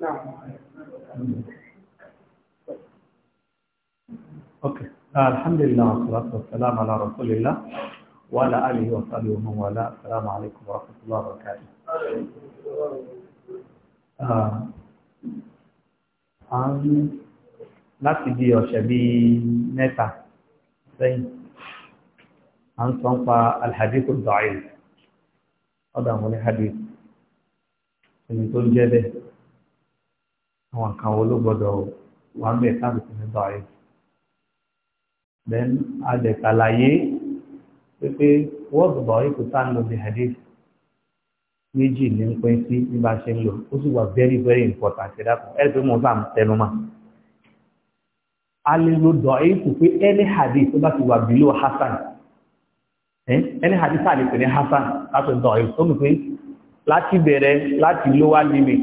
نعم اوكي آه الحمد لله والصلاة والسلام على رسول الله وعلى آله وصحبه ومن والاه السلام عليكم ورحمة الله وبركاته آه، آه، آه، láti bí ọ̀sẹ̀ bí mẹ́ta sẹ́yìn a ń sọ ń pa alhadithu da'if ọ̀dọ̀ àwọn alhadith ẹni tó ń jẹ́ bẹ́ẹ̀ àwọn nǹkan wo ló gbọdọ̀ wà ń bẹ̀ káàdì fún nígbà rẹ̀. then a lè ṣàlàyé pé wọ́ọ̀dù bàwí kò tá ń lo bí hadith méjì ní ń pín sí bí bá ṣe ń lò ó sì wà very very important ẹ̀dá kan ẹ̀ pé mo bá ń tẹnu mọ́. a lè lo dọ̀ọ́yì kò pé any hadith tó bá ti wà bílò hasan any hadith àlè pè ní hasan láti dọ̀ọ́yì tó mi pé láti bẹ̀rẹ̀ láti lower limit.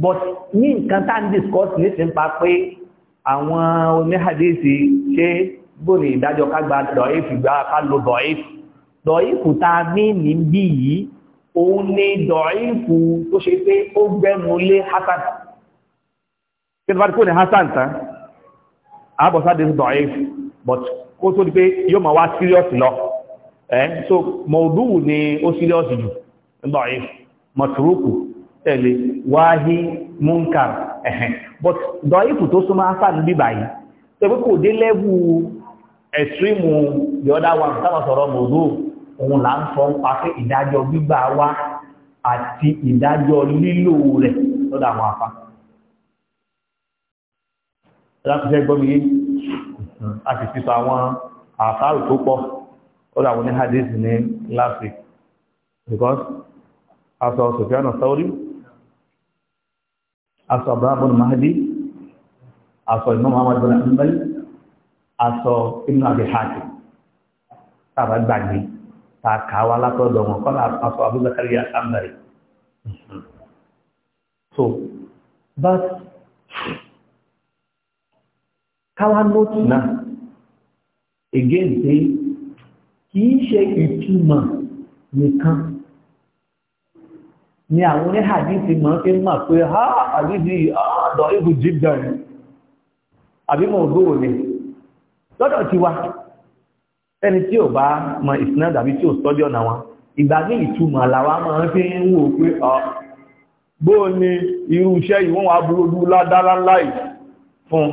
but ní nǹkan tá ń discuss ní ti ń pa pé àwọn oníhàdísì ṣe gbóni ìdájọ́ kágbà dọ̀ífì gbá ká lo dọ̀ífì dọ̀ífù tá a ní ní bí yìí òun ni dọ̀ífù tó ṣe pé ó gbẹ́nu lé hasan kí ni bá ti kó ní hasan tán àbọ̀sáde dọ̀ífù but so mọ̀ọ́dúnwù ni ó serious jù mọ̀túrúkù tẹ̀lé wáhí munkar ẹ̀hẹ̀n but dọ̀ífù tó súnmọ́ afáàlú bíbà yìí tẹ̀wé kò dé lẹ́bù ẹ̀sìrìmù the other one sábà sọ̀rọ̀ mòdó òun là ń sọ nípa pé ìdájọ́ gbígbà wá àti ìdájọ́ lílò rẹ̀ lọ́dọ̀ àwọn afá lápẹ́sẹ́ gbọ́mi yé a sì fi sọ àwọn àfáàrù tó pọ̀ lọ́dọ̀ àwọn oníhàdísì ní last week because as of Sufyan Thauri aṣọ abrahamu mahdi aṣọ imam ahmad bin hanbal aṣọ ibn abi hatim tàbá gbàgbé ta kà wá látọ̀dọ̀ wọn kọ́lá aṣọ abubakar yà sàmbàrì so but káwá nóòtù náà again pé kì í ṣe ìtumọ̀ nìkan ni àwọn oní hadithi mọ́ fi mọ̀ pé ha àdíjì àádọ́ ibù jíbdàn àbí mọ̀ ògbówò ni lọ́dọ̀ ti wa ẹni tí ò bá mọ ìsinádà àbí tí ò sọ́dí ọ̀nà wọn ìgbà ní ìtumọ̀ àlàwà máa fi ń wò pé ọ bó ni irú iṣẹ́ ìwọ̀n wà burúkú ládára láì fún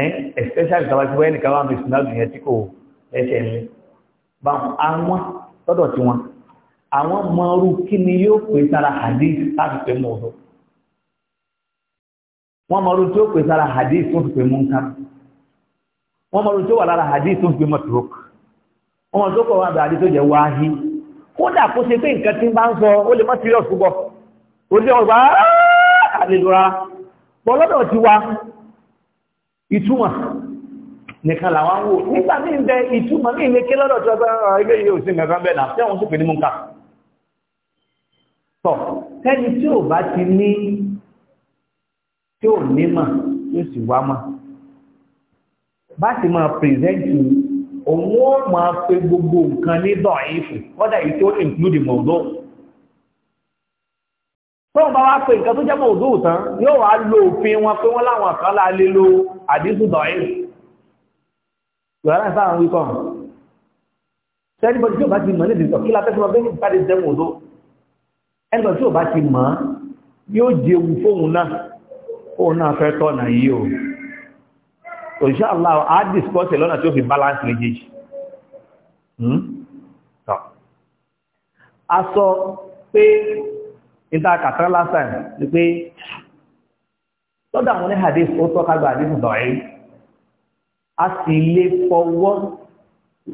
ẹ́n especially ìjọba tí wọ́n ẹnìkan wà mọ ìsinádà yẹn tí kò ẹsẹ̀ ní báwọn àwọn lọ́dọ̀ tí wọn àwọn mọrụ kí ni yóò pè sára hadith láti pè mọ́ ọ̀dọ́ wọ́n mọ̀ọ́rú tí ó pè sára hadith tó fi pè mú nǹkan wọ́n mọ̀ọ́rú tí ó wà lára hadith tó fi pè turok wọ́n tó kọ̀ hadith tó wáhí kódà kó ṣe pé nǹkan tí ń bá ń sọ ó lè ó bọ́lọ́dọ̀ ti wá ìtumọ̀ nìkan làwọn wò nígbà míì bẹ ìtumọ̀ míì tọ̀ tẹ́ni tí ò bá ti ní tí ò ní mà yóò sì wá mà bá ti máa pírẹ́sẹ̀ntì òun ó máa pe gbogbo nǹkan ní dọ̀ọ́yìnfù kọ́dà yìí tó include mọ̀ọ́dọ́ tóun bá wá pe nǹkan tó jẹ́ mọ̀ọ́dọ́ tán yóò wá lo òfin wọn pé wọ́n láwọn kan láàlé lo àdínkù dọ̀ọ́yìnfù ìwàrá ìfáà ń wí kọ́ sẹ́ni ẹgbẹ̀ tí ò bá ti mọ̀ yóò jẹun fóun náà fóun náà fẹ́ tọ́nà yìí o insha Allah á dìskọ́sẹ̀ lọ́nà tí ó fi balance méjèèjì hmm? a sọ pé ìtàkàtà lásán ni pé lọ́dọ̀ àwọn ní hadith ó tọ́ka gba hadith dọ̀ẹ́ a sì lè fọwọ́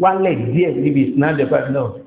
wálẹ̀ díẹ̀ níbi ìsinadẹ̀fẹ́ náà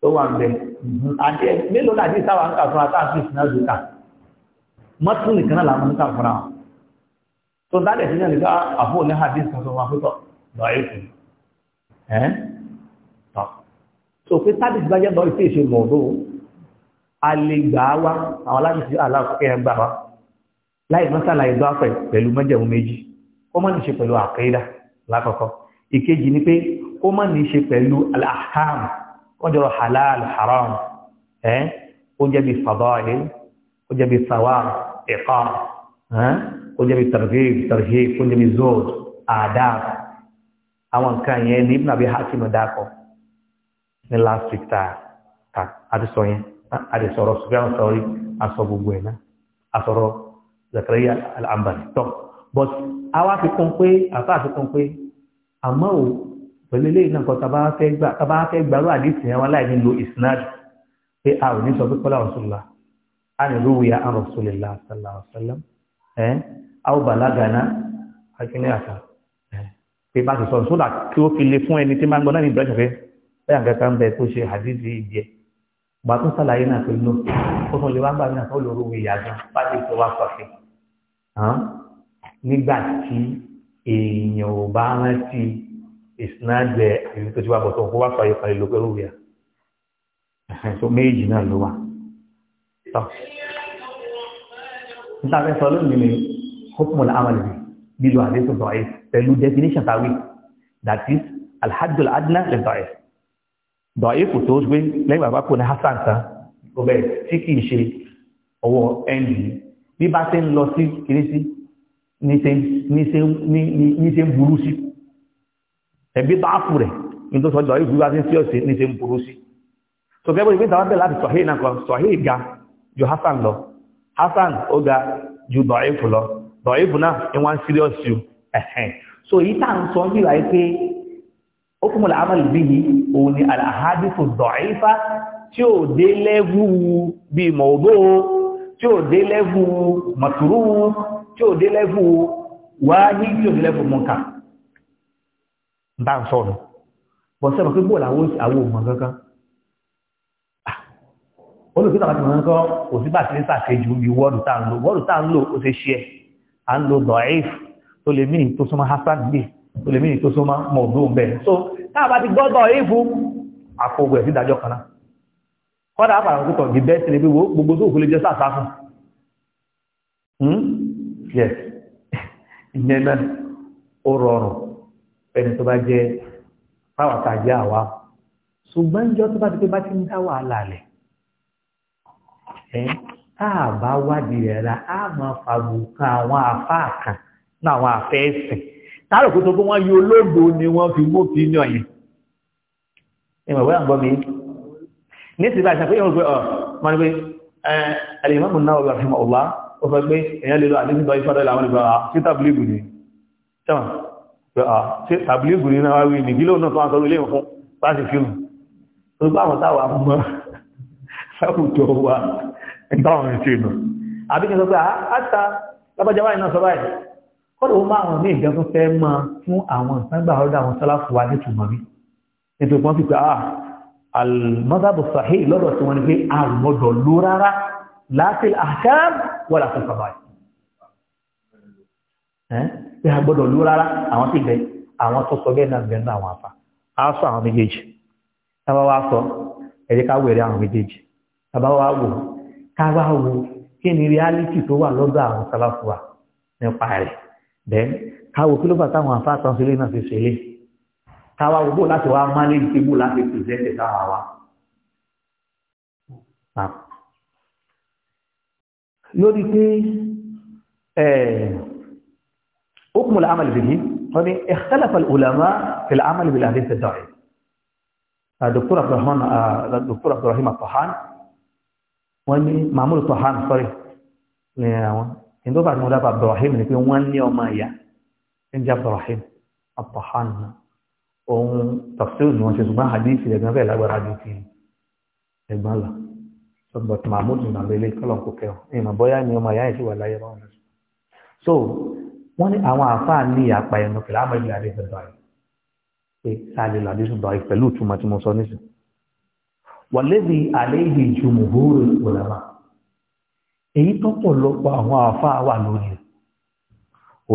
tó wà ń bẹ àti mélòó náà àti ìsáwà ń kà fún àtàkì ìsìnà zùkà mọ́tún nìkan náà làwọn ń kà fúnra wọn tó dálẹ̀ sí náà nígbà àfọ́ ní hadith kan tó wà fútọ̀ lọ́yẹ̀ ẹ́ tọ́ so pé sábì ti bá jẹ́ lọ́yẹ̀ sí ìṣe mọ̀ọ́dọ́ a lè gbà á wá àwọn aláṣẹ sí aláàkọ́kẹ́ ẹ̀ gbà wá láì mọ́sálà ìgbà pẹ̀ pẹ̀lú mẹ́jẹ̀mú méjì kó má ní ṣe pẹ̀lú àkídà lákọ̀ọ́kọ́ ìkejì ni pé kó má ní ṣe pẹ̀lú al wọ́n jọrọ halal haram ẹ́ ó jẹ́ bí fadail ó jẹ́ bí sawab ẹ̀kọ́ ó jẹ́ bí targhib targhib ó jẹ́ bí zood adab àwọn nǹkan yẹn ní ibùdó àbí hakim dákọ̀ ní last week ta ta àti sọ yẹn àti sọ̀rọ̀ sùgbọ́n sọ̀rọ̀ àsọ gbogbo ẹ̀ náà àsọ̀rọ̀ Zakaria al tọ́ but àwa fi pé àfa fi pé àmọ́ pẹ̀lú eléyìí náà kan tàbá fẹ́ gbà tàbá fẹ́ gbàrú àdìsí yẹn wọn láì ní lo isnad pé a ò ní sọ pé kọ́lá rasulullah a ní ló wuya an rasulillah sallallahu alaihi wasallam ẹ a ó balagana akíní àṣà pé bá ti sọ sódà kí ó fi le fún ẹni tí máa ń gbọ́ náà ní ìbẹ̀rẹ̀ ṣẹ̀fẹ̀ bẹ́ẹ̀ nǹkan kan bẹ́ẹ̀ tó ṣe àdìsí ìjẹ́ gbà tó sàlàyé náà pé ló ó tún lè wá gbà náà ó lòrò wuya bá ti sọ wá sọ̀fẹ̀ nígbà tí èèyàn ò bá rántí ìsìnàjẹ àyè tó ti wá bọ̀tọ̀ kó wá fàyè kan ìlú pẹ̀lú rẹ̀ tó méjì náà ló wà. níta fẹ́ sọ lónìí ni hókùnmọ̀lá amàlẹ̀ lílo àdéhùn dọ̀ẹ́ pẹ̀lú definition tàwí that is alhadul adna lè dọ̀ẹ́ dọ̀ẹ́ kò tó gbé lẹ́yìn bàbá kò ní hasan kan kò bẹ̀rẹ̀ tí kì í ṣe ọwọ́ nd bí bá ṣe ń lọ sí kiri sí ní ṣe ń burú sí. ẹbí dáàfù rẹ̀ ní tó sọ́jọ́ ìgbúgbà sí sí ọ̀sẹ̀ ní ṣe ń sí so gẹ́gbẹ́ ìgbé ìdáwọ́ bẹ̀rẹ̀ láti sọ̀hí náà kan sọ̀hí ga ju Hassan lọ Hassan ó ga ju dọ̀ẹ́fù lọ dọ̀ẹ́fù náà serious so èyí tá ń sọ bí wáyé pé ó bí yìí òun ni tí ò dé bí tí ò dé tí ò dé wáyé tí ò dé bá ń sọ̀nù bọ́ sẹ́mọ̀ pé bóòlù àwọn àwọn òmò kankan olùkí tàbí àwọn kankan kò sí bá ti ní sàkéjù ní wọ́ọ̀dù tá ń lò wọ́ọ̀dù tá ń lò ó ṣe ṣe à ń lo dọ̀ẹ́f tó lè mìíràn tó súnmọ́ gbé tó lè mìíràn tó súnmọ́ so táàbà ti gbọ́ dọ̀ẹ́f àkógbò ẹ̀ sí ìdájọ́ kan di gbogbo hmm? ó ẹni tó bá jẹ́ fáwọn àtàjẹ́ àwa ṣùgbọ́n ìjọ tó bá ti pé bá ti ń dá wàhálà lẹ̀ ẹ́ tá a bá wádìí rẹ̀ ra á máa fàbùkà àwọn àfáà kan náà àwọn àfẹ́ ẹ̀sìn táàrọ̀ kó tó kó wọ́n yí olóògbò ni wọ́n fi mú kí ní ọ̀yìn ìmọ̀ ìwé àgbọ́ mi ní ti bá ìṣàpé ìwọ̀n pé ọ̀ ma ní pé alìmọ́mù náà wọ́n fi mọ̀ ọ̀lá ó fẹ́ pé èèyàn lè lọ àdínkù lọ Ah, ṣe tàbílìgù ní náà wí ní gílò náà tó wọ́n sọ ilé fún láti fíìmù tó bá wọn táwà mọ́ sákùtò wa ìtàwọn ìṣe nù àbíkẹ́ sọ pé àtà ah, lábájáwá iná sọ báyìí kọ́dọ̀ ó máa wọn ní ìjọ tó fẹ́ mọ́ fún àwọn ah, al-madhabu sahih lọ́dọ̀ tí wọ́n ní pé àrùmọ́dọ̀ ló rárá bí a gbọ́dọ̀ rárá àwọn ti bẹ àwọn tó sọ bẹ́ẹ̀ náà afa á sọ àwọn méjèèjì tábà wá sọ ẹ ká wẹrẹ àwọn méjèèjì tábà wá wò wò kí ni reality tó wà lọ́dọ̀ àwọn wa nípa rẹ̀ bẹ́ẹ̀ káwọ kí ló fà táwọn afa tán sílé náà fi ṣẹlẹ̀ káwa wò bó láti wá má bó láti حكم العمل به يعني اختلف العلماء في العمل بالاحاديث الضعيف دكتور عبد الرحمن آه، دكتور عبد الرحيم الطحان واني معمول الطحان سوري يعني عنده بعد مولاه عبد الرحيم اللي فيه وان يوم ايا ان عبد الرحيم الطحان وهم تفسير من وجه زمان حديث اللي جنبه لا غير حديث البالا صدق معمول من عليه كلام كوكيو اي ما بويا يوم ايا يجي ولا يرون سو so, wọ́n ní àwọn àfáà ní àpá ẹnu pẹ̀lú àmọ́ ìlú àdéhùn dọ̀ì pé sáàlì lọ àdéhùn dọ̀ì pẹ̀lú ìtumọ̀ tí mo sọ nísìn wọ́n lébi àléhì jùmùhúrù ulama èyí tó pọ̀ lọ́pọ̀ àwọn àfáà wà lórí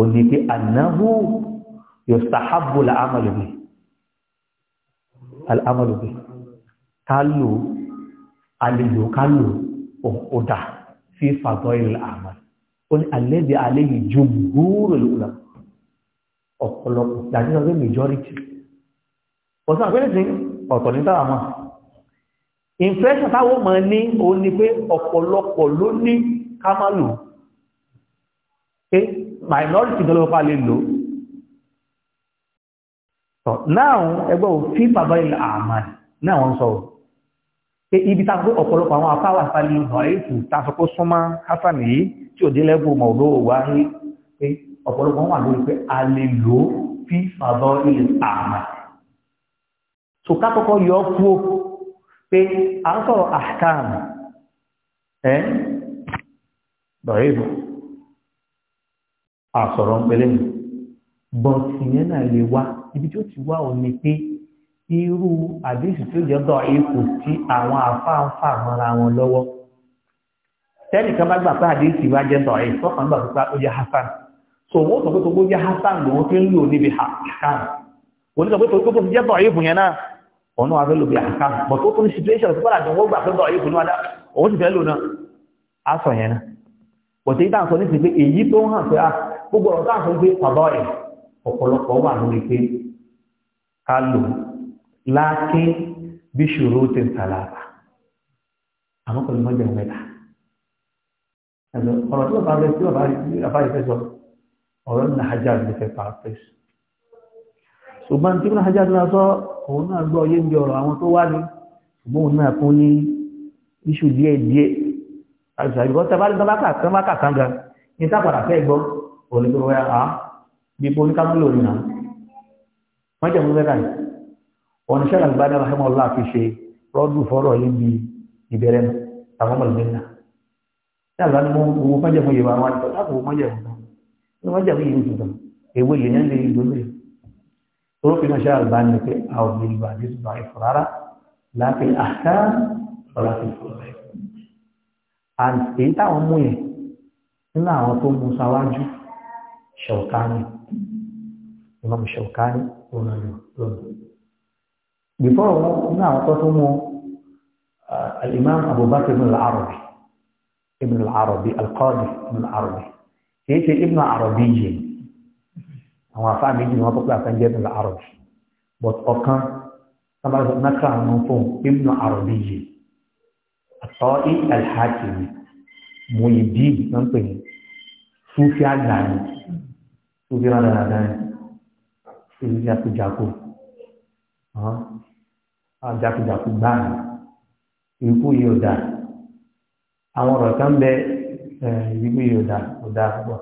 ò ní pé ànáhù yustahabbu al-amalu bi kálù àlejò kálù ọ̀dà sí fàdọ́ ìlà ó ní alẹ́bí alẹ́ yìí ju gbúrò lóla ọ̀pọ̀lọpọ̀ láti sọ pé majority ọ̀sán àpẹẹrẹ sí ọ̀tọ̀ ní táwa mọ̀ impression táwọn mọ̀ ní ó ní pé ọ̀pọ̀lọpọ̀ ló ní ká má lò pé minority ló lọ́pàá lè lò náà ẹgbẹ́ òfin bàbá ilẹ̀ àmà náà wọ́n sọ̀rọ̀ pé ibi táwọn ọ̀pọ̀lọpọ̀ àwọn afáwà sálẹ̀ ìhàn ètò tàṣọ́kó súnmọ́ hasan yìí tí ò dé lẹ́bù mọ̀ọ́dọ́ wá rí pé ọ̀pọ̀lọpọ̀ wà lórí pé a lè lò ó fi ilẹ̀ àmà tó ká yọ kú pé a ń sọ̀rọ̀ ahkam ẹ́ bọ̀rẹ́ ìbò àsọ̀rọ̀ ń pẹ̀lẹ́ mi bọ̀n náà ibi tí ó ti wá òní pé irú àdéhùn tó jẹ́ dọ̀ àwọn tẹ́nìkan bá gbà pé àdéhìsì wá jẹ́ tọ̀rẹ́ ìtọ́kàn gbà pípa ó jẹ́ hasan so wọ́n sọ pé tó jẹ́ hasan lòun fi ń lò níbi hasan wọ́n sọ pé tó tó jẹ́ tọ̀rẹ́ ìfún yẹn náà ọ̀nà wàá fẹ́ lò bí hasan but ó tún situation tó padà jẹun wọ́n gbà pé tọ̀rẹ́ ìfún náà òun sì fẹ́ lò náà á sọ yẹn náà but èyí táà sọ ní ti pé èyí tó ń hàn pé a ah, gbogbo ọ̀rọ̀ táà sọ pé ọ̀dọ́ ọ̀pọ̀lọpọ̀ wà lórí pé ká lò lákín bí ṣòro ti ń tàlà àmọ́ pẹ̀lú mọ́jọ́ mẹ́ta ẹ̀sọ̀ ọ̀rọ̀ tí bàbá rẹ̀ tí bàbá rẹ̀ fẹ́ sọ ọ̀rọ̀ ní hajjaj lè fẹ́ pàápẹ́ ṣùgbọ́n tí hajjaj náà sọ òun náà gbọ́ yé ń bí ọ̀rọ̀ àwọn tó wá ní ṣùgbọ́n òun náà fún ní iṣu díẹ̀ díẹ̀ àìsàn àìgbọ́ tẹ́bá lè tọ́bá kàkán bá kàkán ga ní sápàdà fẹ́ gbọ́ òun tó wẹ́ a bí ipò oníkàmú lòrì náà wọ́n jẹ́ mú mẹ́ta yìí ọ̀nà ṣẹ́lá gbádá rahimahullah fi ṣe rọ́dù fọ́rọ̀ yàrá ni mo fẹ́ jẹ́ fún yorùbá wọn àti láti wọ́n jẹ́ fún un wọ́n jẹ́ fún yìí tuntun èwo yìí ń lè lórí torókì náà ṣe àgbà ní pé a ò lè gbà ní ṣùgbọ́n ìfọ̀ rárá láti àṣà láti fọ̀ rẹ̀ èyí táwọn mú yẹn nínú àwọn tó mú sáwájú ṣèwkáni ìmọ̀ ṣèwkáni òun náà lónìí before wọn nínú àwọn tó mú uh, al-Imam Abu Bakr bin ibn al-arabi al-qadi ibn al-arabi kìí ṣe ibn al-arabi yìí àwọn afá méjì ni wọ́n tó pé àfẹ́jẹ́ ibn al-arabi but ọ̀kan sábàá sọ nákà àwọn fún ibn al-arabi yìí àtọ́í al-hakimi muyidi náà ń pè ní sufi àgbáyé sufi àgbáyé sufi jákujàku jákujàku gbáà ikú yìí dáa àwọn ọ̀rọ̀ kan bẹ ìgbìgbì ọ̀dà ọ̀dà púpọ̀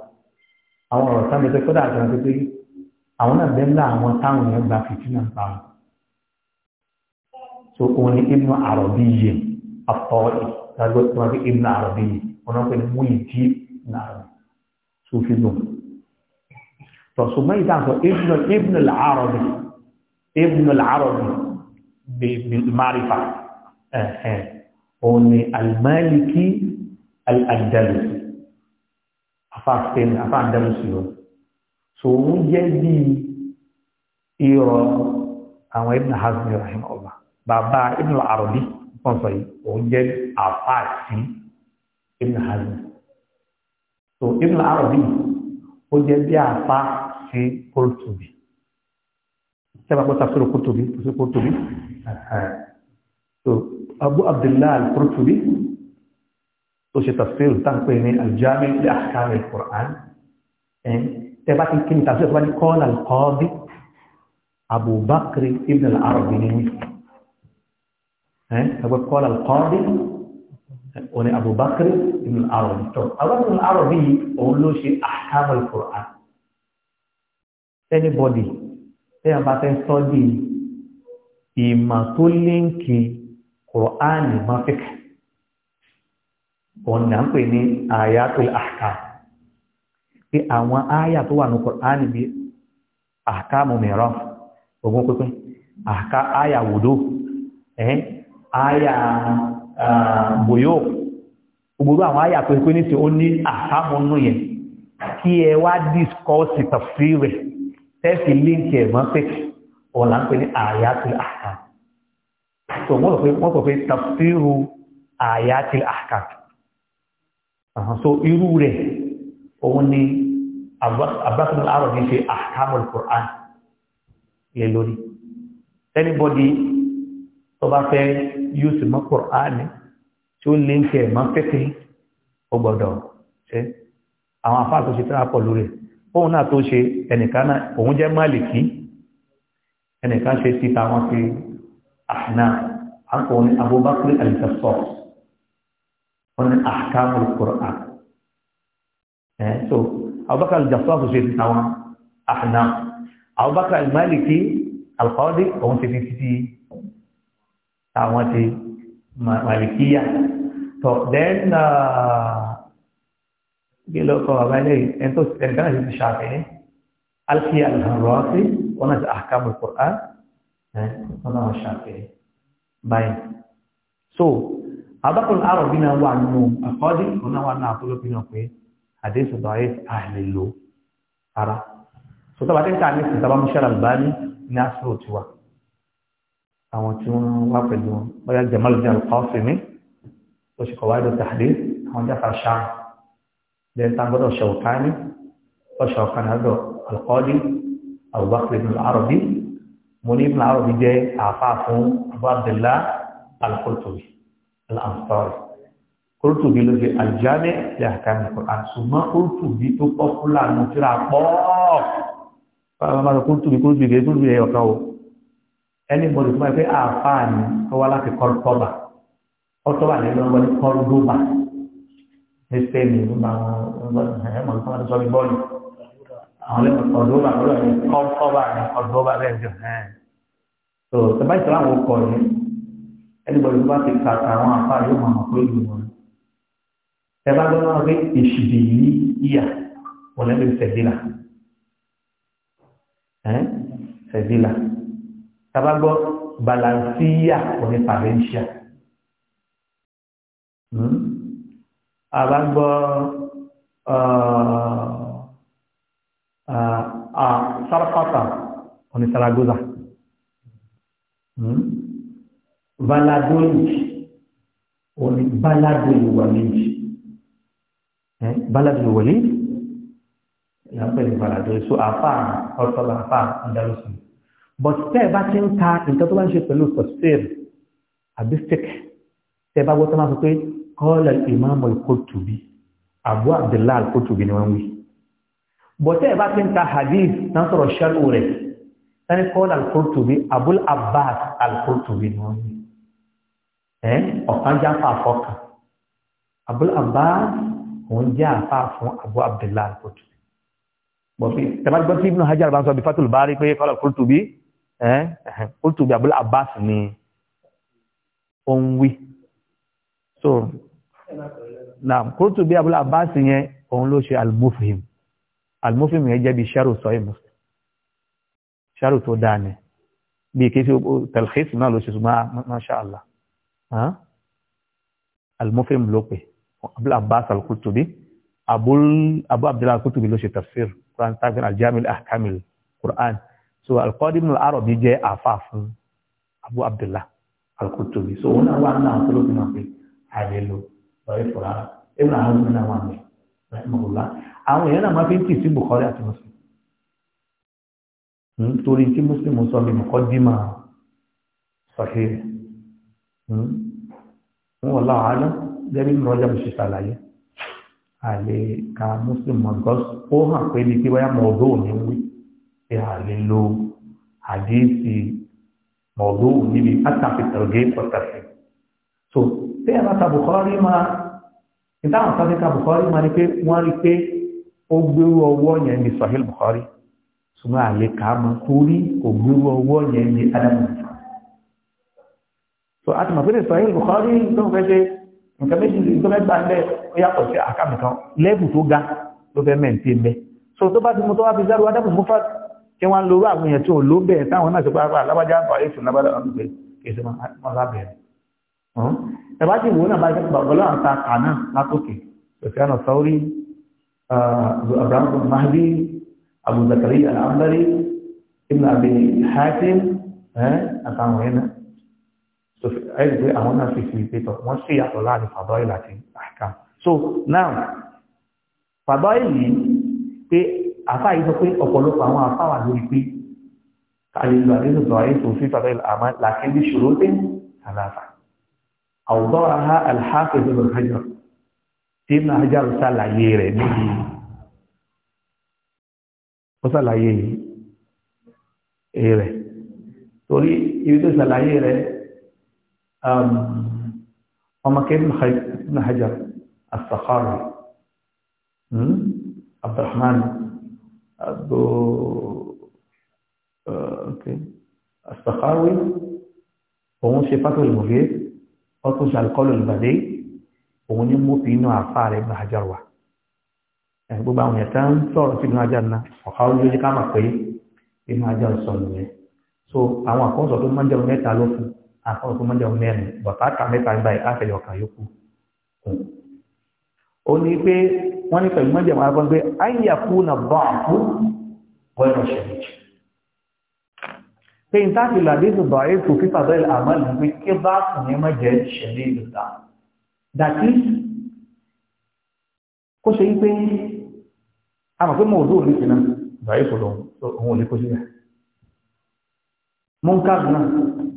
àwọn ọ̀rọ̀ kan bẹ tó kọ́dà àti ọ̀dà pé àwọn náà bẹ́ẹ̀ ńlá àwọn táwọn yẹn gba fìtínà ń pa wọn. so òun ni ibnu arabi yẹ afọ ìgbàgbọ́ tó wọn fi ibnu arabi yẹ wọn náà pè ní mú ìdí nàrọ̀ sófin nù. tọ̀sùnmọ́ ìdá sọ ibnu ibnu làárọ̀bì ibnu làárọ̀bì bíi marifa ẹ̀ẹ́ òun ni alimaliki al-andalusi afa spain afa andalusi o so òun jẹ́ bí irọ́ àwọn ibn hazmi rahimahullah bàbá ibn arabi nǹkan sọ yìí òun jẹ́ afa sí ibn hazmi so ibn arabi ó jẹ́ bí afa sí kórtùbí sẹ́wọ́n kó tafsir kórtùbí kórtùbí so abu abdullah al-qurtubi tó ṣe tafsir táǹpẹ́ ní aljami li ahkam al-qur'an Eh, bá ti kí ni tafsir tó bá al-qadi Abu abubakar ibn al-arabi ini. Eh, ẹgbẹ́ kọ́ọ̀lá al-qadi Abu abubakar ibn al-arabi tó abubakar ibn al-arabi yìí òun ló ṣe ahkam al-qur'an anybody tẹ́yàn bá fẹ́ sọ́dí ìmà tó Kùránì mọ́fíkì òun náà ń pè ní àyàtul ahkam pé àwọn àyà tó wà ní Kùránì bí ahkamu mìíràn ogún pínpín àká àyà wùdó àyà bòyó gbogbo àwọn àyà pé pé ní tí ó ní ahkamu nù yẹn kí ẹ wá discourse tafsir rẹ̀ tẹ́sí líǹkì ẹ̀gbọ́n pé òun náà ń pè ní àyàtul ahkam so wọ́n sọ pé tafsiru ayatil ahkam so irú rẹ̀ òun ni abbasin al-arabi ṣe ahkamul quran lè lórí anybody tó bá fẹ́ use mọ́ quran tí ó lè ń tẹ̀ mọ́ fẹ́fẹ́ ọgbọ̀dọ̀ ṣe àwọn afáàtò ṣe tẹ́lá pọ̀ lórí òun náà tó ṣe ẹnìkan náà òun jẹ́ máàlìkí ẹnìkan ṣe ti tàwọn fi ahna anko woni abubakri al-jassas woni ahkamul qur'an eh so abubakar al-jassas ṣe ti tàwọn ahna abubakar al-maliki al-qadi òun ṣe ti ti tàwọn ti malikiya so then gelo ko abale entonces el canal de shafi al-qiyal al-harasi wana ahkamul qur'an Eh, ọlọ́run ṣàfẹ́ báyìí so abakul arọ̀bí náà wà nù àkọ́dé ọ̀nà wà náà àpolópin náà pé àdéhùn báyìí àlè lò ara so tó bá tẹ́ka ní ìsìnkà mú ṣẹlẹ̀ àlùbáyé ní asúrò tiwa àwọn tí wọ́n wá pẹ̀lú wọn bóyá jamal bin al-Qasimi ó ṣe kọ̀wáìdò tàdé àwọn jáfa ṣáà lẹ́ńtà gbọ́dọ̀ ṣọ̀kánì ọ̀ṣọ̀kánì àdọ̀ al-Qadi Abubakar bin al-Arabi mo ní ibùdó àròbí jẹ́ àfa fún abu abdullah al-Qurtubi al-Ansari Qurtubi ló ṣe al-Jami' li ahkam al-Qur'an ṣùgbọ́n Qurtubi tó pọ́pùlà ní tíra pọ́ fáwọn máa Qurtubi Qurtubi kì kan o ẹni bọ̀dù fún ẹ pé àfa ni tó wá láti Cordoba Cordoba ní ló ń wọlé Cordoba ní Spain ní ló máa ń wọlé ẹ̀mọ̀ nípa wọn sọ ní bọ́ọ̀lù àwọn lẹ́nu kọ̀dọ́bà lọ́dọ̀ ní kọ́ńtọ́bà ní kọ́ńtọ́bà bẹ́ẹ̀ jọ ẹ̀ tó sẹ́bà ìtura àwọn ọkọ̀ ni ẹnìbọ̀dì tó bá ti ka àwọn afá yóò máa mọ̀ pé ìlú wọn sẹ́bà lọ́dọ̀ náà pé èṣìdì yìí ìyà wọn lẹ́nu sẹ̀dílà sẹ̀dílà sábà gbọ́ balansiya wọn ni pàrẹ́ńṣíà hmm? àbá gbọ́ a ah, ah, Sarfata òní Saragoza Valladolid hmm? òní Valladolid Walid Valladolid eh, Walid ìyàpẹ̀ ní Valladolid so àfà ọ̀tọ́lá àfà Andalusian but tẹ́ ẹ bá ti ń ka nǹkan tó bá ń ṣe pẹ̀lú sọ̀sẹ́ẹ̀rì àbí fẹ́k tẹ́ ẹ bá gbọ́ tó máa sọ pé kọ́ọ̀lẹ̀ ìmáàmù al-Qurtubi Abu Abdullah al-Qurtubi ni wọ́n ń wí bọ̀tẹ́ ẹ̀ bá ti ń ta hadith náà sọ̀rọ̀ ṣẹ́rù rẹ̀ ẹni kọ́ al-Qurtubi Abul Abbas al-Qurtubi ni wọ́n ní ẹ́ ọ̀kan jẹ́ afa àfọ́kàn Abul Abbas òun jẹ́ afa fún Abu Abdullah al-Qurtubi bọ̀tẹ́ tẹ́bàgbọ́n tí Ibn Hajar bá ń sọ bí Fatul Bari pé kọ́ al-Qurtubi ẹ́ Qurtubi Abul Abbas ni ó ń wí so na Abul Abbas yẹn òun ló ṣe al almuslim yẹn jẹ́ bí ṣàrò sọ́yì muslim ṣàrò tó dáa ni bí kí sí talhis náà ló ṣe ṣùgbọ́n masha allah almuslim ló pè abul abbas al-qurtubi abu abdullah al-qurtubi ló ṣe tafsir quran tafsir al-jamil ahkamil quran so al-qadim al-arabi jẹ́ àfa fún abu abdullah al so wọn náà wà náà tó ló fi náà pé àlelo lọ́yẹ̀ fúra ẹ̀ ẹ̀ náà wà náà wà mí rahimahullah àwọn èèyàn náà máa fi ń tì sí Bukhari àti Muslim hmm, torí tí Muslim sọ mi mọ̀kọ́ dímà sọ̀hí rẹ̀ wọn wọ́n láwọn àádọ́ jẹ́rí rọ́jà bó ṣe ṣàlàyé àlè ka Muslim mọ̀ nǹkan ó hàn pé ní kí wáyà mọ̀ ọdọ́ òní ń wí pé àlè lo àdéhìsì mọ̀ ọdọ́ òní bíi átàfitàgé pọ̀tàfì so bí ẹ bá ta Bukhari máa ìtàwọn sáfíkà Bukhari ma ní pé wọ́n rí pé ó gbérú ọwọ́ yẹn ní Sahih Bukhari ṣùgbọ́n àlè kàámọ́ torí kò gbérú ọwọ́ yẹn ní adamu so a ti mọ̀ pé ní Sahih Bukhari tó ń fẹ́ ṣe nǹkan méjì tó fẹ́ gbà ń bẹ́ ó yàtọ̀ sí àkàmì kan lẹ́bù tó ga ló fẹ́ mẹ́ǹtì ń bẹ́ so tó bá ti mú tó wá fi záró adamu mufa kí wọ́n lorú àwọn èèyàn tí ò ló bẹ́ẹ̀ táwọn náà ti pàápàá alábàjá àgbà èsì lábàjá ọ̀nà ẹ̀bá tí wò náà bá jẹ́ pẹ̀lú àwọn àtàkà náà látòkè Sufyan Thawri uh, Abraham Mahdi Abu Zakariya Ibn Abi Hatim àtàwọn ẹ̀ náà ẹ̀rí pé àwọn náà fi fi ìpẹ́tọ̀ wọ́n sì yàtọ̀ láàrin fàdọ́ìl àti àkà so now fàdọ́ìl yìí pé àfá yìí sọ pé ọ̀pọ̀lọpọ̀ àwọn àfá wà lórí pé kàlẹ́ ìlú àdéhùn sọ ayé tó fi fàdọ́ìl àmọ́ làkẹ́ bí ṣòro dé àlàáfà أوضاعها الحافظ بن حجر سيدنا حجر صلى يري به وصلى يري يري تولي يريد صلى يري وما كان ابن حجر الصخاري عبد الرحمن عبد أه، اوكي الصخاوي هو شي المغيث wọ́n tún ṣàlùkọ́lù ìbàdé òun ní mú fi inú àfá rẹ̀ ibùn hajar wà gbogbo àwọn ẹ̀ta ń sọ̀rọ̀ sí ibùn hajar náà ọ̀ká ó lójú ká mà pé ibùn hajar sọ nìyẹn so àwọn àkọ́sọ̀ tó máa ń jẹun mẹ́ta ló fún àkọ́sọ̀ tó máa ń jẹun mẹ́rin bàtà àtà mẹ́ta ń báyìí káfẹ́ ọ̀kan yòókù ó ní pé wọ́n ní pẹ̀lú mọ́jẹ̀mọ́ pé n táàkì làdíjù bá ètò fífàdọ́ ilẹ̀ àmọ́ ìlú pé kí bá kùn ní mọ́jẹ́ ìṣẹ̀lẹ̀ ìlúta dàtí kó ṣe wípé a mọ̀ pé mo òdó òní kìnnà bá ètò lòun òun ò lè kó sílẹ̀ munkar náà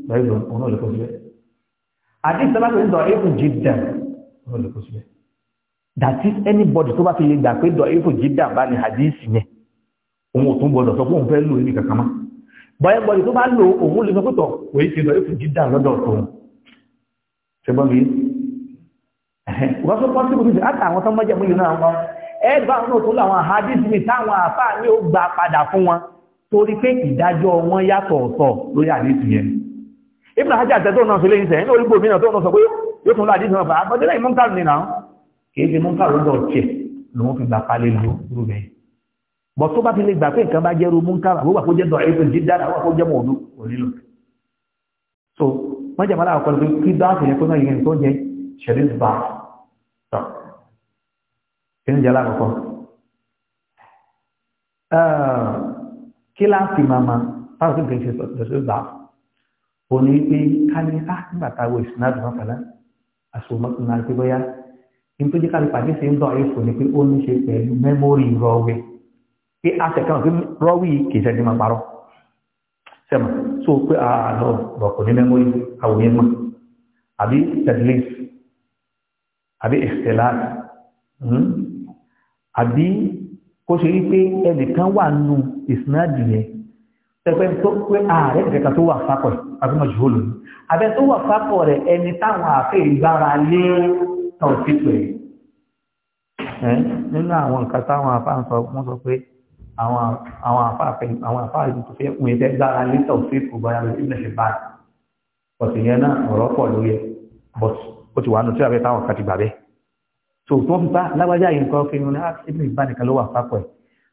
bá ètò òun ò lè kó sílẹ̀ àti ìsọláṣẹ́ ìdọ̀ ètò jìdà òun ò lè kó sílẹ̀ dàtí anybody tó bá fi lè gbà pé dọ̀ ètò jìdà bá ní hadith yẹn òun ò tún gbọdọ̀ sọ pé òun fẹ́ lò ní kankan máa bọ́yẹ́gbọ́dì tó bá lò òun lè mọ́kútọ̀ kò í ti lọ ìfún jídà lọ́dọ̀ tó ṣẹgbọ́n bí wọ́n tó pọ́sí kòtò àtàwọn tó mọ́jẹ̀ múlò náà wọn ẹgbà wọn tó láwọn àhádìsí táwọn àfáà ní ó gba padà fún wọn torí pé ìdájọ́ wọn yàtọ̀ ọ̀tọ̀ lórí àdìsí yẹn ibùdó àjẹ àtẹ́tọ́ náà sọ lẹ́yìn sẹ́yìn lórí gbòmí náà tó náà sọ pé yóò tún lọ àdìsí náà fà á mọ́tẹ́lẹ́yìn ni bọ̀ tó bá fi lè gbà pé nǹkan bá jẹ́ ru múnkàrà wọ́n wà kó jẹ́ dọ̀ ẹ̀fẹ̀ dídá kó jẹ́ mọ̀ onílò so wọ́n jẹ́ mọ́lá àkọlù pé kí bá fi yẹn kó náà yẹn tó jẹ́ ṣẹ̀dín bá tọ̀ kí ní jẹ́lá àkọ́kọ́ kí láti mama táwọn tó ń ṣe ṣẹ̀dín bá ò ní pé ah, ni pé ó ní ṣe pé àtẹ̀kàn pé rọ́wì kìí máa parọ́ sẹ́mà tó pé àlọ́ bọ̀kù ní mẹ́mórí àwòyé mọ́ àbí tẹ̀lés àbí ìṣẹ̀láàt hmm? àbí kó ṣe rí pé ẹnìkan wà nù ìsinádì yẹn pẹpẹ tó pé ààrẹ ìkẹta tó wà fákọ̀ àbí mọ̀ jùlọ àbẹ tó wà fákọ̀ rẹ̀ ẹni táwọn àfẹ́ ìgbára lé tọ̀ọ̀tì pẹ̀ nínú àwọn nǹkan táwọn afáǹsọ wọn sọ pé àwọn àfáàfẹ́ àwọn àfáàfẹ́ tó fẹ́ wọ́n fẹ́ gbára lítà òfin ìgbàyà lórí ìbìnà ṣe báyìí ọ̀sẹ̀ yẹn náà ọ̀rọ̀ pọ̀ lórí ẹ̀ but ó ti wà nù tí a fẹ́ táwọn kan ti gbà bẹ́ẹ̀ so tó fi bá lágbájá yìí nǹkan fi ní ìbìnà ìbánìkan ló wà papọ̀ ẹ̀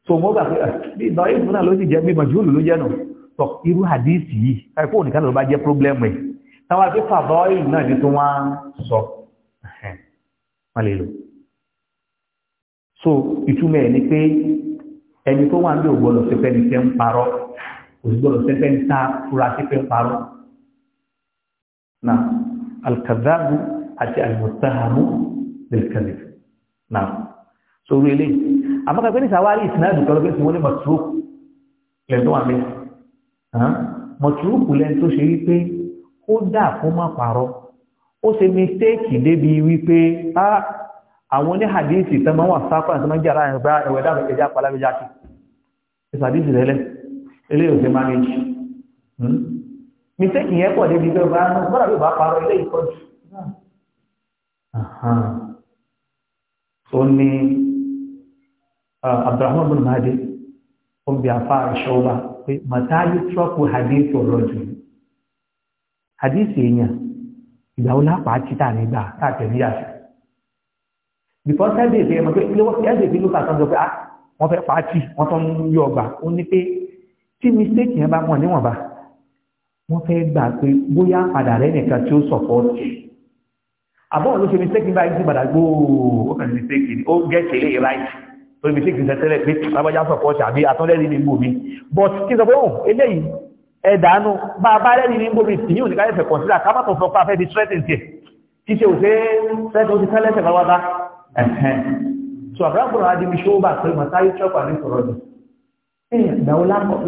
so mo gbà pé ah, bí ìdọ̀ ìbùn náà ló sì jẹ́ bí màjúùlù ló jẹ́ nù tọ irú àdíìsì yìí káìpọ̀ nìkan ló bá jẹ́ pírọ́blẹ́mù ẹ̀ náà so ìtumọ̀ ẹ̀ ni pé ẹni tó wà ní ògbọ́dọ̀ sẹ́pẹ́ ní tẹ́ ń parọ́ òsìgbọ́dọ̀ sẹ́pẹ́ ní tá fura sẹ́pẹ́ ń parọ́ na alkadabu àti alimọ̀táhàmù lẹ́kẹ̀lẹ́ na sórí eléyìí àmọ́ kàgbé ní sàwárí ìsìnàdù kọ́lọ́ pé tí wọ́n lé mọ̀túrúkù lẹ́nu wà mí mọ̀túrúkù lẹ́nu tó ṣe wípé ó dà fún má parọ́ ó ṣe mistéèkì débi wípé ah àwọn ní hadithi tán máa wà sápá àti máa jẹ́ ara ẹ̀gbá ẹ̀wẹ̀ dáàbò ẹja palábẹ́já kí ẹ̀sà hadithi lẹ́lẹ́ ilé òfin manage hmm? mistake yẹn pọ̀ débi pé bá bọ́dà bí bá parọ́ ilé ìkọjú ó ní Abdurrahman bin Mahdi ó ń bi afá ìṣọ́ba pé màtáyé trọ́pù hadithi ọ̀rọ̀ jù hadithi èèyàn ìgbà wo lápá títà nígbà káàkiri yàtọ̀ because ẹ̀ dèé fi ẹ̀ mọ̀ pé ẹ̀ dèé fi lókà kan sọ pé ah wọ́n fẹ́ pàtì wọ́n tó ń yọ ọgbà ó ní pé tí mistake yẹn bá wọ̀n níwọ̀nba wọ́n fẹ́ gbà pé bóyá padà rẹ̀ nìkan tí ó sọ̀pọ̀tì àbọ̀ ló ṣe mistake nígbà yìí sí padà gbóò ó kàn ní mistake ni ó gẹ̀ẹ́sì lè right torí mistake ti sẹ́tẹ́lẹ̀ pé lábájá sọ̀pọ̀tì àbí àtọ́lẹ́rì ní gbòmí but kí n sọ pé ó oh, eléyìí ẹ̀dánú bá a bá rẹ́rìn ní gbòmí tí yóò ní káyẹ̀fẹ̀ di threatening tiẹ̀ kí ṣe òṣèré fẹ́ tó ẹ̀hẹ́n so àbúrákùnrin adìmí ṣó bá pé mọ̀táyé trọ́pà ní sọ̀rọ̀ dùn èèyàn ìdáwó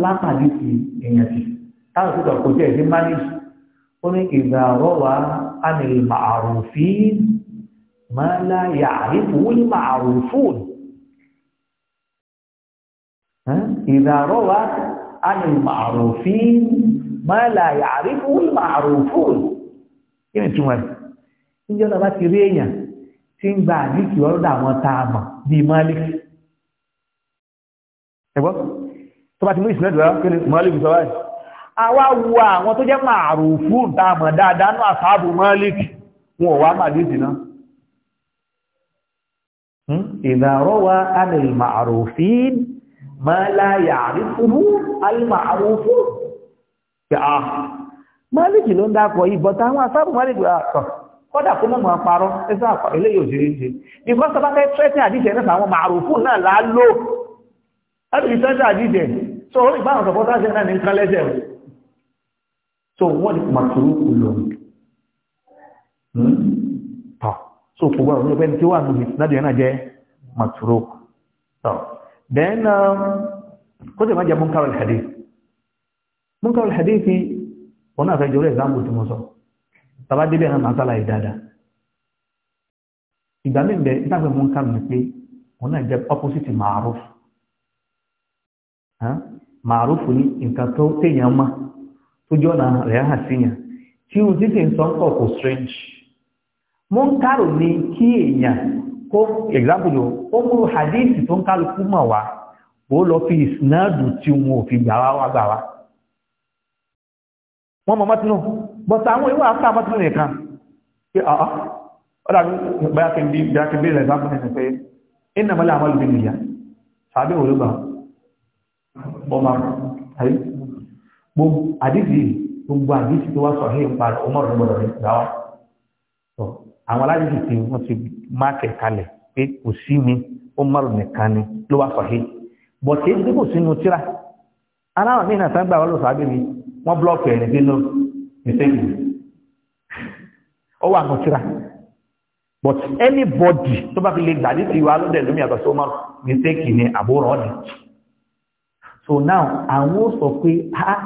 lápàdé ti èèyàn sí táwọn tó kọ̀ kó tí ẹ̀ sí mánísì ó ní ìgbàrọ̀ wá ánìlì màrùfí máa láyà àríkù wí màrùfù ìgbàrọ̀ wá ánìlì màrùfí máa láyà àríkù wí màrùfù kí ni túmọ̀ ẹ̀ níjọ́ náà bá ti rí èèyàn tí ń gba àdíkì ọ̀rọ̀dà àwọn tá a awa bíi Malik ẹgbọ́ tó bá ti mú ìsinmi ẹ̀dùn Malik sọ báyìí àwa wo àwọn tó jẹ́ màrù fún tá a dáadáa náà sáàbù Malik wọn ò wá màdíìsì náà hmm? kọ́dà kó mọ̀ máa parọ́ ẹsẹ́ àpá eléyìí ò ṣeé ṣe because sábà fẹ́ tẹ́tẹ́ àdíjẹ náà àwọn màrùfù náà là á lò ẹbí tẹ́tẹ́ àdíjẹ so ìbáwọn sọ̀pọ̀tà ṣe náà ní nǹkan lẹ́sẹ̀ so wọ́n ni màtúrú kù lọ hmm? so kò gbọ́dọ̀ ló pẹ́ni tí wà níbi then um, kó tẹ̀ má jẹ́ munkar al-hadith munkar al-hadith fi wọn náà fẹ́ jẹ́ orí example tí mo sọ tàbá débẹ̀ náà máa sálàyé dáadáa ìgbà mi bẹ ìtàgbẹ́ mú ká mi pé òun náà jẹ́ opposite ma'ruf ma'ruf ní nǹkan tó téèyàn mọ́ tó jẹ́ ọ̀nà rẹ̀ hàn síyàn tí o ti ti ń sọ pọ̀ kò strange mú kárò ní kí èèyàn kó example ó mú hadith tó ń kálukú mọ̀ wá ó lọ fi ìsìnàdù tí wọn ò fi gbà wá wá gbà wá wọ́n mọ̀ mọ́tínú bọ̀tà àwọn ìwà after abatman nìkan pé àá ah, ọ̀dà ah. bóyá kí n bí bóyá kí n bí ilẹ̀ ìbámu nìkan pé iná mọ́lẹ̀ àwọn olùbí nìyà sàbí òru gbà ọmọ àyè gbogbo àdìsí gbogbo àdìsí tó wá sọ hí nípa ọmọ rẹ gbọ́dọ̀ rẹ gbà wá tọ àwọn alájọsí tí wọn ti máàkì kalẹ̀ pé kò sí mi ọmọ ni ló wá sọ hí mistake ó wà nù tíra but anybody tó bá fi lè gbà ní ti wà lóde lómi àgbàsó mọ́ mistake ni àbúrò ọ̀nì so now àwọn ó sọ pé ah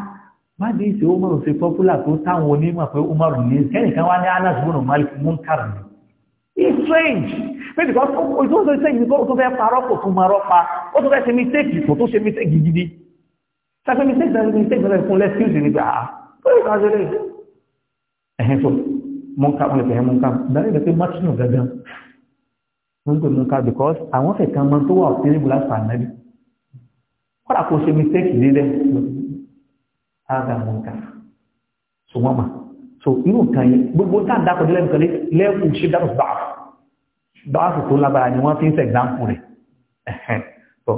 má dé ìsè Umar ṣe pọ́pùlà tó táwọn onímọ̀ pé Umar ní kẹ́nìkan wá ní Anas bùnú Malik munkar ni it's strange maybe because ó tó ṣe ṣe ìgbó tó fẹ́ parọ́ kò tún marọ́ pa ó tó fẹ́ ṣe mistake kò tó ṣe mistake gidi ṣe mistake ṣe mistake ṣe fún lẹ́síùsì nígbà ah Kau ká ṣe lè Eh, ẹ̀hìn tó mọ́ká wọn lè fẹ́ mọ́ká dárí lè pé mátínù gangan wọ́n ń pè mọ́ká because àwọn fẹ̀ kan máa tó wà òfin bùlá sànẹ́bí kọ́dà kó ṣe mistake lílẹ̀ ága so wọ́n mà so irú nǹkan yẹn gbogbo tá à ń dákọ̀ Dah nǹkan lẹ́wù ṣe dákọ̀ báàfù báàfù tó lágbára ni wọ́n fi ń ṣe example rẹ̀ ẹ̀hìn tó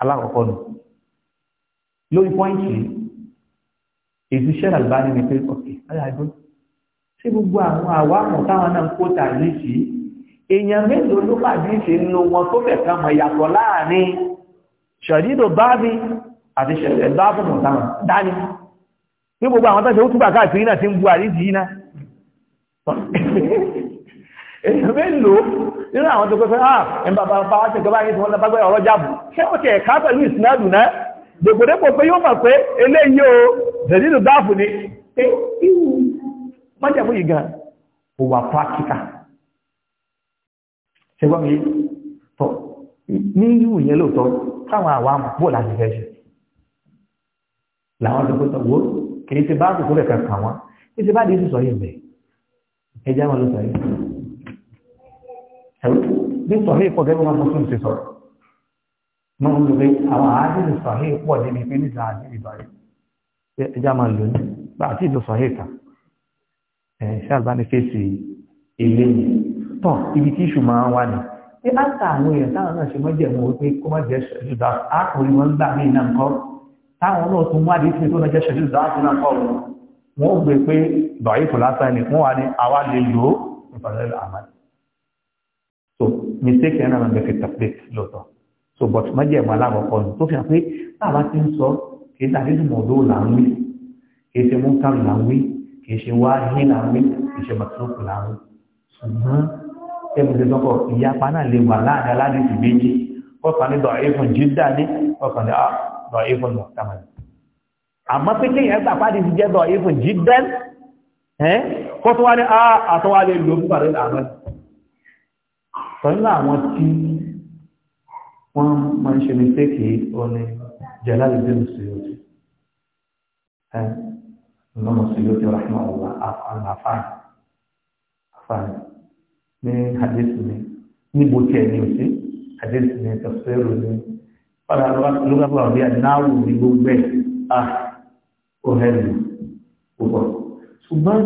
alákọ̀ọ́kọ́ nù lórí pọ́ìntì èsì ṣẹ́ àlùbáni ni pé ọ̀kẹ́ aláàgbọ́ ṣé gbogbo àwọn àwámọ̀ táwọn náà kó tà ní sí èèyàn mélòó ló pàdé ìṣe nínú wọn tó fẹ̀ kan mọ̀ yàtọ̀ láàrin ṣọ̀dídò báàbí àti ṣẹ̀rẹ̀ báàbù mọ̀ táwọn dání ní gbogbo àwọn tó ṣe ó túbà káàkiri náà ti ń bu àríjì yìí náà èèyàn mélòó nínú àwọn tó pẹ́ fẹ́ ah ẹ̀ ń bàbá bá wá ṣe ìjọba yìí tí wọ́n lọ bá gbẹ́ ọ̀rọ̀ jáàbù ṣé ó ti ẹ̀ka pẹ̀lú ìsinádùn náà dèkòdépò pé yóò mọ̀ pé eléyìí o zẹ̀dínú dáàfù ni pé iwu májàmú yìí gan kò wà pàkítà ṣẹgbọ́n mi tọ́ ní yíwù yẹn lóòótọ́ káwọn àwa bó láti fẹ́ ṣe làwọn tó tọ́ wo kìí ṣe báàbù tó lẹ̀ka kà wọ́n kìí ṣe báàbù sọ yìí bẹ̀ ẹjẹ́ wọn ló sọ yìí ẹ̀rù bí sọ mí ìfọ̀gẹ́gbọ́n máa fọ́ fún ìṣe mọ́ ń lò pé àwọn àádìrì sọ̀hẹ́ pọ̀ débi pé níta àádìrì báyìí ẹjá máa lò ní gbà àti ìlú sọ̀hẹ́ kà ẹ̀ ṣé àgbáni fèsì ilé yìí tán ibi tí ìṣù máa ń wà ní pé áta àwọn èèyàn táwọn náà ṣe mọ́jẹ̀ mọ́ wípé kó má jẹ́ ṣẹ̀dú dá àkùnrin wọn gbà mí náà kọ́ táwọn náà tún wá dé sí tó náà jẹ́ ṣẹ̀dú dá àkùnrin náà kọ́ wọn gbé pé bàyí kò ni wọn wà ní àwa lè so mistake yẹn náà máa ń bẹ fi tàbí lóòótọ́ so but májẹ̀mú alákọ̀ọ́kọ́ ni tó fi hàn pé táàbá ti ń sọ kì í sàdéhùn mọ̀ọ́dọ́ là ń wí kì í ṣe mú kárù là ń wí kì í ṣe wá hí là ń wí kì í ṣe màtúrọ̀kù là ń wí ṣùgbọ́n ẹ̀mú ṣe sọ́kọ̀ ìyapa náà lè wà láàrin aládìsí méjì kọ́kàn ní dọ̀ ẹ̀fọn jídà ní kọ́kàn ah, ní dọ̀ ẹ̀fọn mọ̀tàmà àmọ́ pé kí ẹgbà pàdé ti jẹ́ dọ̀ ẹ̀fọn jídà kó tó wá ní ah, àtọ́wálé lóògùn pàdé àwọn tọ́lá wọ́n máa ń ṣe mistake ọ̀nà Jalaluddin Suyuti ẹ̀ lọ́nà Suyuti rahimahullah àfààní àfààní ní hadith mi níbo tí ẹ̀ ní o sí hadith mi tafsiru mi padà lọ́gbàgbà ọ̀dẹ́ àdáwò ní gbogbo ẹ̀ à ah, ọ̀hẹ́lù púpọ̀ ṣùgbọ́n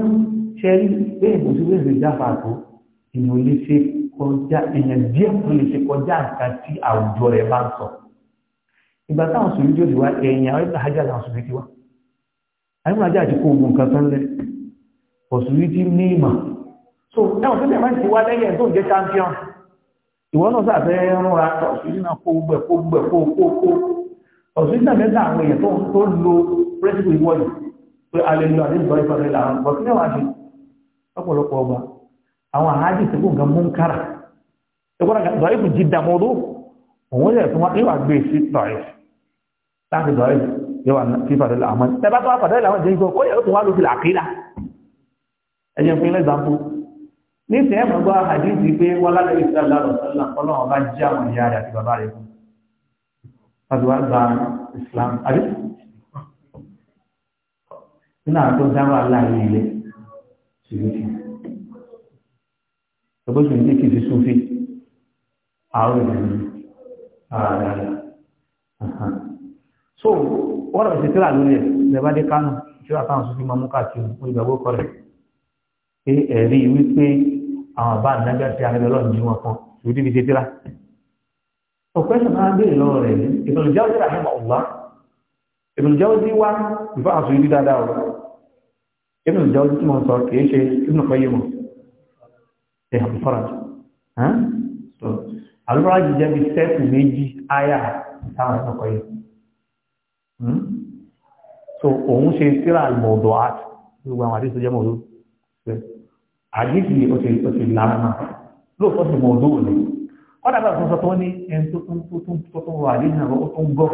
ṣẹ́rí bẹ́ẹ̀ mo ti wéèrè jáfa tó ìmọ̀ ilé ṣe kọjá èèyàn díẹ̀ tó lè ṣe kọjá nǹkan tí àwùjọ rẹ̀ bá ń sọ ìgbà táwọn sòrí tí ó ti wá ẹ̀yìn àwọn ìgbà hajj àwọn sòrí ti wá àwọn ìgbà àti kó ogun nǹkan tán lẹ ọ̀sùrí ní ìmọ̀ so táwọn tó tẹ̀wá ti wá lẹ́yìn ẹ̀ tó ń jẹ́ champion ìwọ náà sàfẹ́ rúnra ọ̀sùrí náà kó gbẹ kó gbẹ kó kó kó ọ̀sùrí náà mẹ́ta àwọn èèyàn tó tó lo principle ìwọ́yì pé alẹ́ lo àdébìbọ̀ ìfọ̀rẹ́ làwọn ọ̀sùrí náà wá ṣe ọ̀pọ̀lọpọ̀ ọgbà àwọn àhájì tó gùn gan mú ń kára ẹgbọ́n àgbà dọ̀rí kù jídà mọ́ ọdún òun yẹ fún wa yóò wá gbé sí dọ̀rí láti dọ̀rí yóò wá sí fàdé làwọn ẹ bá tó wá fàdé làwọn jẹ́ ìgbọ́ ó yẹ kó wá lóbi làkílà ẹ jẹ́ fún ilé ìzàmpù ní sẹ́ ẹ̀ mọ̀gbọ́ àdìsí pé wọ́n lálẹ́ ìsìlá lọ́sọ̀lá ọlọ́run bá jí àwọn ìyá rẹ̀ àti bàbá rẹ̀ fún láti wá gba Islam àbí nínú àwọn tó dáwọ́ aláìlẹ̀ bó ṣe ní kìí súnfí àwọn ìrìnà ààrẹ so wọ́n rẹ̀ sí tíra lórí ẹ̀ lẹ́bàdé kánù tí ó àtàwọn súnfí máa mú káàkiri fún ìgbàgbọ́ kọ́ rẹ̀ pé ẹ̀rí wípé àwọn bá nàgbà tí àwọn ẹlọ́run jí wọn kan lórí ibi tíra ọ̀pẹ́sùn máa ń béèrè lọ́rọ̀ rẹ̀ ní Ibn Jawzi rahimahullah Ibn Jawzi wá ìfọ́ àṣọ ìlú dáadáa Ibn Jawzi tí mo sọ kìí ṣe Ibn Qayyim mọ̀ ṣe àlùfọ́ràjù àlùfọ́ràjù jẹ́ bí sẹ́ẹ̀kù méjì áyà táwọn ọkọ̀ yìí hmm? so òun ṣe síra àlùmọ̀ọ́dọ̀ àti gbogbo àwọn àdéhùn tó jẹ́ mọ̀ọ́dọ̀ àdéhùn ó ti lámà lóòótọ́ sí mọ̀ọ́dọ̀ òní kọ́dà bá sọ tó ní ẹni tó tún tó tún tó tún wà nínú àwọn ó tún gbọ́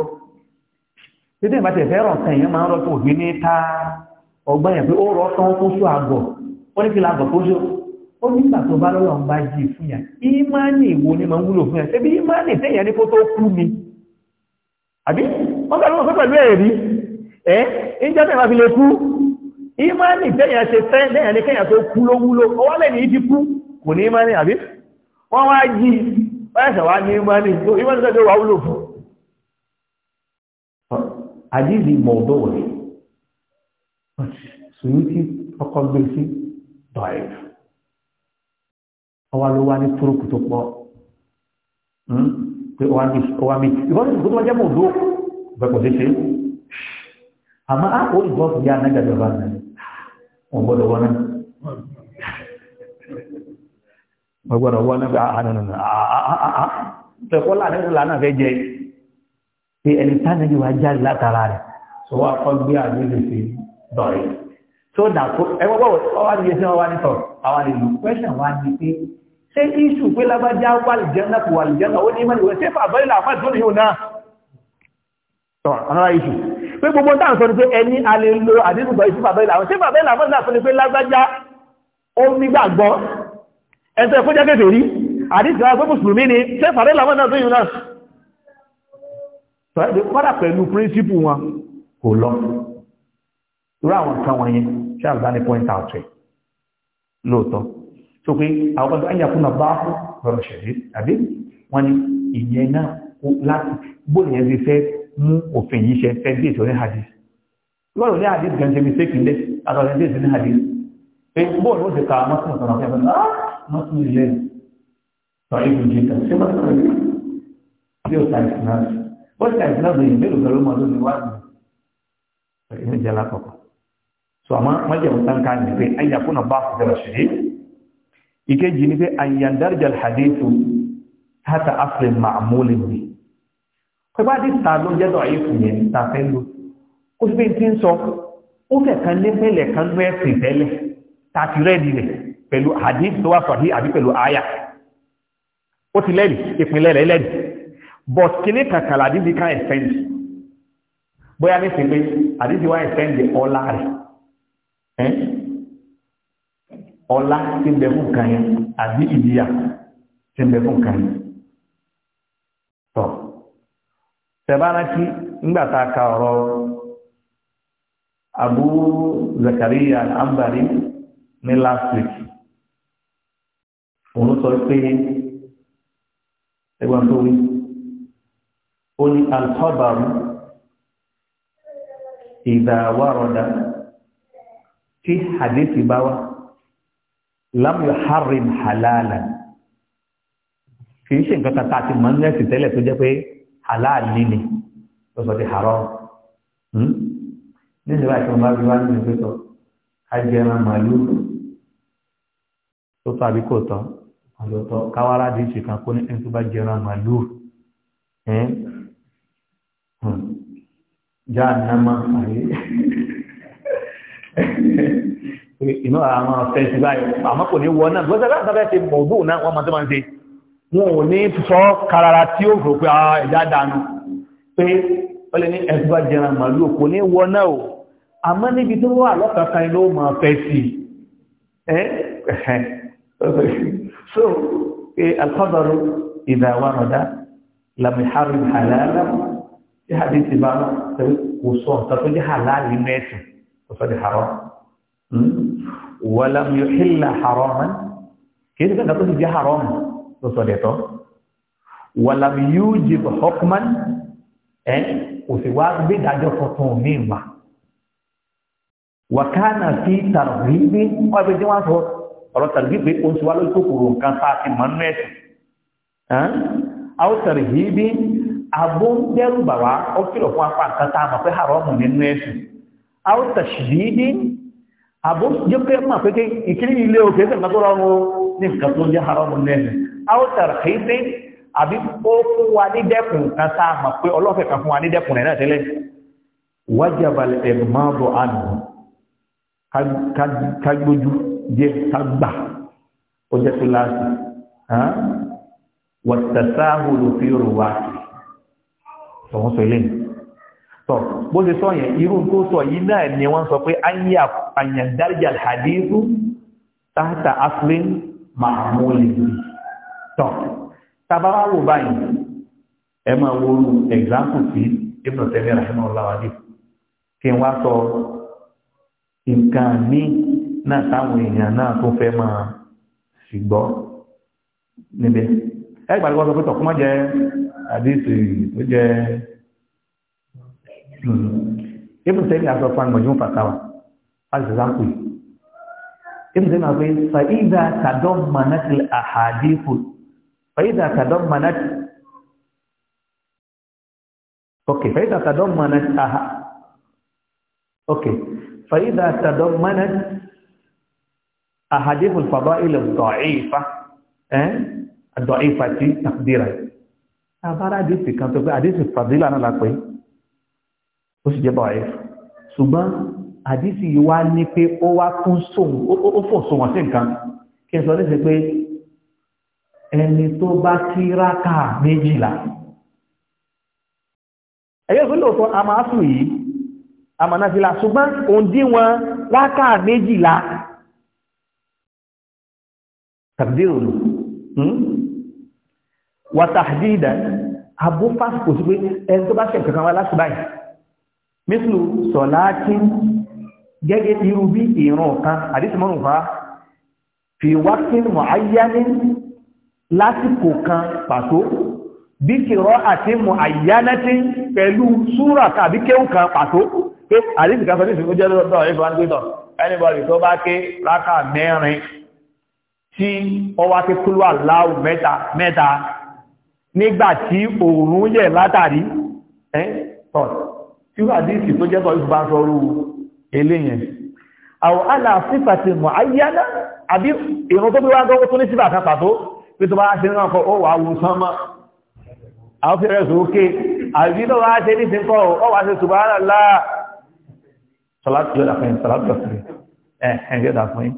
títí ìgbà tẹ̀ fẹ́ràn kan èèyàn máa ń rọ́ tó òbí ní ta ọgbọ́n yẹn pé ó rọ́ tán tó ṣú àgọ̀ ó ní kí la ó nígbà tó bá lọ́lọ́ ń bá jí fún yà ni ma ń wúlò fún yà ṣebí ìmáàní ní mi àbí wọn fẹ́ pẹ̀lú ẹ̀rí ẹ́ ìjọ tẹ́yà fi lè kú ìmáàní tẹ́yà ṣe fẹ́ tẹ́yà ní kẹ́yà tó kú ló wúlò ìdí kú àbí wọ́n wá jí wá ní tó ọwá ló wá ní túrùkù tó pọ̀ hmm? pé ọwá ni, ìbọn tó tó jẹ́ mọ̀ òdó bẹ̀kọ̀ ṣe ṣe àmọ́ á ah, ó ìbọn tó yá náà gàdọ̀ bá nà wọn gbọ́dọ̀ wọ́n náà wọ́n gbọ́dọ̀ wọ́n náà bá àánú nù àá tẹ̀kọ́ láàrin ìlú lánàá fẹ́ jẹ pé ẹni táwọn ẹni wá jáde látara rẹ̀ sọ wá kọ́ gbé àgbélé sí dọ̀rẹ́ so dàpọ̀ ẹgbẹ́ bọ́ọ̀ ọwá ni yẹn sí wọn wá ní sọ̀rọ̀ àwọn ènìyàn question wá ni pé ṣé iṣu pé lábájá wà lìjẹ́nà kò wà lìjẹ́nà ó ní mẹ́rin ṣé fàbẹ́lá àfáàtì lónìí ò náà tọ́ ọ̀nà iṣu pé gbogbo táà ń sọ ni pé ẹni a lè lo àdínúgbọ̀ iṣu fàbẹ́lá ṣé fàbẹ́lá àfáàtì náà sọ ni pé lágbájá ó nígbàgbọ́ ẹ̀sẹ̀ kó jẹ́ kéfèrí àdíjọ́ agbé mùsùlùmí ni ṣé fàbẹ́lá àfáàtì náà tó yìí náà kọ́dà pẹ̀lú príncipù wọn kò lọ irú àwọn kan wọ̀nyẹn ṣé àlùbáni point out rẹ̀ tó pé àwọn ọ̀dọ́ ayàkúnà bá fún lọ́rọ̀ ṣẹ̀dé àbí wọ́n ní ìyẹn náà láti gbóòlù yẹn ti fẹ́ mú òfin yìí ṣe fẹ́ bí ètò ní hadith lọ́rọ̀ ní hadith gan ṣe mi ṣe kìí lẹ́ àtọ̀rẹ́ bí ètò ní hadith pé bóòlù ó ti ka mọ́tún ọ̀tọ̀rọ̀ fẹ́ fẹ́ mọ́tún ilé sọ̀rọ̀ ìlú ah, jìtà ṣé mọ́tún ọ̀rẹ́ bí ó ta ìsìnà ó ta ìsìnà lóyìn mélòó lọ́rọ̀ mọ́ lórí wá ìkejì ní pé àyàndárìjàl hadithu hátà afrin ma'amúlì ni pẹ̀lú àdìsá ló jẹ́ dọ̀ àyíkù yẹn ta fẹ́ lò ó sì pé tí ń sọ ó fẹ̀ kan nípìnlẹ̀ kan ló ẹ̀sìn tẹ́lẹ̀ ta ti rẹ́ẹ̀dì rẹ̀ pẹ̀lú hadith tó wà sọ̀hí àbí pẹ̀lú àyà ó ti lẹ́rì ìpínlẹ̀ rẹ̀ lẹ́rì but kìíní kàkàlà àdìsí kan ẹ̀fẹ́ǹdì bóyá ní sìn pé àdìsí wa ẹ̀fẹ́ǹdì ọlá rẹ̀ ọlá tí ń bẹ fún kan yẹn àbí ìdíyà tí ń bẹ fún kan yẹn tọ́ tẹ̀bárántí nígbà tá a ka ọ̀rọ̀ Abu Zakariya ambari ní last week òun sọ pé ẹgbẹ́ tó wí ó ní al-khabaru idha warada tí hadithi bá wà lam yuharrim halalan kì í ṣe nǹkan kan tá a ti mọ̀ ní ẹ̀sìn tẹ́lẹ̀ tó jẹ́ pé halal ni tó sọ di haram nínú ìwà ìṣọ̀nba bí wá nínú ìgbésọ̀ ajẹran màálù tó tọ́ àbí kò tọ́ àlọ́tọ́ káwárá di ìṣe kan kó ní ẹni tó bá jẹran màálù jáà nàmá àyè iná àwọn fẹ́ǹsì báyìí àmọ́ kò ní wọ náà bí wọ́n sábà sábà ṣe mọ̀ọ́dù náà wọ́n máa tó máa ń ṣe wọn ò ní sọ karara tí ó rò pé ah, ẹ̀dá dànù pé ó lè ní ẹ̀sùn bá jẹran màlúù kò ní wọ náà o àmọ́ níbi tó wà lọ́kàkan ló máa fẹ́ sí so alkọ́bọ̀rọ̀ ìdáwárọ̀dá lamiharu halala tí hadith bá kò sọ ọ̀tọ̀ tó jẹ́ halali mẹ́sìn kò sọ di haram wàlám yóò hílà haraman kìí ṣe kankan tó ti jẹ́ haram tó sọ dẹ̀tọ́ wàlám yóò jẹ hukman ẹ kò sì wá gbé dájọ́ tuntun mi wá wàkánà fi tàrùbí bí wọ́n fi jẹ́ wọ́n sọ ọ̀rọ̀ tàrùbí pé ó ń sọ wá lórí kòkòrò nǹkan tá a ti mọ̀ nínú ẹ̀sìn àwọn tàrìhì bí agbó ń dẹ́rù bàwá ó kìlọ̀ fún apá nǹkan tá a mọ̀ pé haramu àbó jẹ́ pé mọ̀ pé kí ìkírí ilé òkè tẹ̀ mẹ́tọ́ rọrùn ní nǹkan tó jẹ́ haramu lẹ́nu áwùtàrà kìí pé àbí ó fún wa ní dẹ́kun kan sáà mọ̀ pé ọlọ́fẹ̀ kan fún wa ní dẹ́kun rẹ̀ náà tẹ́lẹ̀ wájàbalẹ̀ ẹ̀mọ́bọ̀ àná kágbójú jẹ́ kágbà ó jẹ́ tó láti wọ̀tẹ̀sáhùlù fi rò wá sọ̀wọ́sọ̀ ilé sọ bó ṣe sọ yẹn irú tó sọ yìí náà ni wọ́n sọ pé àyàndáríjà hadithu tààtà aslin mahmuli tọ tabawa wo báyìí ẹ máa wo example sí ibùdó tẹ́lẹ̀ rahimu ọláwádé kí n wá sọ nǹkan ní náà táwọn èèyàn náà tó fẹ́ máa ṣùgbọ́ níbẹ̀ ẹgbàá lọ́wọ́ sọ pé tọ̀kúnmọ́ jẹ́ àdéhùn tó jẹ́ ibùn tẹ́lẹ̀ aṣọ fún àgbọ̀jọ́ fàtàwà alìsàkù ibùn tẹ́lẹ̀ aṣọ fa'ida tàdọ́ manati àhàdífò fa'ida tàdọ́ manati ok fa'ida tàdọ́ manati àhà ok fa'ida tàdọ́ manati àhàdífò fàbá ilẹ̀ dọ̀ífà ẹ́ dọ̀ífà tí tàbíra àbára àdífì kan tó fẹ́ àdífì fàdílà náà lápẹ́ ó sì jẹ́ bàwáyé ṣùgbọ́n àdísì yìí wá ní pé ó wá kún sóhun ó fò sóhun sí nǹkan kí n sọ ní sí pé ẹni tó bá kí rákà méjìlá ẹ̀yẹ́ ìfẹ́ lóòótọ́ a máa sùn yìí a máa náà fi la ṣùgbọ́n òun dín wọn rákà méjìlá tàbí òòlù hmm? wàtàdídà abúfàsìkò sí pé ẹni tó bá ṣe nǹkan kan wá láti báyìí mísìlù sọ̀láàkín gẹ́gẹ́ bí irú bí ìran kan àdísìmọ́rùn fa fi wákín mọ̀áyáni lásìkò kan pàtó bí kìrọ àti mọ̀áyánátí pẹ̀lú súrà tàbí kéhù kan pàtó pé àdísìkà sọ nísìnkú jẹ́ lọ́dọ̀ ẹ̀fọ́ àndúgbò anybody tó bá ké rákà mẹ́rin tí ọwá ké kúlú aláwù mẹ́ta mẹ́ta irú àdíìsì tó jẹ́kọ̀ọ́ ìfúbá sọrú eléyìn àwọn aláàfífàtì mọ̀ ayáná àbí ìrùn tó bí wá gọ́wọ́ tó ní síbà kan pàtó pé tó bá ṣe náà kọ ó wà wù sánmà àwọn fẹ́rẹ̀ sókè àbí lọ́wọ́ á ṣe nísìn kọ́ ó wà ṣe subhanallah sọlátì yọ̀dà fún sọlátì yọ̀dà fún ẹ̀ ẹ̀ yọ̀dà fún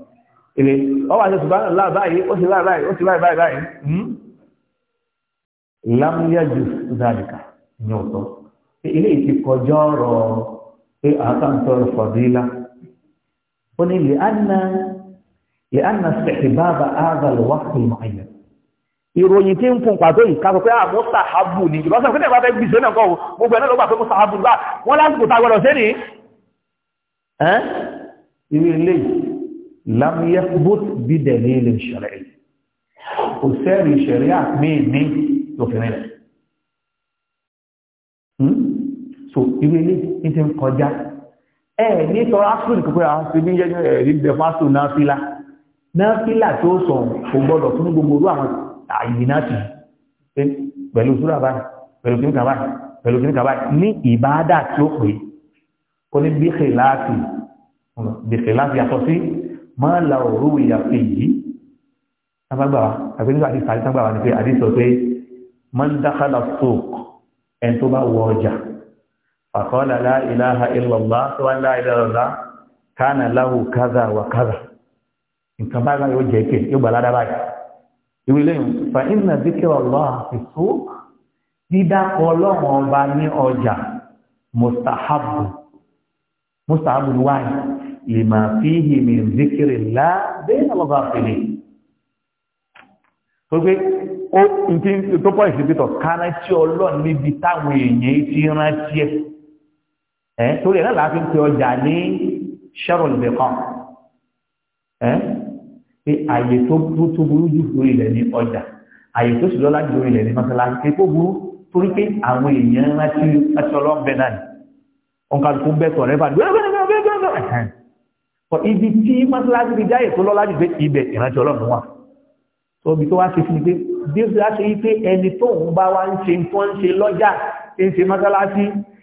ilé ó wà ṣe subhanallah báyìí ó sì láì báyìí ó sì láì báyìí báyìí lámúyájú zálìkà ní ọ̀tọ̀ ilé ìti kọjọ́ ọ̀rọ̀ pé àkàntọ̀rọ̀ fọ̀dílá ó ní lè ánà sẹ̀tì bába áàbàlù wá sí ìmọ̀ ẹ̀yẹ ìròyìn tí ń fún pàtó yìí kápẹ́ pé àmú ah, sàhábù ni ìjọba sọ̀rọ̀ pé tẹ̀wá fẹ́ gbìṣẹ́ náà kọ́ gbogbo ẹ̀nà lọ́gbà tó mú sàhábù nígbà wọ́n lásìkò tá a gbọ́dọ̀ sẹ́ni. irú ilé lámúyẹ́ bót bí ní ilé ìṣẹ̀rẹ̀ kò sẹ́rì ìṣẹ̀rẹ̀ àmì ní tòfin rẹ̀ so irú ilé ní ti ń kọjá ẹ ní sọ̀rọ̀ asùn nìkan pé àwọn ṣẹbi ń yẹ ẹrí bẹ fún asùn náà fílà náà fílà tó sọ kò gbọdọ̀ fún gbogbo orú àwọn àyè náà tì pẹ̀lú sùúrà báyìí pẹ̀lú kí ní kàbá pẹ̀lú kí ní kàbá ní ìbáadà tí ó pè kó ní bíkè láti yàtọ̀ sí máa la òru ìyàpè yìí sábàgbà wa nígbà tí sàrí sábàgbà wa ni pé àdìsọ pé máa ń dákàlà sóòkù ẹni tó bá wọ ọjà àkọọ́lá láìláha ìlọ́lá tó wá láìláha kánà láhù kaza wà kaza nǹkan bá yóò jẹ́ kí yóò gbà ládàá báyìí ìwé lẹ́yìn fa iná zikirọ̀ lọ́ àfisú dídákọ̀ ọlọ́run ọba ní ọjà mustahabu mustahabu wáyé lèmà fíhì mi zikiri lá bẹ́ẹ̀ náà lọ́ba àfẹ́lẹ́ tó gbé ó ntí tó pọ̀ ìsìnkú tó kánà ọlọ́run níbi táwọn èèyàn ti rántí ẹ̀ ẹ torí ẹ náà láti pe ọjà ní sharul biqa ẹ pé àyè tó tó burú jù lórí ilẹ̀ ní ọjà àyè tó sì lọ́lá jù lórí ilẹ̀ ní mọ́sálásí pé kó burú torí pé àwọn èèyàn láti láti ọlọ́ọ̀bẹ náà ònkàlùkù bẹ́tọ̀ rẹ bá dùn ẹ ibi tí mọ́sálásí ti jáyè tó lọ́lá jù pé ibẹ̀ ìrántí ọlọ́run wà tóbi tó wá ṣe fún pé bí ó ṣe wá ṣe yí pé ẹni tóun bá wá ń ṣe tó ń ṣe lọ́jà ń ṣe mọ́sálásí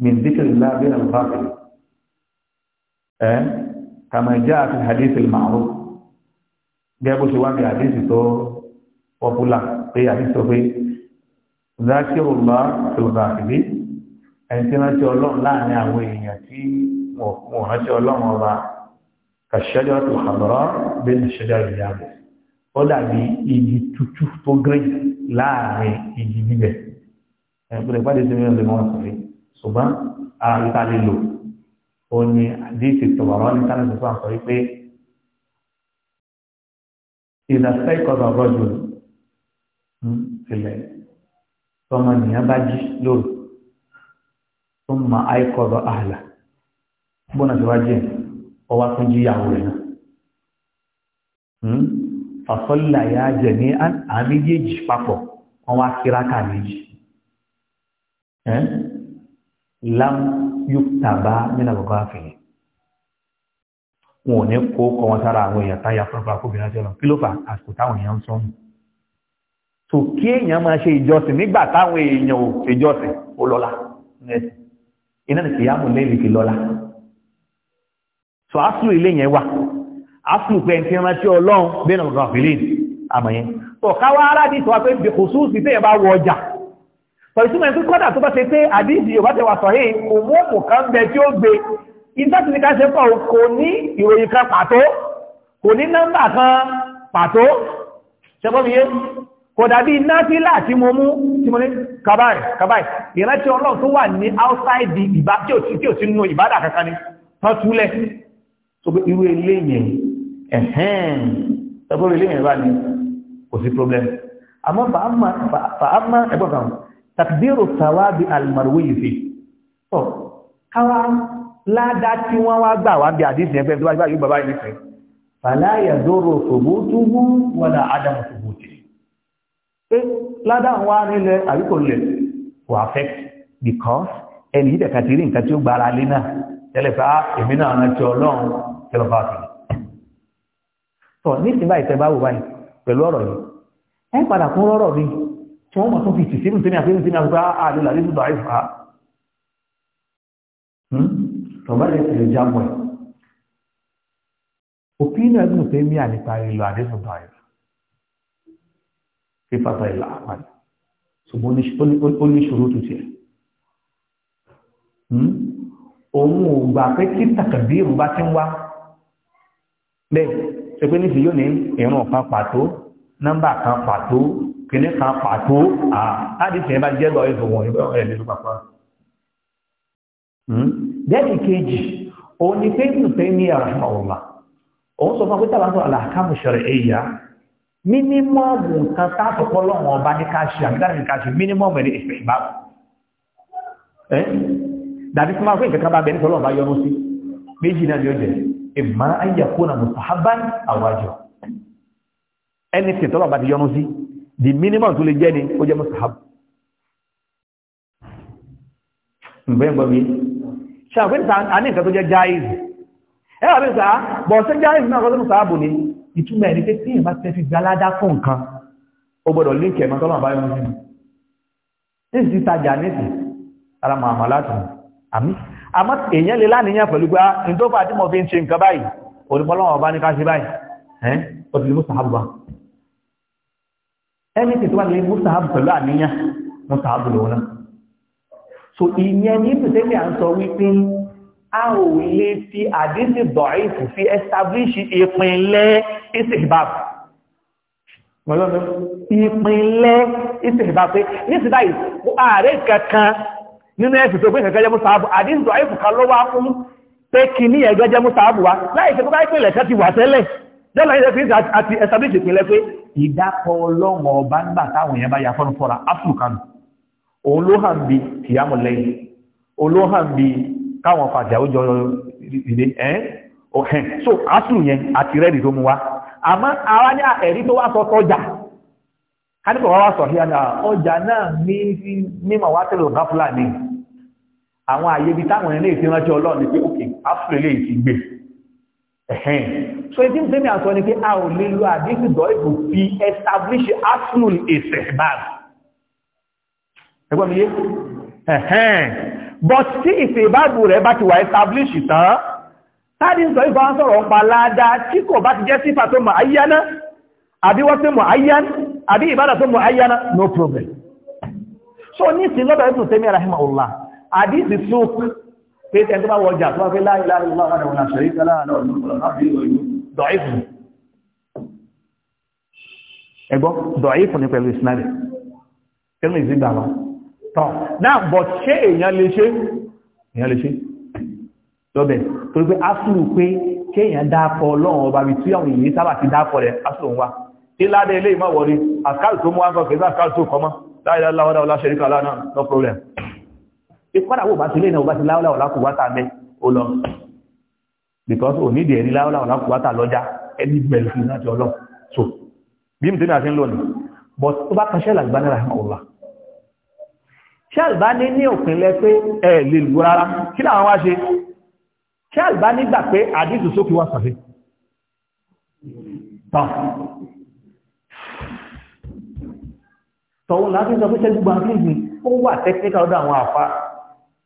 من ذكر الله بين الغافل أه؟ كما جاء في الحديث المعروف جابوا سواء في حديث تو وفلا في حديث في ذاكر الله في الغافل ẹni tí rántí ọlọ́run láàrin àwọn èèyàn tí wọ́n rántí ọlọ́run ọba kàṣẹ́jọ́ tó àbọ̀rọ̀ bẹ́ẹ̀ ṣẹ́jọ́ ìyàbọ̀ ó dàbí igi tútù tó gírí láàrin igi gbígbẹ ẹ̀kúrẹ́ pàdé sí mi ọ̀lẹ́mọ̀ ọ̀sán yìí ṣùgbọ́n àìta lè lò ó ní àdéhìsì tọ̀wọ̀rọ̀ ní kánà tó sọ wípé ìdàsẹ́ ìkọ̀dọ̀ rọ́jò sílẹ̀ tọmọ nìyẹn bá jí lóru tó mọ àìkọ̀dọ̀ àhàlà gbọ́nà tó wá jẹ́ ọwá tó jíyàwó rẹ̀ náà hmm? fàfọ́lá ya jẹ̀ ní àmì yéjì papọ̀ wọ́n wá kíráka méjì lam yuktaba nínú àgbàgbà àfihàn wọn ò ní kó kọ wọn sára àwọn èèyàn táyà fúnfà kóbìnrin àti ọlọ́run kí ló fà àsìkò táwọn èèyàn ń sọ nù tó kí èèyàn máa ṣe ìjọsìn nígbà táwọn èèyàn ò ṣe ìjọsìn ó lọ́la iná ní kìyàmù lẹ́yìn kì lọ́la so aslu ilé yẹn wà aslu pé ẹni tí wọn ti ọlọ́run bẹ́ẹ̀ náà gbàgbé lẹ́yìn àmọ̀ yẹn tó káwá aládìí tó wá pé kò súùsì téèyàn bá wọ ọjà pẹ̀lúmọ̀ ẹ̀kú kọ́dà tó bá ṣe pé àdíjì yóò bá tẹ wà sọ̀hí kò mú òmù kan bẹ tí ó gbé ìtàtí ní ká ṣe pọ̀ kò ní ìròyìn kan pàtó kò ní nọ́mbà kan pàtó ṣẹgbọ́mìyé kò dàbí náfílà tí mo mú tí mo ní kàbáì kàbáì ìrántí ọlọ́run tó wà ní outside ìbá tí ò sí tí ò sí nínú ìbádà kankan ni wọ́n túlẹ̀ tó pé irú eléyìí ẹ̀hẹ́n tó pé irú eléyìí bá ní kò sí problem àmọ́ fàámà ẹ̀gbọ́n kan tàbírò tàwábí alìmọ̀rúwé ìfẹ́ tọ́ káwá ládá tí wọ́n wá gbà wá bí àdísì ẹgbẹ́ tó wá gbà yóò bàbá ìrìnfẹ́ fàláyà dóró tòbótúwú wọ́n àdámù tòbótì pé ládá wá nílẹ̀ àríkò lẹ̀ wà fẹ́ because ẹni yìí tẹ̀ka ti rí nǹkan tí ó gbára lé náà tẹ́lẹ̀ fẹ́ ah, èmi náà rántí ọlọ́run tẹ́lọ̀ ah, bá fi tọ́ ní ìsìn báyìí tẹ́ bá wò báyìí pẹ̀lú ọ̀rọ̀ yìí ẹ padà kún mi tí wọ́n mọ̀ tó fi tìsí ìrùntẹ́mí àti ìrùntẹ́mí àgbà àdìlà ní ìdúdà ìfà tọ̀bá lè tẹ̀lé jábọ̀ ẹ̀ òpínà ìrùntẹ́mí ànípa ìlò àdìsọ̀dà ìfà fífàtà ìlà àpàdé ṣùgbọ́n ó ní ṣòro tó tiẹ̀ hmm? òun ò gbà pé kí tàkàbí ìrù bá ti ń wá bẹ́ẹ̀ ṣe pé níṣẹ́ yóò ní ìrùn kan pàtó nọ́mbà kan pàtó kìnnì kan pàtó àádìsẹ̀ bá jẹ́ lọ ìfòwò ìbẹ̀rẹ̀ nínú pàpá. dẹ́ẹ̀dì kejì òun ni pé nù pé ní àràmàwòmà òun sọ fún pé tàbí àwọn àlàkàmù ṣẹlẹ̀ èyà mínímọ̀mù kan sáàtọ̀pọ̀ lọ́wọ́ ọba ní káṣí àmìtàrí káṣí mínímọ̀mù ẹni ìfẹ̀ ìbá dàbí fún àwọn ìfẹ̀ká bá bẹ̀rẹ̀ tọ́lọ̀ bá yọnu sí méjì náà ni ó jẹ́ the minimum tó lè jẹ́ ni ó jẹ́ mustahab ǹbẹ́ǹgbọ́n mi ṣàfihàn a ní nǹkan tó jẹ́ jaiz ẹ wà bẹ́ẹ̀ sá bọ̀ ṣe jaiz náà kọ́sẹ́ mustahab ni ìtumọ̀ ẹni pé tí ìyẹn bá fẹ́ fi gbalada fún nǹkan ó gbọ́dọ̀ líǹkì ẹ̀mọ́ tọ́lọ́ àbáyọ ní sínú ní sì tajà nísì ara mọ̀ àmọ́ láti àmì àmọ́ èèyàn lè láníyàn pẹ̀lú pé ní ah, tó fà á mustahab báyìí ẹni tí tó wà ní mustahabu pẹ̀lú àníyàn mustahabu lòun náà so ìyẹn ní ìpìtẹ́lẹ̀ à ń sọ wípé a ò lè fi àdísì dọ̀ífù fi establish ìpínlẹ̀ istihbab mọ̀lọ́nà ìpínlẹ̀ istihbab pé ní ti báyìí ààrẹ kankan nínú ẹ̀sìn tó pé kankan jẹ́ mustahabu àdísì dọ̀ífù kan ló wá fún pé kí ní ẹ̀gẹ́ jẹ́ mustahabu wa láì ṣe kó ìpínlẹ̀ kan ìdákọ̀ ọlọ́run ọba nígbà táwọn èèyàn bá ya fọ́nù fọ́ra áfùrùkánu òun ló hàn bí kìyàmù lẹ́yìn òun ló hàn bí káwọn fàjà jọ ìdè ẹ́ ọ̀hẹ́n so áfùrù yẹn àti rẹ́ẹ̀dì tó mú wa àmọ́ àwa ní ẹ̀rí tó wá sọ tọ́jà kánìkọ̀ wá wá sọ sí àná ọjà náà ní mímọ̀ wá tẹ̀lé ọ̀gá fúlàní àwọn àyèbí táwọn ẹ̀rẹ́ ìfiránṣẹ́ ọlọ́run ni pé òkè áfùrù eléyìí ẹ̀hẹ́n so ìdí ń me àtọ́ ni pé a ò lè lo àdíkù dọ́ìbù fi establish asmul ìsẹ̀bàr ẹgbọ́n mi yé ẹ̀hẹ́n but tí ìsẹ̀bàbù rẹ̀ bá ti wà establish tán tàbí sọ ìfà sọ̀rọ̀ pa láàdá tí kò bá ti jẹ́ sífà tó mọ̀ ayyana àbí wọ́n tó mọ̀ ayyana àbí ìbádà tó mọ̀ ayyana no problem so ní ìsìn pé tẹ́ tó bá wọ ọjà tó wá fẹ́ láàrín láàrín ọlọ́run àwọn ọ̀nà ṣẹ̀rí kálá náà ní ọ̀nà bí ìròyìn dọ̀ífù ẹgbọ́ dọ̀ífù ní pẹ̀lú ìsinadì pẹ̀lú ìsìndà wọn tọ́ náà bọ̀ ṣé èèyàn lè ṣe èèyàn lè ṣe lọ́bẹ̀ torí pé asùn pé kéèyàn dákọ̀ ọlọ́run ọba bí tí àwọn èèyàn sábà ti dákọ̀ rẹ̀ asùn wa tí ládé ilé ìmọ̀ wọlé àkáàlù tó mú wá ń kọ́ kì àkáàlù tó kọ́ mọ́ ọlá ṣẹ̀ríkà lánàá no problem ìkọ́dà wò bá ti lé náà wò bá ti láwọ́láwọ̀ lákùwátà mẹ́ ó lọ because ò nídìí ẹ̀rí láwọ́láwọ̀ lákùwátà lọ́jà ẹni bẹ̀rẹ̀ fún láti ọlọ́ so bí mi tẹ́mi àti ń lọ nì but tó bá kan ṣẹ́lá ìgbani ra ẹ̀mọ̀ wà ṣẹ́lbá ní ní òpinlẹ̀ pé ẹ lè lù rárá kí làwọn wá ṣe ṣẹ́lbá nígbà pé àdìsù sókè wà sàfẹ́ tọ̀wọ́n láti sọ pé ṣẹ́lbá ní ó wà technical ọ̀dọ̀ àwọn àfa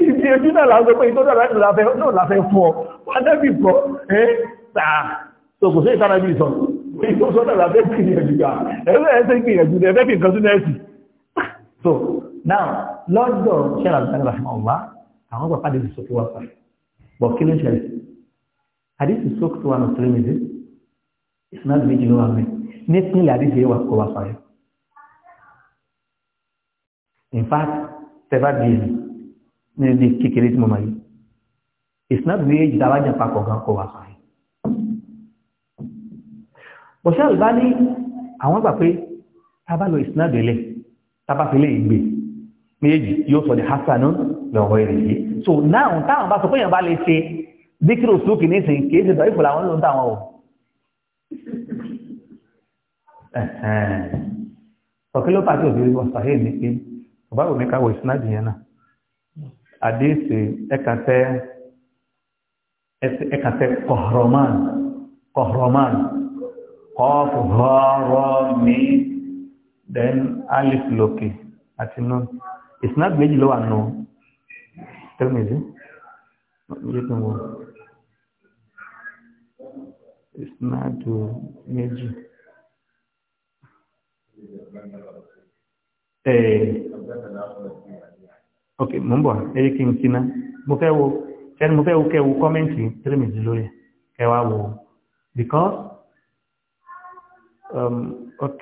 ìdí ojú náà láàrín pé ìtọ́jú àlájú náà láfẹ́ fún ọ wà nẹ́bì bọ́ ẹ́ tàà tó kò sí ìtànàbí ìsọ̀ ìtọ́jú náà láfẹ́ gbìyànjú gbà ẹ̀rọ ẹ̀ẹ́sẹ̀ gbìyànjú ẹ̀fẹ́ fi nǹkan tún ẹ̀sì so now lọ́jọ́ ṣẹlẹ̀ àbúkálẹ̀ rahim ọ̀wá àwọn bàbá dé sókè wá pàṣẹ bọ̀ kí ló ṣẹlẹ̀ àdìsí sókè tó wà ní sílẹ̀ méjì ìsìnàbí méjì ló wà mẹ́ nípínlẹ̀ àdìsí wà in fact tẹ̀fà bíyẹn ní ibi kékeré tí mo máa yí ìsìnàbí méjì dára jẹ́ papọ̀ gan kó wà sọ́yìn bọ̀ṣẹ́ àlùbá ní àwọn gbà pé tábà lo ìsìnàbí lẹ̀ tábà fi lè gbè méjì yóò sọ di hasanu lọ́wọ́ èrè yìí so now táwọn bá sọ pé èèyàn bá lè ṣe díkìrò sókè nísìn kì í ṣe dọ̀ ìfòlà àwọn ló ń táwọn o sọ kí ló pàṣẹ òfin wọ́n sàhẹ́ ní pé báwo ni káwọ ìsinádì yẹn náà àdéhìsì ẹkàtẹ ẹkàtẹ kọhọrọmán kọhọrọmán kọfù họrọmí then alif lókè àti nù ìsinádì méjì ló wà nù tẹlifíṣì yìí tó ń wọ ìsinádì méjì. Eh, ok mo ń bọ̀ ẹyẹ kí n tiná mo fẹ́ wo ẹni mo fẹ́ wo kẹwo kọ́mẹ́ǹtì three minutes lórí kẹwa wo because um, ok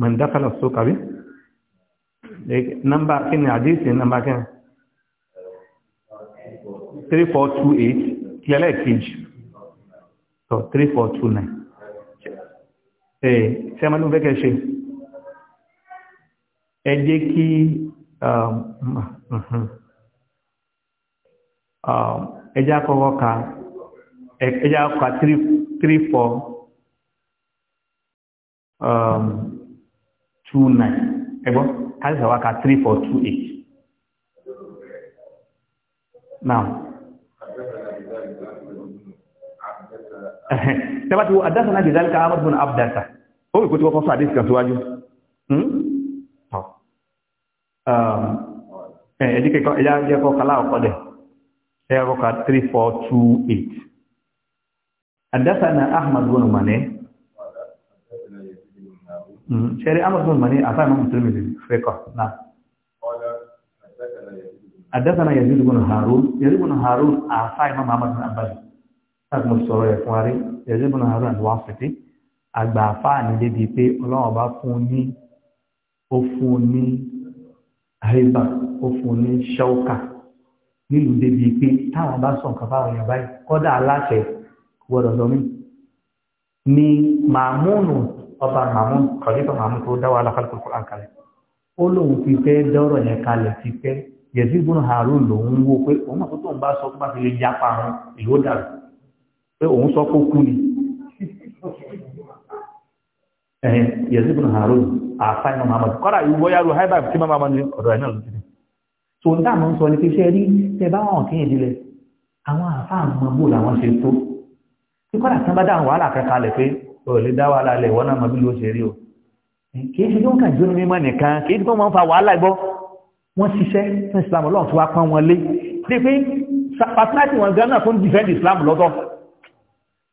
man dákàlà sókà bí nọ́mbà kí ni àdéhìsì nọ́mbà kí ni three four two eight kí ẹlẹ́ẹ̀kejì so three four two nine eh, ṣe ṣe máa ń fẹ́ ẹ jẹ́ kí um, um, ẹ jẹ́ akọ́kọ́ ka ẹ jẹ́ akọ́kọ́ ka three three four um, two nine ẹ gbọ́ kájí sọ̀rọ̀ ka three four two eight now. tẹ́bàtí wo adásánà bìí zálika ahmed bin abdasa ó wípé tí wọ́n kọ́ sọ àdéhùn kan síwájú ẹ̀ẹ́díkẹ́kọ́ ẹ̀yà jẹ́kọ́ kálá ọ̀kọ́dẹ̀ ẹ̀rọ̀kà 3428 àdásánà ahmad bin mane ṣẹ́rí ahmad bin mane àtàmà mùsùlùmí fẹ́kọ̀ náà àdásánà yazid bin harun yazid bin harun àfáìmá muhammad bin abbas láti mọ̀ sọ̀rọ̀ ẹ̀ fún arí yazid bin harun àti wáfẹ́tí àgbà àfáà nílé di pé ọlọ́wọ́ bá fún ní ó fún ní àìbá ó fún ní ṣọ́ọ̀kà nílùú débi pé táwọn bá sọ nǹkan báwọn èèyàn báyìí kọ́dà aláṣẹ gbọ́dọ̀ lọ mí ni màmúnù ọba màmúnù kọ̀lẹ́tọ̀ màmúnù tó dáwọ́ alákàlùkù kọ́ àǹkalẹ̀ ó lóun fi fẹ́ dọ́rọ̀ yẹn kalẹ̀ ti fẹ́ yẹ̀sí gbọ́nà Harun lòun wó pé òun àti tóun bá sọ tó bá fi lè yapa àwọn ìlú dàrú pé òun sọ kó kú ni yẹ̀sí gbọ́nà Harun àfa ìmọ̀ Muhammad kọ́dà ìwú bọ́yá ru haibab tí màmá Muhammad ọ̀dọ̀ ẹ̀ náà ló ti dé so ń dáàmú sọ ni pé ṣe rí tẹ bá wọn kí ìdílé àwọn àfa àmọ́ bò làwọn ṣe tó tí kọ́dà tí wọ́n bá dá àwọn wàhálà kẹta lẹ̀ pé ọ̀rọ̀ lè dá wàhálà lẹ̀ wọ́n náà mọ bí ló ṣe rí o kì í ṣe tó ń kàn jóni mímọ́ nìkan kì í ṣe tó ń fa wàhálà gbọ́ Islam Ọlọ́run tí wàá pọ́n wọn lé pé pé pàtàkì wọn gan náà tó Islam lọ́tọ̀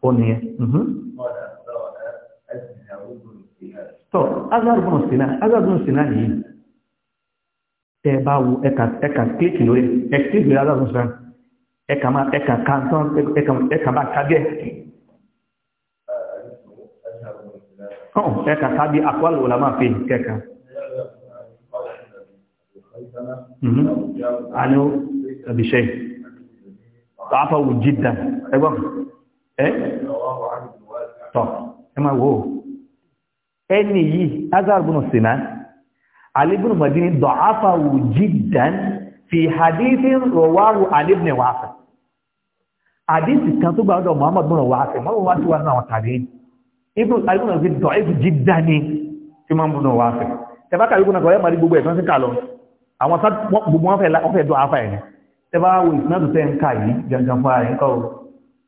ó ní ẹ. azar bùnú sinna azar bùnú sinna nìyí tẹ́ bá wo ẹ̀ka kílíkì lórí ẹ̀ kílíkì lórí azar bùnú sinna ẹ̀ka máa ẹ̀ka kàntán eka máa kágẹ́. ẹ̀ka kábí àkọọ́lù wọlé máa fi kẹ́ka. àní àbíṣe tọ́ ẹ máa wò ó ẹni yìí azar bùnú sinna alibùnú madini dọ̀áfà wù jìdán fi hadithi rọwárù alibùnú wàásù hadithi kan tó gbàdọ̀ muhammad bùnú wàásù muhammad wàásù wà náà tàbí ibùnú alibùnú fi dọ̀áfù jìdán ni tí wọ́n bùnú wàásù tẹ́bá kàrí kúnnà kọ̀ọ́yẹ́ màrí gbogbo ẹ̀tọ́ sí kà lọ àwọn sáà gbogbo wọn fẹ́ dọ̀ àfà ẹ̀ tẹ́bá wo ìsinà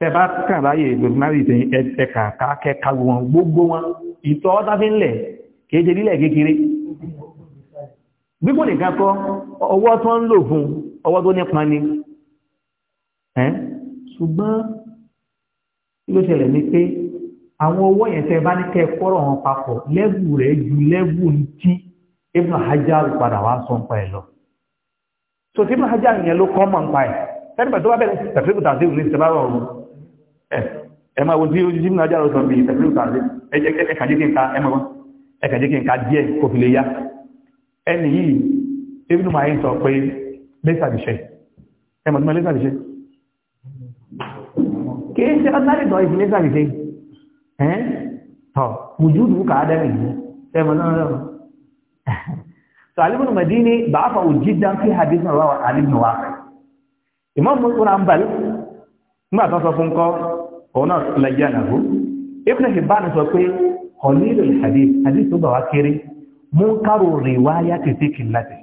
tẹ bá kàn láyé ìgbòmínárì tí ẹ̀ẹ̀kà kákẹ́kà wọn gbogbo wọn ìtọ́ ọ́tàfínlẹ̀ kéje nílẹ̀ kékeré gbígbò nìkan kọ́ ọwọ́ tó ń lò fún ọwọ́ tó nípa ni ṣùgbọ́n ló ṣẹlẹ̀ ní pé àwọn ọwọ́ yẹn tẹ bá ní kẹ́ kọ́rọ̀ wọn papọ̀ lẹ́bù rẹ̀ ju lẹ́bù ń tí Ibn Hajar padà wá sọ nípa ẹ̀ lọ so tí Ibn Hajar yẹn ló kọ́ mọ̀ nípa ẹ̀ tẹ́lifà tó bá bẹ̀rẹ̀ tẹ̀síwò tàbí ìrìn ìṣẹ̀bá rọrùn Eh, ẹ máa wo tí ó jí náà jáde sọ bí ìtẹ̀lú ìtàrí ẹkàjẹ́ kí n ka díẹ̀ kò fi lè yá ẹni yìí ibùdó máa ń sọ pé lẹ́sàbìṣẹ́ ẹ mọ̀ tí mo lẹ́sàbìṣẹ́ kìí ṣe ọdúnlẹ̀ ìdọ̀ ìfì lẹ́sàbìṣẹ́ ẹ̀ tọ̀ wùjúdù kà á dẹ́rìn yìí ẹ mọ̀ náà lọ́rọ̀ sọ alibùdó Madini bàáfà òjì dán sí hadith náà wà alibùdó wa imam òun náà tún lẹ́yìn ànàbó Ibn Hibban sọ pé ọ̀lẹ́lò ìhàdí àdí tó gbà wá kéré múnkàrò rìwáyà tètè kìláàtì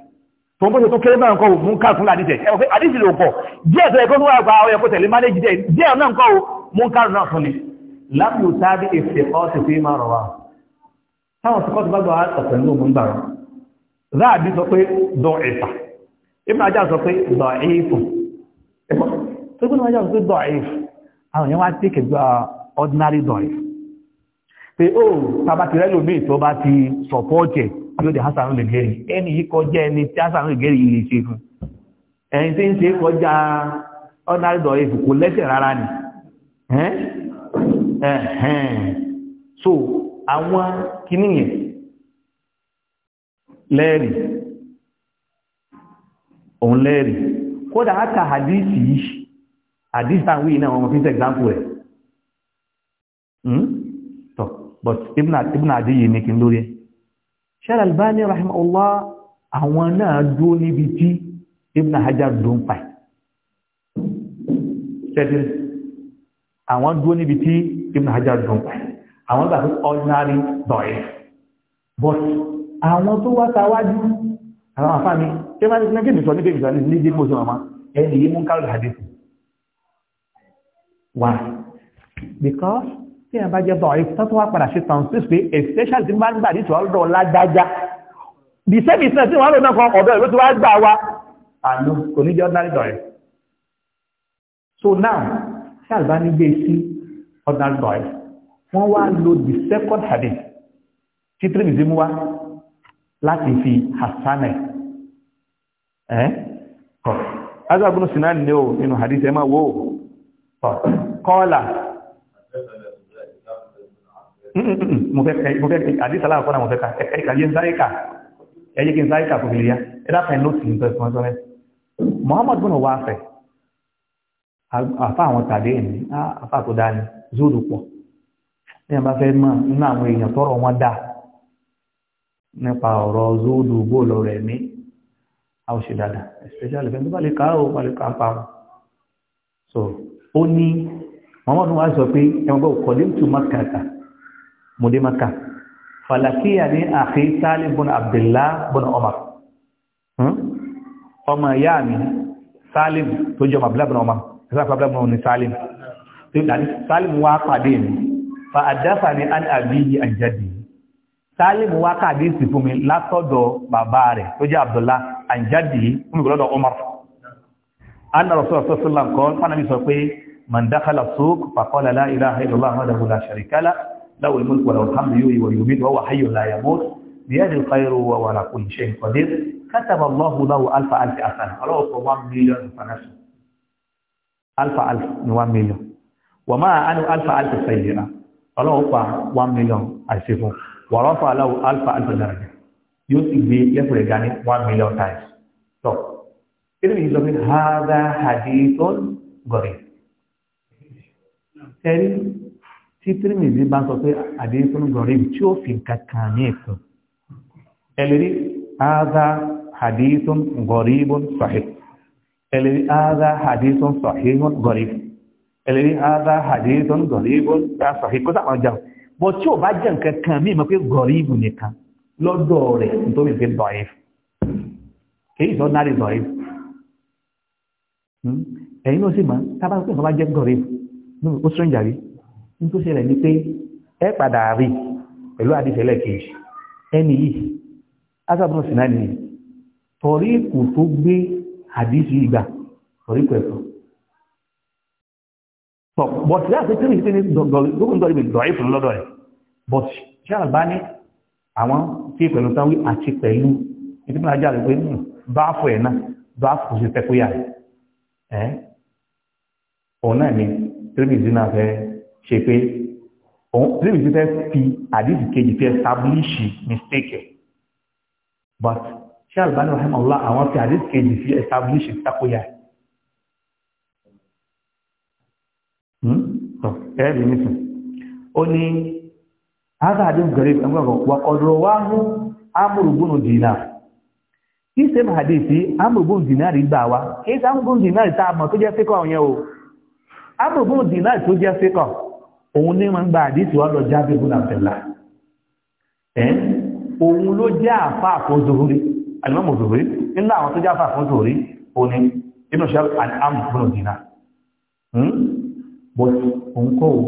tó ń bó ṣe tó kéré náà kọ́ múnkàrò fún àdíṣẹ́ ẹ̀wọ̀n pé àdíṣẹ́ ló pọ̀ díẹ̀ tó ẹ̀kọ́ níwáyà gba ọyọ̀ kó tẹ̀lé mánéjì dẹ̀ díẹ̀ náà kọ́ múnkàrò náà fún ni lápò sáábì èfè fi máa rọ̀ wá táwọn sọkọ́ ti bá gbà wá ọ̀sẹ̀ ní òun gbàrọ̀ záàbí sọ pé dọ̀ ẹ̀fà ibùdó ajá sọ pé dọ̀ ẹ̀fù ẹ̀fọ́ tó gbọ́dọ̀ ajá sọ pé dọ̀ ẹ̀fù àwọn èèyàn wá ordinary doris pé ó oh, tabatìrẹ́ lómi tó bá ti support ẹ̀ yóò di hasan lè gẹ̀rì ẹni yìí kọjá ẹni tí hasan lè gẹ̀rì yìí ṣe fún ẹni tí ń ṣe kọjá ordinary doris kò lẹ́sẹ̀ rárá ni so àwọn kìnìyàn lẹ́rì òun lẹ́rì kódà yìí at this time wíì náà wọ́n fi ń example rẹ̀ hmm? but ibn adiyi ní kí n lórí ẹ̀ Shaykh Albani rahimahullah àwọn náà dúró níbi tí ibn hajar dùn pa ṣẹ́tìrì àwọn dúró níbi tí ibn hajar dùn pa àwọn gbà fún ordinary dọ̀ẹ́ but àwọn tó wá sáwájú àwọn àfáàní ṣé máa ni kí ní sọ ní kí ní sọ ní ní dípò sí ọmọ ẹni yìí hadith why because tí ẹ̀ bá jẹ́ bọ̀ ọ̀rẹ́ tó tó wá padà ṣe tàn sí pé especially tí máa ń gbà ní ìtura ọ̀dọ̀ ládájá the same is tí wọ́n lò náà kan ọ̀dọ̀ ìlú tí wọ́n gbà wá àná kò ní jẹ́ ordinary lawyer so now tí àlùbá ní gbé sí ordinary lawyer wọ́n wá lo the second hadith tí three bìí mú wá láti fi hasanẹ ẹ kọ azagunusina ni o nínú hadith ẹ máa wò ó kọ́ọ̀là mo fẹ́ àdísàlá àkọ́nà mo fẹ́ ká ẹ̀yẹ́ záríkà ẹ̀yẹ́ kí n záríkà kò fìlìyà ẹ̀dáfẹ́ lóòtì ní tọ́sí ọjọ́ rẹ̀ Muhammad bọ́nà wá fẹ́ àfá àwọn tàbí ẹ̀mí àfá tó dá ní zúdù pọ̀ ní ẹ̀bá fẹ́ mọ̀ nínú àwọn èèyàn tọ́rọ̀ wọn dá nípa ọ̀rọ̀ zúdù bóòlù rẹ̀ mí a ó ṣe dáadáa especially fẹ́ so ó Muhammad wa sọ pé ẹ̀wọ̀n gbọ́ kọ̀dé tó makata mọ̀dé maka falakiya ní àfi sálẹ̀ bọ́nà abdullah bọ́nà Umar hmm? ọmọ ìyá mi sálẹ̀ tó jọ abdullah bọ́nà Umar ẹ̀sán abdullah bọ́nà ní sálẹ̀ tó dàní sálẹ̀ wá pàdé mi fa àdáfà ní an àbíyí àjáde sálẹ̀ wá kàdé sì fún mi látọ̀dọ̀ bàbá rẹ̀ tó jẹ́ abdullah àjáde fún mi gbọ́dọ̀ Umar anna rasulullah sallallahu alaihi wasallam kọ́ fánàmì sọ pé من دخل السوق فقال لا إله إلا الله وحده لا شريك له له الملك وله الحمد يحيي ويميت وهو حي لا يموت بيد الخير وهو على كل شيء قدير كتب الله له ألف ألف حسنة الله الف 1 million حسنة ألف ألف 1 مليون وما أنا ألف ألف سيئة الله الف وان مليون أسفه ورفع له ألف ألف درجة يوسف بي gbé يعني وان مليون تايس one million times. tọ́ kí ló ń sọ pé hada hadithun gọ̀rẹ̀ ẹ̀rí tí tírímìzì bá sọ pé àdéhùn fún gọ̀rí tí ó fi nǹkan kan ní ẹ̀kùn ẹlẹ́rí áádá àdéhùn gọ̀rí bó ń sọ̀hẹ́ ẹlẹ́rí áádá àdéhùn sọ̀hẹ́ gọ̀rí ẹlẹ́rí áádá àdéhùn gọ̀rí bó sọ̀hẹ́ kó sáà jà bọ́ tí ò bá jẹ́ nǹkan mí mọ̀ pé gọ̀rí nìkan lọ́dọ̀ rẹ̀ nítorí pé dọ̀ẹ́ sọ hmm? náà ó sọ́njà rí ní tó ṣẹlẹ̀ ni pé ẹ padà rí pẹ̀lú àdìsẹ́lẹ̀ kejì ẹni yìí azabun sinna ni torí kò tó gbé àdìsí ìgbà torí kò ẹ̀kọ́ tọ bọ̀tí láti tí nìyí gbogbo ńdọ́rí mi dọ̀rí fún lọ́dọ̀ rẹ̀ bọ̀tí ṣáà bá ní àwọn tí pẹ̀lú táwí àti pẹ̀lú ìdíbò ajá rẹ̀ pé hmm, bá fọ ẹ̀ náà bá fò sí tẹ́kóyà ẹ̀ ọ̀nà mi tírímìsì náà fẹ́ ṣe pé tírímìsì fẹ́ fi àdìsí kejì fi establish mistake but ṣé Albani rahimahullah àwọn fi àdìsí kejì fi establish takoya ẹ̀rí hmm? nísìn ó ní هذا حديث غريب وقد رواه عمرو بن دينار kí sẹ́mu hadithi amúrúgbó dínárì gbà wá kí sẹ́mu hadithi amúrúgbó dínárì tá a mọ̀ tó jẹ́ fíkọ́ àwọn yẹn o abùbùn dìlá tó jẹ́ fíkọ̀ òun ní wọ́n gba àdísì wọ́n lọ jáde bùn àbẹ̀là ẹ̀ òun ló jẹ́ àfa àfọ́zòrí alimọ́mù zòrí nínú àwọn tó jẹ́ àfa àfọ́zòrí òun ni inú ṣe àmùbùn dìlá but òun kọ́ o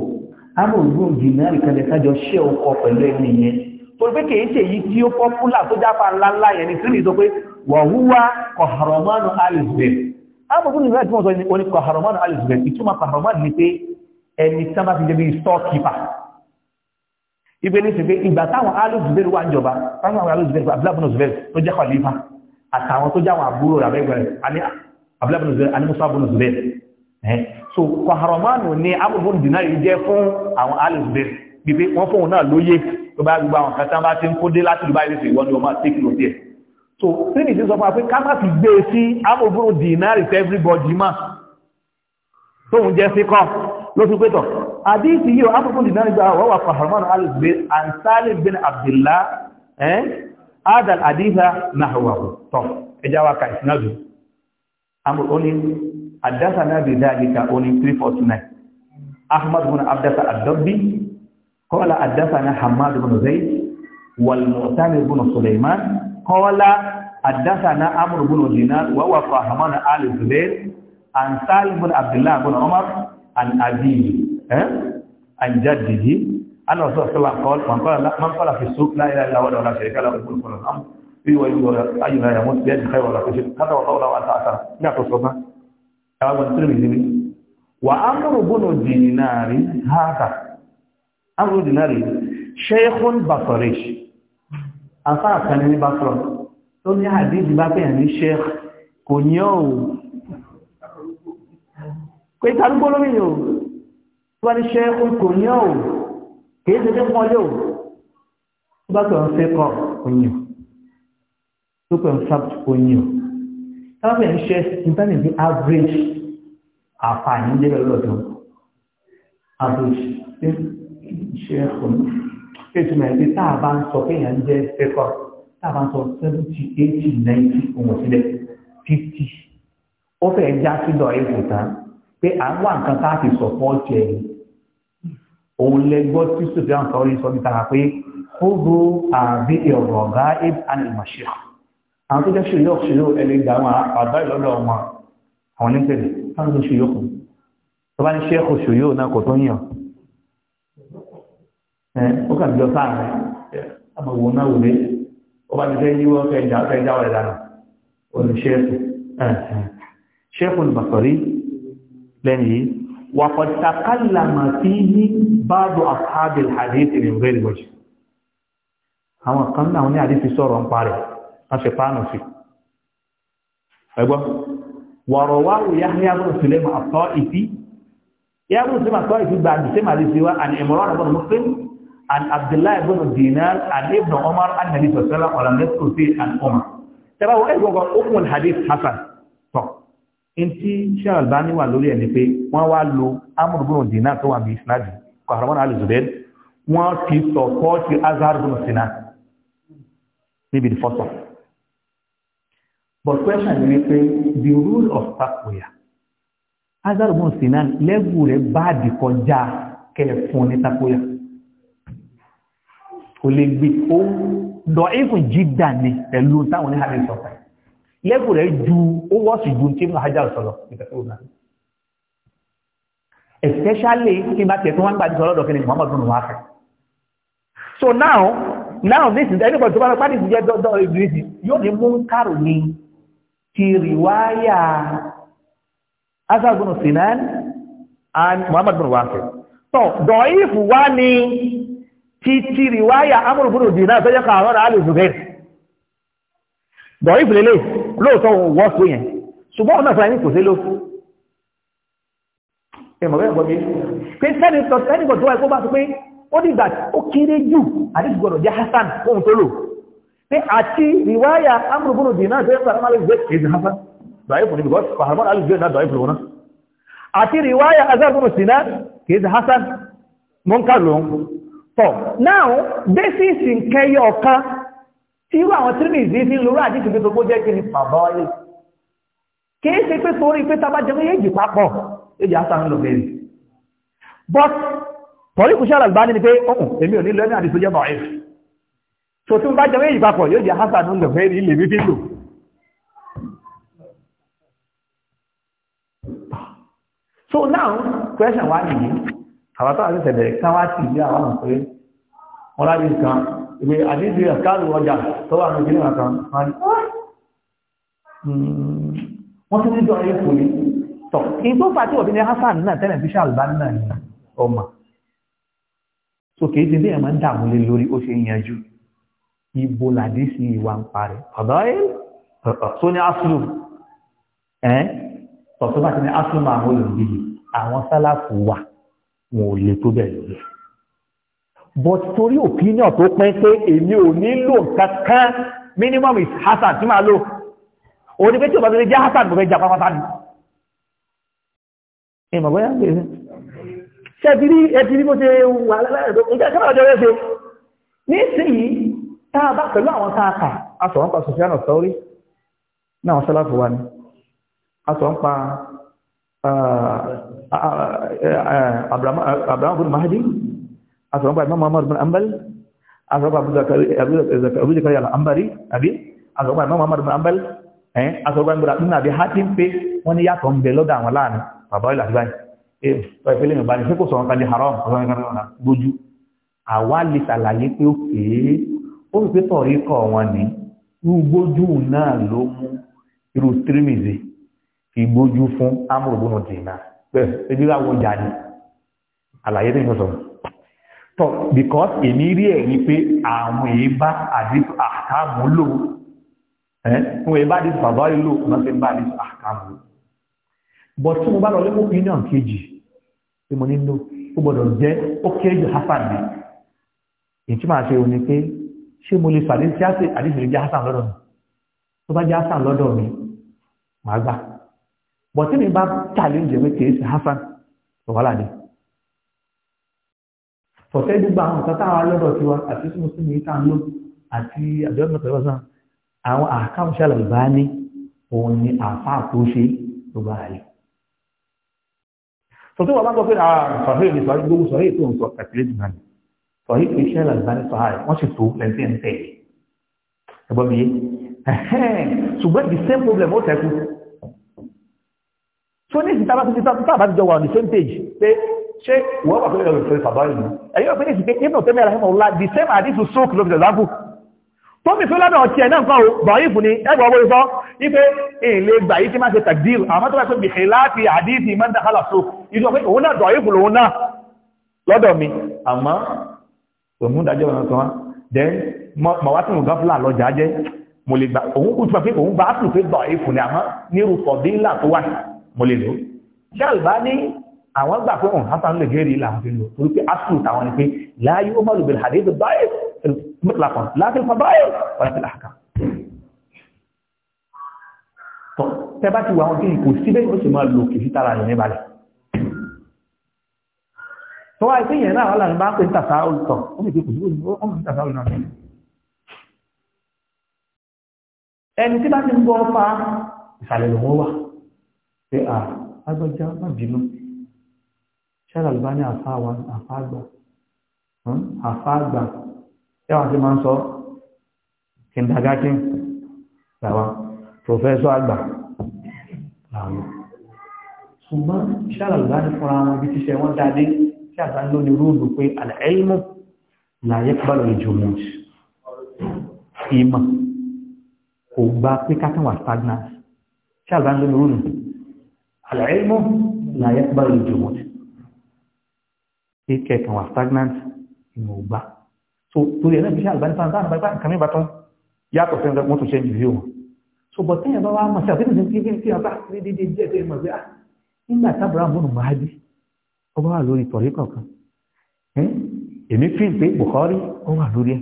abùbùn dìlá ìkàlẹ̀ kájọ ṣé ọkọ̀ pẹ̀lú ẹni yẹn torí pé kìí ṣe èyí tí ó pọ́pùlà tó jáfa ńláńlá yẹn ni sí ábùkù ní ìrẹ́tí wọ́n sọ ní oní kahraman alizubẹ̀ ìtumà kahraman ní pé ẹni tí wọ́n bá fi jẹ́ bí storekeeper ibi ní ṣùgbẹ́ ìgbà táwọn alizubẹ̀ wà ń jọba táwọn alizubẹ̀ abúlábùnú zubẹ̀ tó jẹ́ kọ̀lífà àtàwọn tó jáwọn so kahraman ní ábùkù dínárì jẹ́ fún àwọn alizubẹ̀ bíbí wọ́n fún òun náà lóye tó bá gbogbo àwọn kẹta bá ti ń so three million sọ fún wa pé ká má fi gbé e sí amòbúrò dinari to everybody ma tóun jẹ́ sí kọ́ ló fi pétọ̀ àdíìsì yíò amòbúrò dinari gba wọ́n wà fàhàmán alìsbé ansali bin abdullah ẹ́n adal adíìsà nahawahu tọ́ ẹjá wa ka ìsinadu oní àdásà náà bí dáadíka oní 349 ahmad bin abdasa adọ́bí kọ́lá àdásà náà hamad bin zayd wal mu'tamir bin suleiman kọ́ọ́lá àdásànà amúrùbùn òdìnà wọ́wà fàhàmán alìsùlẹ̀ an sálìbùn abdullahi bin omar an abiyi an jaddihi an rasu asala kọ́ọ̀l man kọ́la fi suk láìlá ìlàwọ́ da wọ́n ṣẹ̀ríkà lọ́wọ́ ìbùn kọ́lọ̀ am bí wọ́n yóò ayùnà yàmú bí ẹ̀jì kẹwàá lọ́wọ́ ṣe kátà wọ́n tọ́wọ́ lọ́wọ́ àtàkàrà ní àtọ́sọ́ náà ẹwà gbọ́n tí mi níbi wà amúrùbùn afáà kan ní bá sọ̀rọ̀ tó ní àdíjì bá pèèyàn ní sheikh kò ní ọ̀ pé ìtàdúgbò lórí yìí o tó bá ní sheikh kò ní ọ̀ kìí ṣe fún ọjọ́ o tó bá pẹ̀lú fẹ́kọ̀ oyin tó pẹ̀lú fact oyin o tó bá pẹ̀lú sheikh internet bí average àfààní jẹ́ pẹ̀lú ọ̀dọ́ average sheikh oyin ètùmọ̀ ẹ̀dí tá a bá ń sọ kéèyàn ń jẹ́ fẹ́kọ̀ tá a bá ń sọ seventy eighty ninety ohun sílẹ̀ fifty ó fẹ́ já sídọ̀ ipò tán pé à ń wá nǹkan tá a ti sọ fọ́ jẹ òun lẹ́gbọ́ tí sọ̀tẹ́ àǹkà orí sọ níta pé ó gbó àbí ọ̀rọ̀ ọ̀gá abe and imashir àwọn tó jẹ́ ṣèlú ṣèlú ẹlẹ́gbẹ̀ àwọn àbá ìlọ́dọ̀ wọn àwọn ní ó kàn jọ sáà rẹ̀ àmọ̀wò náà wò lé ó bá ti fẹ́ yíwọ́ kẹjà kẹjà rẹ̀ dànù olùṣẹ́fù ṣẹ́fù bàtọ̀rí lẹ́yìn yìí wà pọ̀tàkàlà mà sí ní báàbù àfáàbìl hadith ìrìn rẹ̀ lọ́jì àwọn kan náà ní àdífi sọ̀rọ̀ ń parẹ̀ wọ́n ṣe pàánù sí ẹgbọ́ wọ̀rọ̀ wá wù yá ní abúrò sílẹ̀ mà àtọ́ ìfí yá abúrò sílẹ̀ mà àtọ́ ìfí gbà àdìsẹ́ mà àdìsẹ́ wa àni ìmọ̀ràn àbọ̀n mùsùlùmí عن عبد الله بن دينار عن ابن عمر عن النبي صلى الله عليه وسلم ولم يذكر فيه عن عمر ترى ايه هو ام الحديث حسن طب انت شيخ الباني wà lórí ẹni pé wọ́n wá lo amr bin dinar tó wà bí isnad qahraman al zubayd wọ́n fi sọ ko ti azhar bin sinan maybe the first but question ni pé the rule of taqwa azhar bin sinan level rẹ̀ bá di kọjá kẹ́ fún ni taqwa kò lè gbé ó dọ̀ ẹ́fùn jídà ní pẹ̀lú táwọn ní hàrí sọ̀tà lẹ́kù rẹ̀ ju ó wọ́sì ju tí mo hajjá sọ̀rọ̀ ìfẹ́fẹ́ òun náà especially tí bá tiẹ̀ tó wọ́n ń gbàdí sọ̀rọ̀ dọ̀kẹ́ ni Muhammad bin wafẹ́ so now now this is anybody tó bá lọ pàdé ìjẹ́ dọ́dọ̀ ìgbésí yóò ní mú kárò ní ti rìwáyà Asad bin Sinan and Muhammad bin wafẹ́ so dọ̀ ìfù wá ní títí ríwáyà amúrùbúrù dì náà sọ́jọ́ kan àwọn àlè zubair dọ̀rí ìfìlélẹ̀ lóòótọ́ wọ́n tó yẹn ṣùgbọ́n ọ̀nà fúnra ní kò sí ló ẹmọ̀ bẹ́ẹ̀ gbọ́bí pé sẹ́ni tọ́ sẹ́ni gbọ́ tó wáyé kó bá sọ pé hasan ohun tó lò pé àti ríwáyà amúrùbúrù dì náà sọ́jọ́ kan àwọn àlè zubair hasan dọ̀rí ìfìlélẹ̀ bọ́ fàhàmọ́ àlè zubair náà dọ̀rí ìfìlélẹ̀ àti ríwáyà azar bin sinan kì hasan mọ́ńkà lòun tọ̀ now basis nkẹyọ ọ̀kan tí irú àwọn tírìmìsì fi ń lórí àdíkì pé gbogbo jẹ́ kí ni bàbá ọ̀lẹ́ kìí ṣe pé torí pé tá bá jẹ́ méjèèjì papọ̀ èjì àṣà ń lò bẹ̀rẹ̀ but tọ́rí kùsẹ́ àlàgbà ní pé ọkùn èmi ò ní lẹ́nu àdìsó jẹ́ bàbá ẹ̀fì so tí wọ́n bá jẹ́ méjèèjì papọ̀ yóò jẹ́ àṣà ń lò bẹ̀rẹ̀ ilé mi fi lò so now question one. nìyí àwọn tó àti tẹ̀bẹ̀rẹ̀ káwá sí ilé àwọn òpé wọ́n láti kan ìwé àdíjú ẹ̀káàlù ọjà tó wà ní ìgbìmọ̀ kan wọ́n hmm, tún níjọ́ ayé fún mi tọ̀ ìgbó fàtí òbí ní Hassan náà tẹ́lẹ̀ fi ṣàlùbá náà ọmọ so kìí ti bẹ́ẹ̀ máa ń dààmú lé lórí ó ṣe ń yanjú ibo làdí sí ìwà ń parẹ́ ọ̀dọ́ ẹ̀ tó ní aslu ẹ̀ tọ̀ àwọn sálàfù wà wọn ò lè tó bẹ́ẹ̀ lórí but torí opinion tó pẹ́ pé èmi ò nílò kankan minimum is hasan tí máa lò ó ní pé tí o bá tó lè jẹ́ hasan mo fẹ́ jà pápátá ni ẹ mọ̀ bóyá ń gbé ṣe ti rí ẹ ti rí bó ṣe wà lẹ́lẹ́rẹ́ tó ń jẹ́ kí ọjọ́ rẹ̀ ṣe nísìnyí tá a bá pẹ̀lú àwọn tá a kà a sọ̀rọ̀ Ah, ah, eh, eh, eh, Abraham bin Mahdi, Abraham Imam Muhammad bin Ambal, asọ́gbà Abu Zakariya al-Ambari, Abi. Abraham Imam Muhammad bin Ambal, asọ́gbà Ibrahim àbí Hatim pé wọ́n ní yàtọ̀ ń bẹ lọ́dọ̀ àwọn láàrin bàbá ìlà àdúgbà yìí. Ìpínlẹ̀ Yorùbá ni ṣé kò kan ní haram lójú. Àwa lè ṣàlàyé pé ó kéé, ó rí pé tọ̀rí kọ̀ wọn ní, gbójú náà ló mú irú tírímìzì, ìgbójú fún Amúròbónú Dìnnà ebi láwọn ọjà ni àlàyé ní ìfọ̀sọ̀rọ̀ tọ́ because èmi rí ẹ̀rí pé àwọn èébá àdìsù àkàmù lò ẹ́ fún èébá àdìsù bàbá ìlò bá àdìsù àkàmù lò but tí mo bá lọ lé opinion kejì tí mo ní lò ó gbọ́dọ̀ jẹ́ ó kéré jù hasan ni èyí tí màá ṣe òní pé ṣé mo lè sọ àdìsù àdìsù lè lọ́dọ̀ mi tó bá jẹ́ lọ́dọ̀ mi màá gbà bọ̀ tí mi bá challenge mi kìí ṣe hasan wàhálà ni fọ̀tẹ́ gbogbo àwọn nǹkan táwa lọ́dọ̀ tiwa àti sínú sínú yìí tá à ń lò àti àjọyọ̀ mẹ́ta lọ́sà àwọn àkàwọn ṣàlàyé bá ní òun ni àfa àtúnṣe gbogbo ààyè sọtún wà bá ń sọ pé sọ̀hìn ní sọ̀hìn gbogbo sọ̀hìn tó ń sọ kàtìlẹ́ jù náà sọ̀hìn kìí ṣe àlàyé bá ní wọ́n sì tó lẹ́ńtì ẹ̀ ṣùgbọ́n problem ó tẹ̀kù tó ní ìsìta bá ti títà jọ wà ní same page pé ṣé wọ́n wà pẹ́lú ìfẹ́ bàbá ìlú ẹ̀yọ́ ìfẹ́ ìsìnkú ibùn tẹ́mẹ́ àlàyé ọ̀la the same àdísù soak ló fi example tó mi fún lọ́dọ̀ ọ̀tí ẹ̀ náà nǹkan bọ̀ọ̀yìfù ni ẹgbẹ̀ ọwọ́ ìfọ́ ipe èlé gbà yìí tí máa ṣe tagdil àwọn tó bá pẹ́ bìhì láti àdíìsì mẹ́ndàkálà so ìjọ pé òun náà dọ̀ọ̀yìfù lòun náà lọ́dọ̀ mi àmọ́ òmúdájọ́ ọ̀nà kan then mọ̀wá tí mo gán fúlà lọ́jà jẹ́ mo lè gbà òun kú tí wọ́n pé òun bá ápùlù pé dọ̀ọ̀yìfù ni àmọ́ nírú fọ̀dílà tó wáyìí mo lè lò ṣáàlùbá ní àwọn gbà pé òun hasan lè gẹ́rì làwọn fi lò torí pé asu táwọn ni pé láàyè ó máa lò bẹ̀rẹ̀ hadith báyìí mutlakan láti fa báyìí wọ́n ti làkà. tọ́ tẹ́ bá ti wà wọn kí ni kò síbẹ̀ yóò ní pé kò ó ń ẹni tí bá ti ń bọ́ fa ìsàlẹ̀ pé à agbọ́já má bínú ṣáàlà ló bá ní àfáàwà àfáàgbà hmm? àfáàgbà ẹwà tí máa ń sọ kindergarten làwa professor àgbà làwọn ṣùgbọ́n ṣáàlà ló bá ní fúnra wọn ibi tíṣẹ́ wọn dáadé tí àgbà ń lóni rúùlù pé àlẹ́yìnmọ́ làyẹ́ pàlọ́ ìjòmọ̀ ìmọ̀ kò gba pé kákan wà stagnant ṣáàlà ló ní rúùlù العلم لا يقبل الجمود. tí kẹ̀kàn wà stagnant ìmọ̀ ògbà so torí ẹ̀rẹ́ ìbíṣẹ́ àgbánífà dáhùn bá nǹkan mẹ́bàá tán yàtọ̀ sí wọ́n tún ṣe ìrírí wọn so bọ̀ tẹ́yìn bá wá mọ̀ sí àfihàn sí kí tí a bá rí dídí díẹ̀ tó yẹ mọ̀ pé ah nígbà tábìlà múnú máa dé ó bá wà lórí tọ̀rí kọ̀ọ̀kan èmi fi pé Bukhari ó wà lórí ẹ̀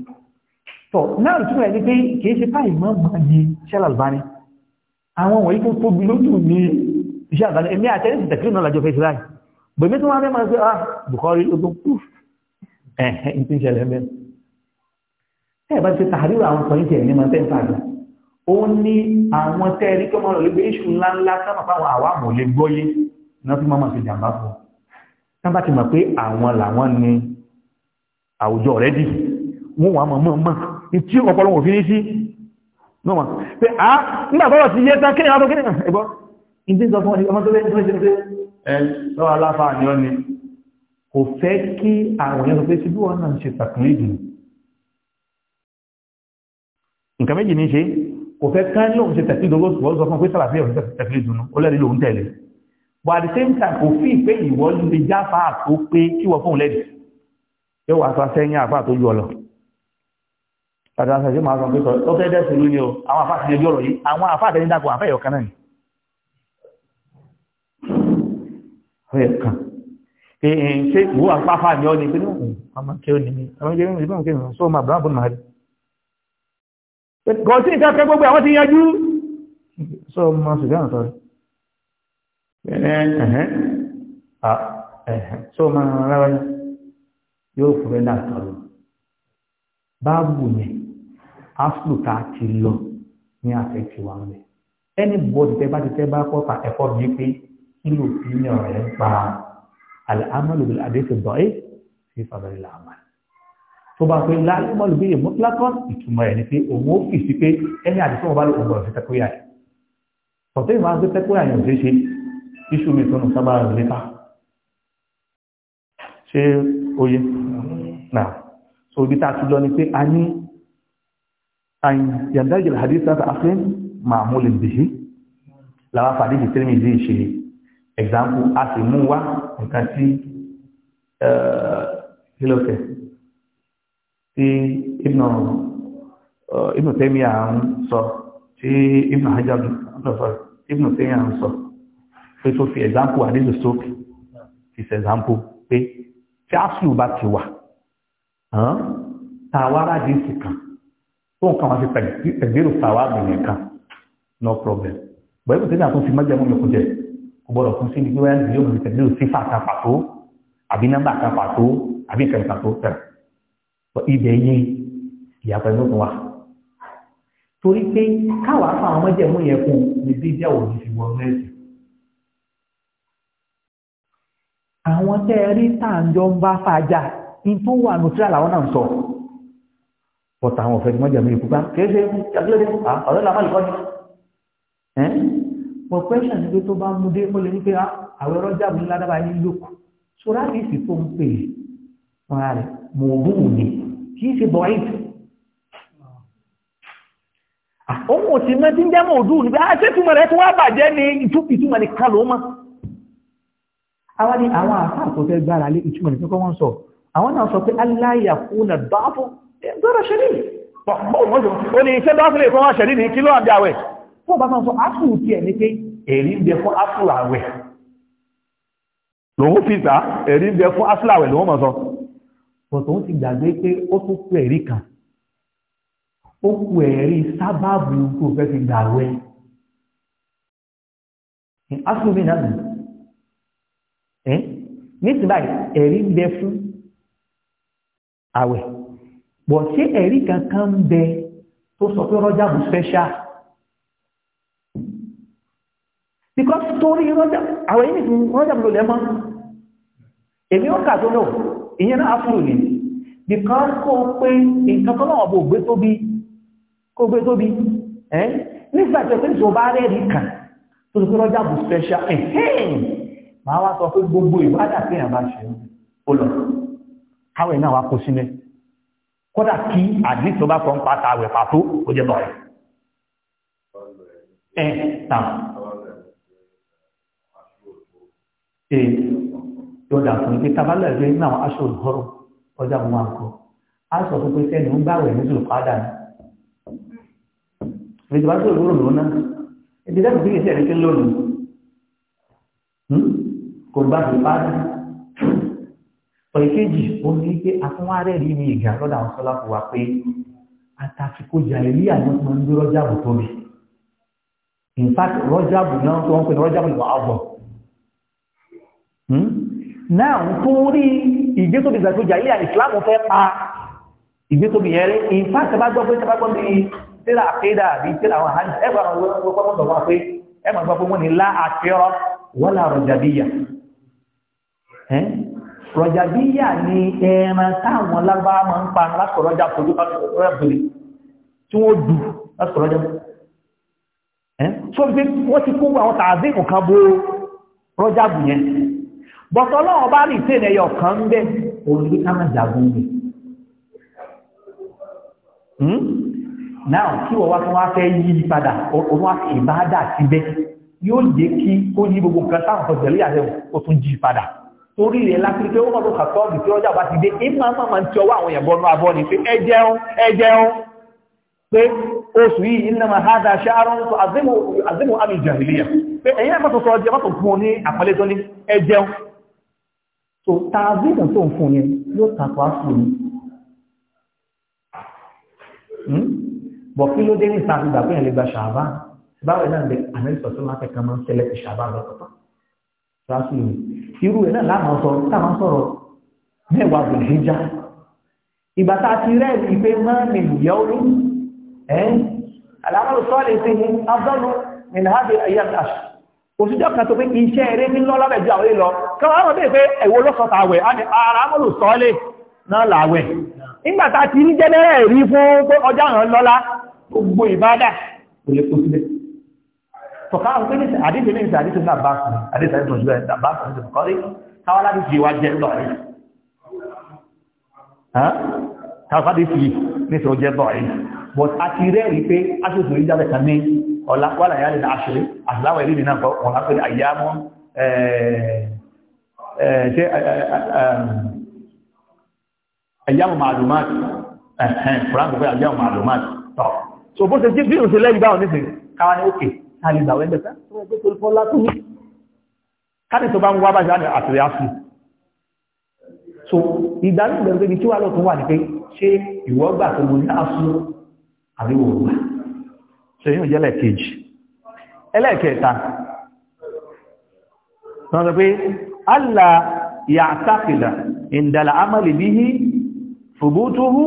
tọ̀ náà túmọ̀ ẹni pé kì í ṣe báyìí mọ́ mọ́ ni ṣẹlẹ̀ àlùbáni àwọn wọ̀nyí tó tóbi lójú ni iṣẹ́ àgbàlẹ̀ èmi àtẹ́rí sí tẹ̀kìrì náà lájọ fẹ́ síláì bẹ̀mí tó wá rẹ̀ máa ah bukari ló tó kú ẹ̀hẹ́ ìpín ìṣẹ̀lẹ̀ ẹ̀mẹ́ ẹ̀ bá ti tààrí àwọn sọ ìṣẹ̀ ní máa tẹ́ǹfà àgbà ó ní àwọn tẹ́ẹ̀rí tó máa lọ lébé iṣu ńlá ńlá sábà fáwọn àwa mò lè gbọ́yé náà fi máa ṣe jàǹbá fún un tá bá ti mọ̀ pé àwọn làwọn ni àwùjọ rẹ̀ dì wọ́n wà mọ̀ mọ̀ mọ̀ tí ọ̀pọ̀lọpọ̀ fi ní sí náà pé ah nígbà tọ́rọ̀ ti yẹ tán kí ni àwọn tó kí ni ẹ̀gbọ́n ìdí sọ fún ọmọ tó lé tó lé ẹ lọ́wọ́ aláfà ni ọ́ ni kò fẹ́ kí àwọn èèyàn sọ pé síbí wọn náà ń ṣe tàkìlìdì nǹkan méjì ní ṣe kò fẹ́ ká lóun ṣe tàkìlìdì owó wọ́n sọ fún pé sàlàfíà òun tàkìlìdì nù ó lẹ́rìí lòun tẹ̀lé but at the same time kò fi ìpè ìwọ lè já fáà tó pé kí wọ́n fóun lẹ́dì yóò wá sọ sẹ́yìn àpá tó yọ lọ padà sọ sí máa sọ pé sọ tó fẹ́ dẹ́sùn lónìí o àwọn àfáà ti lè bí ọ̀rọ̀ yìí àwọn àfáà tẹ́lẹ̀ dákọ̀ àfẹ́ ọ̀yẹ̀ kan ṣe ìwò àpáfà ní ọ́ ní pé níwọ̀n ọmọ kí ó ní mi ọmọ jẹ́ mímú ìbọn kí n sọ ọmọ àbúrò àbúrò máa rí gọ̀ọ́sí nǹkan kan gbogbo àwọn ti yanjú sọ ọmọ sùgbọ́n sọ sọ ọmọ rárá yóò fún ẹ náà sọ̀rọ̀ báàbù yẹn áfúlù tá a ti lọ ní àfẹ́ tiwa ń bẹ ẹni bọ́ọ̀dù tẹ́ bá ti tẹ́ bá kọ́ ẹ̀kọ́ mi pé kí ló fi yàn rẹ̀ ń pa àmàlù bí àdéhùn dọ̀ẹ́ sí fàbẹ̀rẹ̀ làmà tó bá pé láyé mọ́lù bí èmú lákọ́ ìtumọ̀ ẹ̀ ni pé òun ó fi sí pé ẹni àdìsọ́ wọn bá lè ọgbọ̀n fẹ́ tẹ́kọ̀ọ́ yà rẹ̀ tọ̀tẹ́ ìwà gbé tẹ́kọ̀ọ́ yà yàn ṣe ṣe iṣu mi tó nù sábà rẹ̀ lépa ṣé oyè náà so ibi tá a ti lọ ni pé a ní àyàndájẹ̀ hadith láti àfẹ́ màmúlẹ̀ bìí làwọn fàdíjì tẹ́lẹ̀mì example a sì mú wá nǹkan tí kílọ̀kẹ̀ tí ibnu ibnu tẹ́míà ń sọ tí ibnu hajjab ibnu tẹ́míà ń sọ pé tó fi example àdéhùn sókè fi ṣe example pé tí áṣù bá ti wà tàwa rádìsì kan tó nǹkan wá sí pẹ̀lú tàwa gbìyànjú kan no problem bọ̀ ibnu tẹ́míà tó fi májẹ̀mú mi kò jẹ́ kò gbọ́dọ̀ fún síbi wíwá ní yóò mú tẹ̀lé sífà kan pàtó àbí nọ́mbà kan pàtó àbí nǹkan pàtó tẹ̀lé ibẹ̀ yé ìyàpẹ̀ ló tún wà. torí pé káwá fún àwọn ọmọdéẹ̀mú yẹn kù ní bí ìjà òní fi wọ mẹ́sì. àwọn tẹ́ ẹ rí tàǹjọ́ ń bá fàájà ní tó wà nùtírà làwọn náà sọ ọ̀tà àwọn ọ̀fẹ́ ni wọ́n jẹ̀mú ìkúpa kì pọ̀pẹ́ṣà ni pé tó bá mú dé ó lè ní pé ah, àwọn ẹ̀rọ jáàmù ńlá dábàá yín lóko sọ́ra ní ìsìn tó ń pè é fúnra rẹ̀ mọ̀ọ́bùn ni kì í ṣe bọ̀ ayé tó. òun ò sì mẹ́tí ń jẹ́ mọ̀ọ́dún níbi àṣetúmọ̀ ah, rẹ̀ tó wá bàjẹ́ ní ìtumọ̀ ní kálọ̀ ó mọ̀. àwa ni àwọn àfáà tó fẹ́ gbára lé ìtumọ̀ ní kókó wọn sọ àwọn náà sọ pé aláyà fún ẹ̀ bá fún tó bá sọ ápù tí ẹ̀ ní pé ẹ̀rí ń bẹ fún ápù àwẹ̀ lòun fi gbà ẹ̀rí ń bẹ fún ápù àwẹ̀ lòun mọ̀ sọ bọ̀tọ̀ ó ti gbàgbé pé ó tún kú ẹ̀rí kan ó kú ẹ̀rí sábàbù tó fẹ́ fi gbà wẹ̀ ápù mi náà ẹ̀ nísìnyí báyìí ẹ̀rí ń bẹ fún àwẹ̀ bọ̀ ṣé ẹ̀rí kankan ń bẹ tó sọ pé rọ́jà bù special. because torí rọ́jà àwọn yìí nìtún rọ́jà ló lẹ́mọ́ èmi ó kà tó lọ ìyẹn náà fún òní because kó pé nǹkan tó náà bò gbé tóbi kó gbé tóbi ẹ́ nígbàtí ọ̀pẹ́ ìṣòro bá rẹ̀ rí kàn tó tó rọ́jà bù special ẹ̀hẹ́n máa wá sọ pé gbogbo ìwádà pé àbá ṣe ó lọ káwẹ̀ náà wá kó sílẹ̀ kódà kí àdìsọ bá kọ́ ń pàtàwẹ̀ pàtó ó jẹ́ bọ̀ ẹ̀ tàn ṣe yọ̀dà fún pé tábàlẹ̀ ẹgbẹ́ nínú àwọn aṣọ ìhọ́rọ̀ ọjà wọn àkọ́ á sọ fún pé sẹ́ni ń gbàwẹ̀ ní zùlùkádà ni ìjọba tó lóòrùn lónà ibi dẹ́kun sí iṣẹ́ ìrètí lónìí kò bá zùlùkádà ọ̀ẹ́kejì ó ní pé afúnwárẹ̀ rí mi ìgbà lọ́dà àwọn sọ́lá fún wa pé àtàfikò jàìlí àwọn ọmọ ń gbé rọ́jàbù tóbi in fact rọ́jàbù náà tó wọ́n pè ní rọ́jàbù lọ́wọ́ náà ń tún rí ìgbésóbi ìgbàgbọ́jà yíyà ìsìláàmù fẹ́ pa ìgbésóbi yẹn rí ìfá tẹ́bàgbọ́ pé tẹ́bàgbọ́ bí tíra àkéda àbí tíra àwọn àhánì ẹgbà àwọn ọgbọ́n wọn pé ẹgbà gbọ́ pé wọ́n ní lá àkírọ́ wọ́lá rọ̀jàbíyà ni ẹran táwọn lágbára máa ń pa lásìkò rọ́jà fojú rẹ́bùrì tí wọ́n so wọ́n ti kó àwọn tààzí nǹkan bo yẹn bọ̀tọ̀ ọlọ́run bá rí ìtẹ́ ẹ̀yọ kan ń bẹ́ òun ní ká má jagun mi. Hmm? náà kí wọ́n wá fún wa fẹ́ yí padà òun wá sí ìbáadà síbẹ̀ yóò jẹ́ kí ó yí gbogbo nǹkan táwọn sọ tẹ̀lé àṣẹ ó tún jí padà torí rẹ̀ láti pé ó mọ̀ tó kàtọ́ ọ̀dù tí ọjà bá ti dé é máa máa máa ń ti ọwọ́ àwọn èèyàn bọ́nú abọ́ ni pé ẹ jẹun ẹ jẹun pé oṣù yìí iná máa hádà ṣáárùn tó àzímù àmì ìjà yẹn pé ẹ̀yìn àpàtọ̀sọ ọjà mọ́tò so tààbí ìtàn tó ń fún ni yóò tàkọ àfún ni hmm? bọ̀ kí ló dé ní ìsàkó ìgbà pé ìlẹgbà ṣàbá báwo náà lè àmẹ́sọ̀ tó máa kẹ́kọ̀ọ́ máa ń tẹ́lẹ̀ ti ṣàbá lọ́tọ̀ọ̀tọ̀ ṣáṣù ni irú ẹ̀ náà láàmú sọ táwọn sọ̀rọ̀ mẹ́wàá bẹ̀rẹ̀ hijá ìgbà tá a ti rẹ́ ẹ̀ pé máa ń lè yẹ orí ẹ̀ àlámọ́ sọ́ọ̀lì ti ní abdọ́lù nìláàbẹ̀ ayé àṣà òṣìṣẹ́ kan tó pé iṣẹ́ eré ní lọ́lọ́bẹ̀ ju àwọn èlò káwọn àwọn bèèrè pé ẹ̀wọ́ ló sọ tàwẹ̀ ara mọ́lù sọ́ọ́lẹ̀ náà làwẹ̀ nígbàtà ti ní jẹ́nẹ́rẹ̀ rí fún pé ọjà hàn lọ́lá gbogbo ìbádà kò lè kó sílẹ̀ tọ̀ká àwọn pé nísìn àdíjẹ ní ìsìn àdíjẹ náà bá sùn àdíjẹ náà jù ẹ̀ bá sùn nítorí kọ́rí káwọn láti fi wá jẹ́ lọ́rí káwọn láti fi nítorí jẹ́ lọ́rí but a ti rẹ́rìí pé aṣòfin ìjábẹ̀ kan ní ọ̀làpọ̀ àlàyé àṣìláwẹ̀ rí nínú àpọ̀ ọ̀làpẹ̀ àyàmọ́ ṣe ẹ̀yàmù màlùmáàtì ẹ̀hẹ̀n fúránkù fẹ́ ẹ̀yàmù màlùmáàtì tọ́ so bó ṣe jí bí òṣèlẹ́ ìgbáwọ̀ ní sìn káwà ní òkè alìgbàwẹ́ ẹgbẹ̀ta tó bá ń wá bá ṣe àtìrẹ́ àfún so ìdánù ìgbẹ̀rẹ̀ pé tí wà lọ́ tó wà ní pé ṣé ìwọ gbà tó mo ní àfún àríwò wà ṣe yóò jẹ́ ẹlẹ́ẹ̀kejì ẹlẹ́ẹ̀kẹta wọ́n sọ pé alla ya'taqida inda al-amali bihi thubutuhu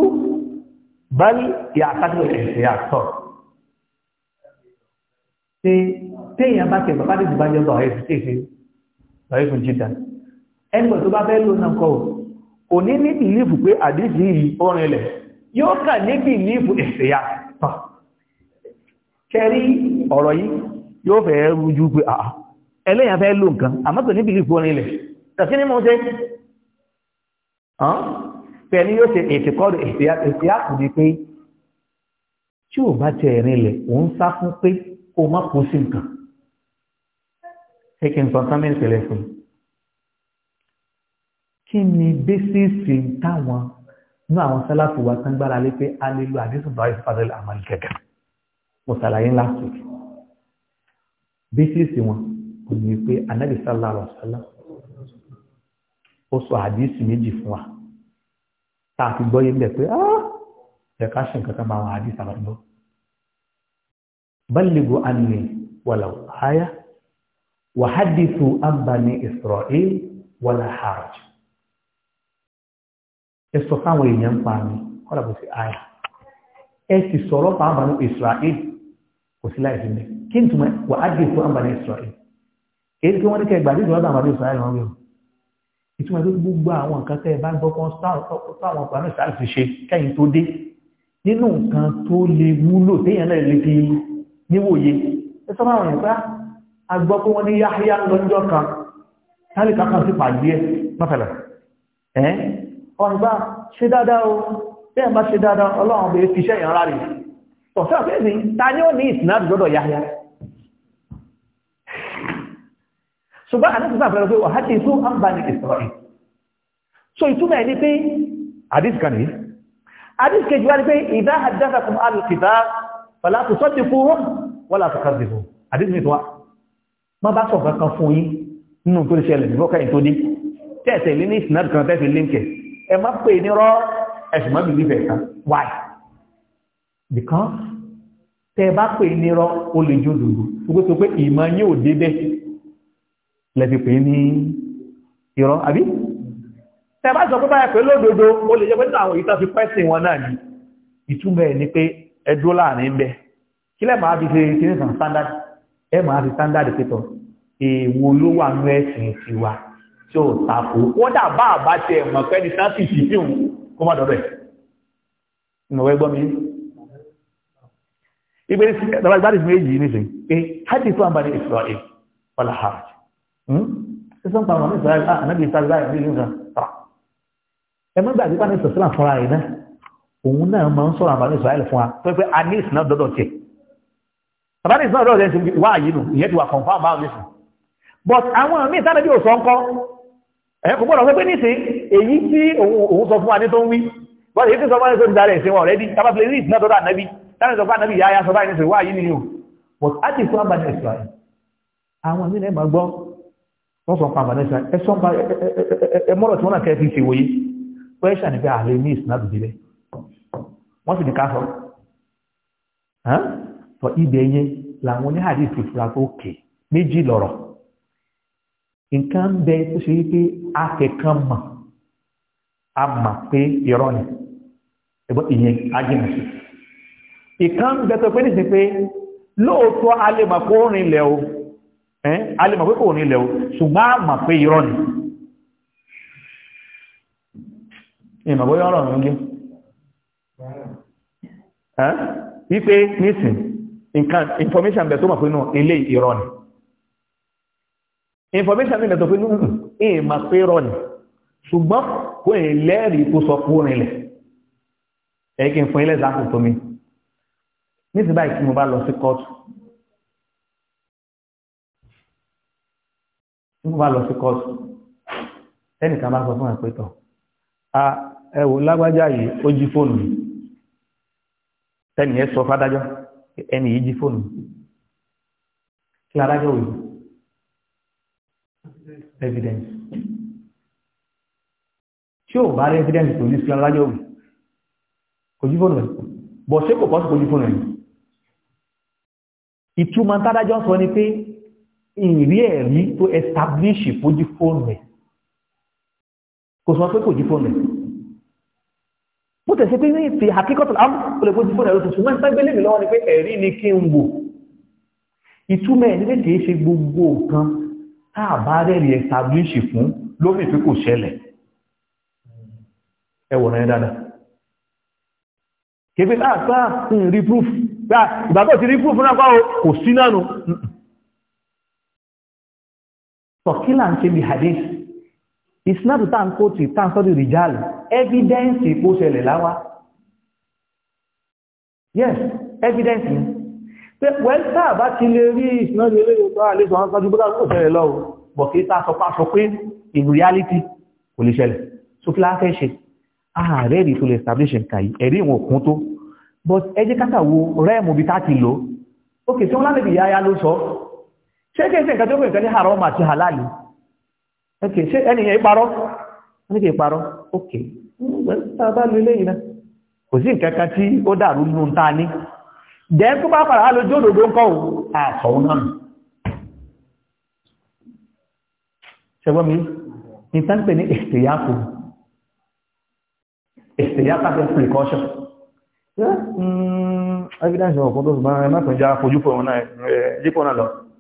bal ya'taqidu al-ihtiyat so te te yan ba ke ba de ba je do he se se ba ifun jita en bo tó bá fẹ́ lọ na ko o ni ní belief pe hadith yìí o rin le yo ka ní belief ihtiyat so keri ọ̀rọ̀ yìí yóò fẹ́ rújú pé ah ẹlẹ́yìn afẹ́ lò nǹkan àmọ́ kò ní bìlífù orin ilẹ̀ tàbí ní mo ṣe hàn pẹ̀lú yóò ṣe ètìkọ́dù ìfìyàkùnrin pé tí ò bá tẹ ẹ̀rin ilẹ̀ ò ń sá fún pé kó má kó sí nǹkan ẹ kí n sọ sámẹ́ ìpìlẹ̀ fún kí ni bẹ́sìsì táwọn ní àwọn sálàfù wa tán gbára lé pé a lè lo àdéhùn bá ìfàdé àmàlì mo ṣàlàyé ńlá sùn bẹ́sìsì wọn òní pé anábì sálà rọ̀ sálà ó sọ àdísì méjì fún wa tá a ti gbọ́ yé mbẹ̀ pé ah, ẹ ká ṣe nǹkan kan máa wọn àdísì àwọn ọ̀dọ́ ballighu anni walaw aya wa hadithu an bani Isra'il wala haraj ẹ sọ fáwọn èèyàn ń pa mi kọ́lá kò sí aya ẹ sì sọ̀rọ̀ fáwọn bani Isra'il kò sí láì fi mẹ́ kí n wa hadithu an bani Isra'il èyí tí wọ́n ní kẹ́ gbàdí ìjọba àwọn àdéhùn sáyẹn lọ́wọ́ ìtumọ̀ tó gbogbo àwọn nǹkan tẹ́ ẹ bá gbọ́ kan táwọn ọ̀pàánù sáà ti ṣe kẹ́yìn tó dé nínú nǹkan tó lè wúlò téèyàn náà lè fi níwòye ẹ sọ fáwọn ìgbà agbọ́ ah, pé wọ́n ní yáyá lọ́jọ́ kan táàlì kankan sí pàdé ẹ mọ́fẹ̀lẹ̀ ẹ́ ọ̀nìgbà ah, ṣe dáadáa o bẹ́ẹ̀ bá ṣe dáadáa ọlọ́run ṣùgbọ́n àdáṣe sáà fẹ́rẹ́ pé wà hajji tó ń bá ní Israel so ìtumọ̀ ẹni pé àdíṣ kan nìyí àdíṣ kejì wá ní pé ìdá àdáṣà kùn alùkìdá fàlá tó sọ́dí fún wọn wọ́n láti ká dìbò àdíṣ mi tó wá má bá sọ̀rọ̀ kan fún yín nínú tó lè ṣẹlẹ̀ bí bọ́kà ìtòdí tẹ́ẹ̀tẹ̀ lé ní ìsìnàdì kan tẹ́ẹ̀fì líǹkẹ̀ why because tẹ́ẹ̀ bá pè ní rọ ó lè jó dòdò gbogbo lẹ́fi pè ní irọ́ àbí tẹ bá sọ pé báyẹ̀ pé lódodo ó lè jẹ́ pé nínú àwọn ìta fi pẹ́sìn wọn náà ni ìtumọ̀ ẹ̀ ni pé standard ẹ máa fi standard pẹ̀tọ̀ èèwò ló wà ní ẹ̀sìn tiwa tí ó tako kódà bá àbá tẹ mọ̀ pé ní sáà sì sì sí òun kó má dọ̀bẹ̀ ìmọ̀wẹ́ gbọ́ mi ìgbésí ìgbàdìsí méjì nìsín pé hádìí tó àǹbá ní ìfọ̀ sísọ hmm? ń pa àwọn ìsọ̀rọ̀ ah, ànábì ìsọ̀rọ̀ láì ní ìlúra ah. ẹ mọ́ gbàgbé pàdé ìsọ̀rọ̀ sílà fúnra rẹ̀ náà òun náà máa ń sọ̀rọ̀ àwọn ìsọ̀rọ̀ fún wa pé pé a ní ìsìnà dọ́dọ̀ tiẹ̀ àbáde ìsìnà dọ́dọ̀ tiẹ̀ ti wá àyè nù ìyẹn ti wà confam báwọn but àwọn míì sábẹ́bí ò sọ ń kọ́ ẹ kò gbọ́dọ̀ pé níṣe èyí tí òun sọ fún wa ní tó ń wí bọ́dọ̀ èyí tí sọ fún wa ní tó ń darẹ̀ ìsìn wọn ọ̀rẹ́dí tábàfilẹ̀ ìsìnà but á ti fún àbáde ìsọ̀rọ̀ àwọn míì náà gbọ́ wọ́n sọ pa vanessa ẹ sọ pa ẹ mọ́rọ̀ tí wọ́n náà kẹ́ fi ṣe wòye pẹ́ṣà ní pé ààrẹ ní ìsìnàdù délẹ̀ wọ́n sì ní ká sọ sọ ibẹ̀ yẹn làwọn oníhàdí ìfìfura tó kè méjì lọ̀rọ̀ nǹkan bẹ tó ṣe wípé akẹ́kọ̀ọ́ mọ̀ a mọ̀ pé irọ́ ni ẹgbọ́n ìyẹn ajínà sí ìkan bẹ tó pé nísìnyí pé lóòótọ́ alẹ́ mọ̀ kó rìn lẹ́ o ẹ́n alìmọ̀ pé kò ní ilẹ̀ o ṣùgbọ́n àmà pé irọ́ ni ìmọ̀ bóyá ọ̀rọ̀ ní gé ẹ́n wípé nísìn nǹkan information bẹ̀ tó mọ̀ pé náà ilé irọ́ ni information bẹ̀ tó pé náà ìmọ̀ pé irọ́ ni ṣùgbọ́n kò ní lẹ́rìí tó sọ kó rinlẹ̀ ẹ̀kí fún ilẹ̀ mi nísìn báyìí tí mo bá nígbà bá lọ sí kọ́ọ̀sì ẹnìkan bá sọ fún ẹ pé tọ̀ a ẹ wò lágbájá yìí ó jí fóònù mi ẹnì yẹn sọ fádájọ́ ẹnì yìí jí fóònù mi kí adájọ́ wò yìí evidence tí ò bá rí evidence tó ní sí adájọ́ wò kò jí fóònù ẹ̀ bọ̀ ṣé kò kọ́ sí kò jí fóònù ẹ̀ ìtumọ̀ tádájọ́ sọ ni pé ìrí ẹ̀rí tó establish ìfojú fóònù rẹ̀ kò sọ pé kò jí fóònù rẹ̀ bó tẹ̀ sí pé ní ti àkíkọ́tù láàmù kò lè fojú fóònù rẹ̀ lóṣù ṣùgbọ́n ìpẹ́ gbélé mi lọ́wọ́ ni pé ẹ̀rí ni kí n wò ìtumọ̀ ẹ̀rí lè kìí ṣe gbogbo nǹkan tá a bá rẹ̀rí establish fún lórí ìpín kò ṣẹlẹ̀ ẹ wòran yẹn dáadáa kébé ń ah, ah, hmm, rí proof ah, ìgbàgbọ́ ti rí proof náà kọ́ kò sí náà nù tọ̀kílà ń ṣe bí hadith isnadu tá ń kó tí tá ń sọ́dọ̀ rijal evidence kó ṣẹlẹ̀ láwá yes evidence ni pé pẹ̀lú sáà bá ti lè rí isnadu ilé ìgbà àlejò àwọn sọ́dọ̀ bọ́dá kó in reality kò lè ṣẹlẹ̀ so kí láfẹ́ establish nǹkan yìí ẹ̀rí ìwọ̀n kún but ẹ jẹ́ káta wo rẹ́ẹ̀mù bí tá ti lò ó kè sí wọn yáyá ló sọ ṣé kí n ṣe nǹkan tó pè nǹkan ní haram àti halal ok ṣé ẹnìyàn ìparọ́ ní kí ìparọ́ ok bá lu ilé yìí náà kò sí nǹkan kan tí ó dàrú nù ń ta ní jẹ́ tó bá fara lójú òdòdó ń kọ́ ò àṣọ̀un náà ṣẹgbọ́n mi ní tánpẹ̀ ní ìṣẹ̀yàkù ìṣẹ̀yàkù àti precaution hmm, evidence of ọkọ̀ tó ṣùgbọ́n ẹ má tún já fojú fún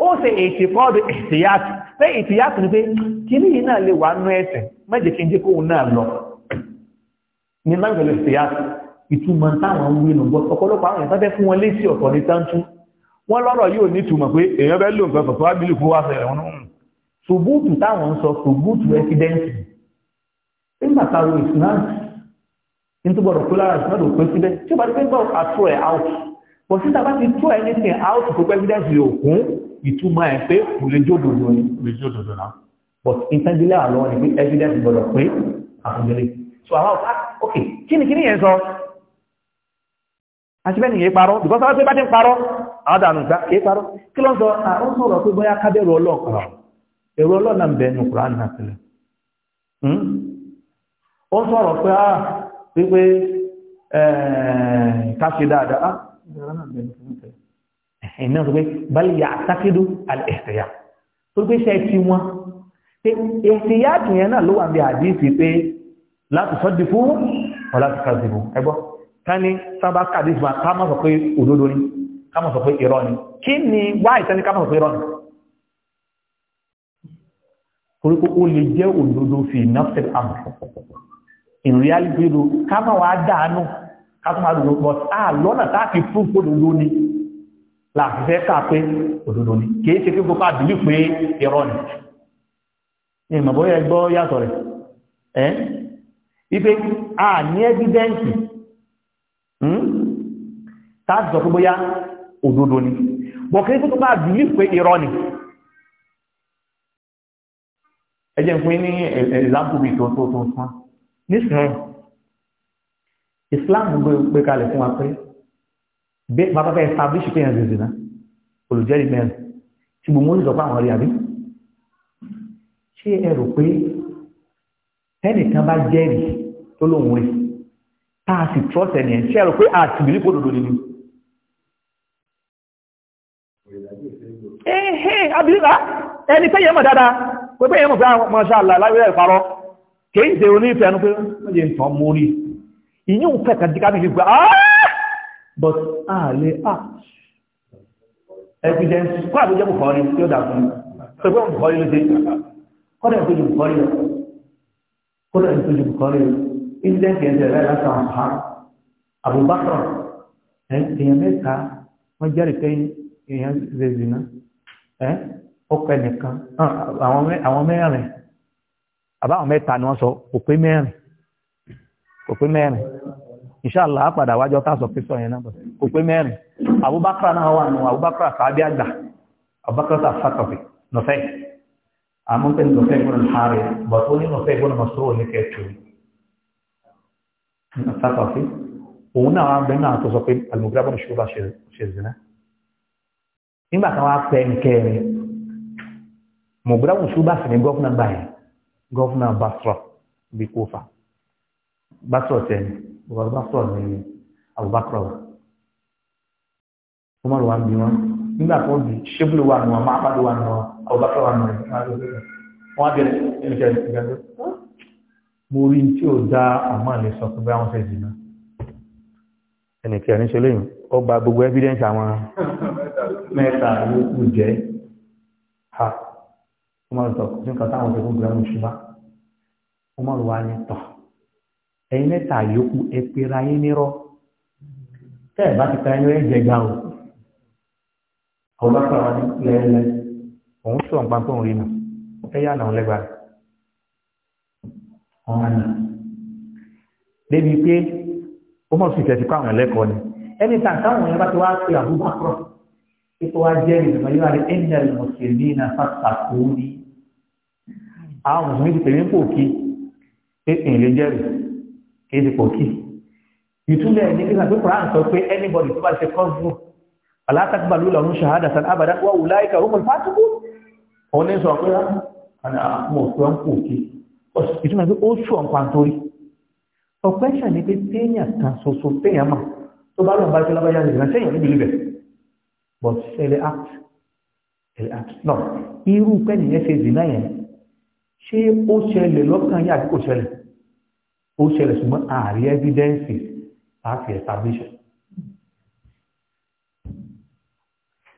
ó ṣe ètìkọ́ọ̀dù ìtìyàtì pé ìtìyàtì ní pé kí ní iná lè wà nú ẹ̀sẹ̀ mẹ́jẹ̀ kí n jẹ́ kóhun náà lọ ní lágbẹ̀lẹ̀ ìtìyàtì ìtumọ̀ táwọn ń wínú gbọ́ ọ̀pọ̀lọpọ̀ àwọn ìfẹ́fẹ́ fún wọn lésì ọ̀tọ̀ ní tántú wọ́n lọ́rọ̀ yóò ní ìtumọ̀ pé èèyàn bẹ́ẹ̀ lò nǹkan pẹ̀lú ábílì fún wáṣẹ̀ ẹ̀wọ̀n hmm. ṣùgbúùtù táwọn ń sọ ṣùgbúùtù ẹ́fídẹ́ǹsì nígbà táwọn ìsìnáàtì ní tó gbọdọ̀ kó lára ìsìnáàtì òpin síbẹ̀ tí ó bá ti fẹ́ gbọ́ àtúrẹ̀ out but síta bá ti tú anything out kó pẹ́ evidence yóò kún ìtumọ̀ ẹ̀ pé kò lè jó dòdò ní náà but ìtẹ́jílẹ̀ àlọ́ ni pé evidence gbọ́dọ̀ pé àfúnjẹ́lẹ̀ so àwọn ọ̀pá ok kí ni kí ni yẹn sọ aṣíbẹ́ni yẹ parọ́ because àwọn tó bá ti ń parọ́ àwọn dànù gbá kí parọ́ kí ló sọ àwọn sọ̀rọ̀ pé kábẹ́rù ọlọ́ọ̀kọ̀rọ̀ ẹ̀yìn náà sọ pé bal ya'taqidu al-ihtiyat tó gbé ṣe ti wọn pé ihtiyat tún yẹn náà ló wà bí àdíìsì pé la tusaddiqu wa la tukazzibu ẹgbọ́ ká ní sábà kàdí ìgbà ká má sọ pé òdodo ni ká má sọ pé irọ́ ni kí ni wá ìtẹ́ni ká má sọ pé ni láti fẹ́ kà pé òdodo ni kìí ṣe kí gbogbo àbílì pé irọ́ ni ní ìmọ̀bóyá ẹgbọ́ yàtọ̀ rẹ̀ ẹ́ ipé a ní ẹ́bídẹ́ǹsì hmm? táàtì sọ pé bóyá òdodo ni bọ̀ kìí ṣe gbogbo àbílì pé irọ́ ni ẹjẹ́ fún ní ìlàkùnbí tó fún nísìnyí Islam gbé kalẹ̀ fún wa pé bàbá fẹ́ establish pé yẹn zèzè náà olùjẹ́rìí mẹ́rin tí gbogbo orí ìjọba àwọn rí àbí ṣé ẹ rò pé ẹnìkan bá jẹ́rìí tó lóun rí tá a sì trust ẹni ẹ̀ ṣé ẹ rò pé àti ìbílí kò dòdò nínú. ẹ̀hẹ́ abirila ẹni pé yẹn mọ̀ dáadáa pé pé yẹn mọ̀ pé masha Allah láwùjọ ìparọ́ kì í ṣe onífẹ̀ẹ́ ẹnu pé wọ́n jẹ́ ń mórí ìyún fẹ̀ kàdíkà fi gbà áá but a le a evidence kó àbújẹ́ bùkọ́rí tí ó dà fún pẹ̀lú bùkọ́rí ló dé kọ́dà ìtòjú bùkọ́rí lọ kọ́dà ìtòjú bùkọ́rí lọ incident yẹn ti rẹ̀ látà àhá Abubakar èèyàn mẹ́ta wọ́n jẹ́rìí pé èèyàn lè zìnà ọkọ̀ ẹnìkan àwọn mẹ́rin àbáwọn mẹ́ta ni wọ́n sọ òpé mẹ́rin òpé mẹ́rin ìṣàlá padà wájọ́ tásọ̀ písọ̀ yẹn náà kò pé mẹ́rin abubakar náà wà nù abubakar sàábí àgbà abubakar sàfàkàwé nọfẹ́ àmúpẹ́ nọfẹ́ gbọ́nà hàrẹ̀ bọ̀t ó ní nọfẹ́ gbọ́nà mọ̀sọ́rọ̀ ní kẹ́ẹ̀tù sàfàkàwé òun náà wà bẹ́ẹ̀ náà tó sọ pé alùpùpù bọ́nà ṣùgbọ́n ṣe zina nígbà kan wá pẹ́ nkẹ́rin mùgbùráwù ìwà ọba sọ̀rọ̀ ní Abubakar wa Umar wa ń bí wọn nígbà tó ń bí ṣébùlù wà nù wọn Muhammadu wà nù wọn Abubakar wà nù wọn á bẹ̀rẹ̀ ẹnìkẹ́ ìgbàgbọ́ mo rí tí ò dá àmọ́ lè sọ pé báwọn fẹ́ jìnnà ẹnìkẹ́ ní ṣe ó gba gbogbo evidence àwọn mẹ́ta yóò jẹ́ ha Umar sọ kò sí nǹkan táwọn ọ̀sẹ̀ fún gbẹ̀rẹ̀ mọ̀ ṣùgbọ́n Umar wa ní tọ̀ ẹ̀yin mẹ́ta yòókù ẹ pera yín nírọ́ tẹ́ ẹ̀ bá ti pera yín ẹ jẹ gbà o àwọn bá fara ní lẹ́lẹ́ òun sọ nǹkan tó ń rí nà ẹ yà nà ọ lẹ́gbà ọ̀hún àná débi pé ó mọ̀ sí ìtẹ̀síkọ́ àwọn ẹlẹ́kọ̀ọ́ ni ẹni tàn táwọn yẹn bá ti wá pé àbúkọ́ àkọ́rọ̀ ètò ajé ìgbìmọ̀ yóò rí ẹ̀ndẹ̀l mùsùlùmí na fàtàkùnrin àwọn mùsùlùmí ti tẹ̀lé ń pò kí pé èèlè jẹ́rìí kìí ti pọ̀ kí ìtúlẹ̀ ní nígbà tó kọ́ra sọ pé anybody tó bá ṣe kọ́sùn alátàkùbà ló lọ́run ṣahádà sàn àbàdà wà wù láìka ó mọ̀ fásitì òun ní sọ pé mo sọ ń pò kí ìtúmọ̀ pé ó sọ ń pàǹtórí ọ̀pẹ́ ṣàn ni pé téèyàn kan ṣoṣo téèyàn mà tó bá lọ́n bá ṣe lábájá nìkan séèyàn níbi ibẹ̀ but ṣẹlẹ̀ act ṣẹlẹ̀ act náà irú pẹ́ nìyẹn ṣe dì náà yẹn ṣé ó ṣẹlẹ̀ lọ́kàn yà àbí kò ṣẹlẹ̀ ó ṣẹlẹ̀ ṣùgbọ́n ààrí evidences láti establish it.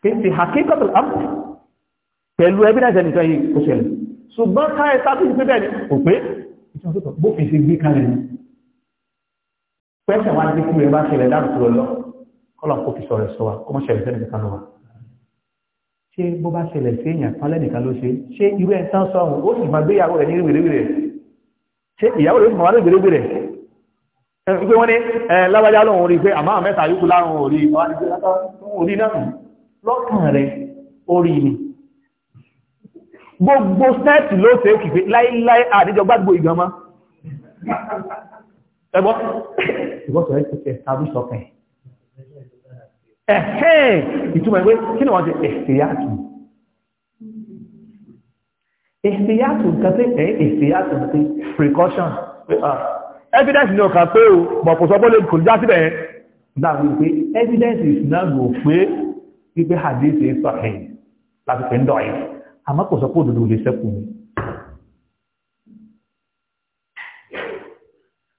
pèsè àkíkọ̀tò àpò pẹ̀lú evidence ẹnìkan yìí ó ṣẹlẹ̀ ṣùgbọ́n ká establish pé bẹ́ẹ̀ ni kò pé bófin ṣe gbé kalẹ̀ ni pẹ́sẹ̀ wá dé kúrò ẹ bá ṣẹlẹ̀ dáàbò lọ kọ́lọ̀ kó fi sọ̀rọ̀ sọ wa kó mọ̀ ṣẹlẹ̀ sẹ́nìkan kan lọ wa ṣé bó bá ṣẹlẹ̀ sí èèyàn kan lẹ́nìkan ló ṣe ṣé irú ẹ̀ tán sọ̀rọ̀ ó sì máa gbéyàwó rẹ̀ ní wèrèwèrè ṣe ìyàwó rẹ̀ mọ̀ wá ní gbèrègbè rẹ̀ pé wọ́n ní lábájá lóhun orí pé àmá mẹ́ta yókù láàrùn orí orí náà lọ́kàn rẹ̀ orí ni gbogbo snẹ́ẹ̀tì ló tẹ́ kìfé láíláí àdíjọ gbágbó ìgbàmá ẹgbọ́n ìgbọ́sọ̀ ẹ̀ tẹ́ tàbí sọ́kẹ̀ ẹ̀hẹ́ ìtumọ̀ ìwé kí ni wọ́n ti ẹ̀fẹ́ yàtùn ìsìyàtù nǹkan tí ẹ̀ ìsìyàtù nǹkan precaution ah, evidence ní ọkà pé o bọ̀ kò sọ bọ́lé kò já síbẹ̀ dáwọn pé evidence is not go pé wípé hadith is sahih láti pẹ̀ ń dọ̀ ẹ̀ àmọ́ kò sọ pé òdodo lè sẹ́kù mi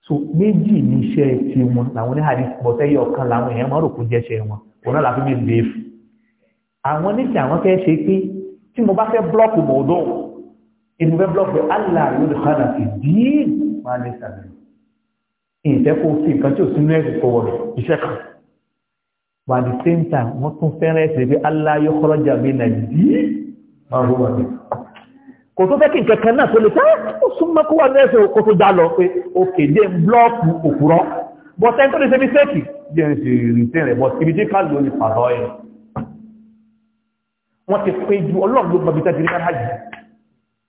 so méjì ní iṣẹ́ ti wọn làwọn ní hadith bọ̀ sẹ́yìn ọ̀kan làwọn èèyàn máa rò kó jẹ́ ṣe wọn òun náà láti bí bèèfù àwọn níṣẹ́ àwọn fẹ́ ṣe pé tí mo bá fẹ́ blọ́ọ̀kù mọ̀ọ́dọ́ọ̀ èmi fẹ́ blọọkì allah yóò lè kọ́nà sí díì máa lè sàmì ìfẹ́ kó fi nǹkan tí ò sínú ẹ̀sìn kó wọlé iṣẹ́ kan wà ní same time wọ́n tún fẹ́ràn ẹ̀sìn pé allah yóò kọ́rọ́ jà mí nà díì máa wọ́n wọlé kò tó fẹ́ kí nǹkan kan náà tó lè sá ó súnmọ́ kó wà ní ẹ̀sìn kó tó dá lọ pé òkè dé blọọkì òkúrọ́ bọ́sẹ̀ tó lè ṣe mistake bí ẹni sì rìtẹ́ rẹ̀ bọ́ síbi tí káàlù ní pàtó ẹ̀ wọ́n ti pé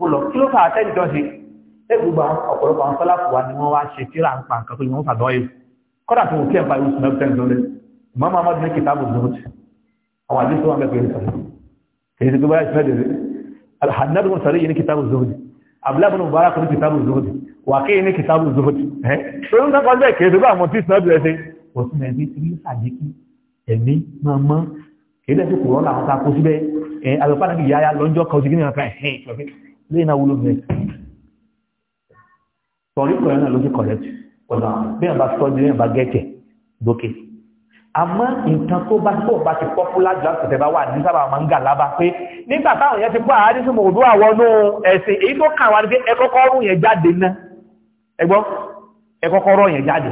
kó lọ kí ló fà àtẹ́ ìjọ ṣe ẹ gbogbo àwọn ọ̀pọ̀lọpọ̀ àwọn sọ́láfù wa ni wọ́n wá ṣe tíra ń pa nǹkan pé wọ́n fà dọ́ yìí kọ́dà tó wù kí ẹ̀fà yóò sùn ẹ̀fẹ́ ìjọ rẹ̀ mọ́mọ́ amadu ní kìtàbù gbòòtì àwọn àdé tó wà mẹ́pẹ́ ìsọ̀rọ̀ kì í ṣe gbogbo ẹ̀sìn ẹ̀dẹ̀rẹ̀ alhannadu bin sari yìí ní kìtàbù zuhudi abdullahi bin mubarak ní kìtàbù zuhudi wàkíyì ní kìtàbù zuhudi ẹ̀ tó ń dákọ̀ bẹ́ẹ̀ kì í ṣe gbogbo àwọn tí sinabu rẹ̀ ṣe wọ́n tún ẹ̀mí tí ń sàdékì lẹ́yìn náà wúlò bẹ́ẹ̀ sọ̀rí pẹ̀lú náà ló ti correct ọ̀nà bẹ́ẹ̀ bá sọ́jú bẹ́ẹ̀ bá gẹ́kẹ̀ dókè àmọ́ nǹkan tó bá tó bá ti pọ́pùlá jù láti tẹ̀bá wà ní sábà máa ń gà lábá pé nígbà táwọn yẹn ti pọ́ àádé sí mòdó àwọnú ẹ̀sìn èyí tó kàn wá ní pé ẹkọ́kọ́ rùn yẹn jáde ná ẹgbọ́ ẹkọ́kọ́ rọ̀ yẹn jáde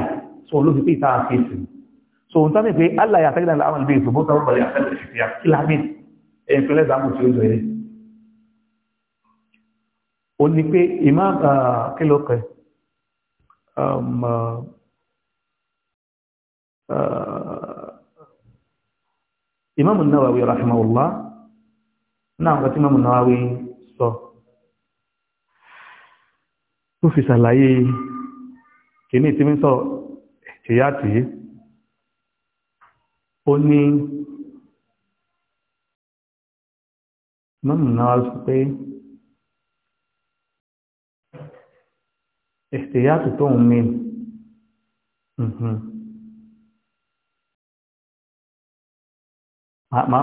so ló fi pé ìta àfẹ́sì so n tán ní pé aláyà tẹ́gbẹ̀rẹ̀ àwọn ìbí ìṣòbó sábà bẹ̀rẹ̀ àfẹ́sì ìfìyà kí lábẹ́ ẹ̀ ó ní pé imam kílọ́kẹ̀ um, imam an-Nawawi rahimahullah náà wọ́n tí imam an-Nawawi sọ tó fi sàlàyé kìíní tí mi sọ ìyá tí ó ní imam an-Nawawi ìfìyàtù tó ń mi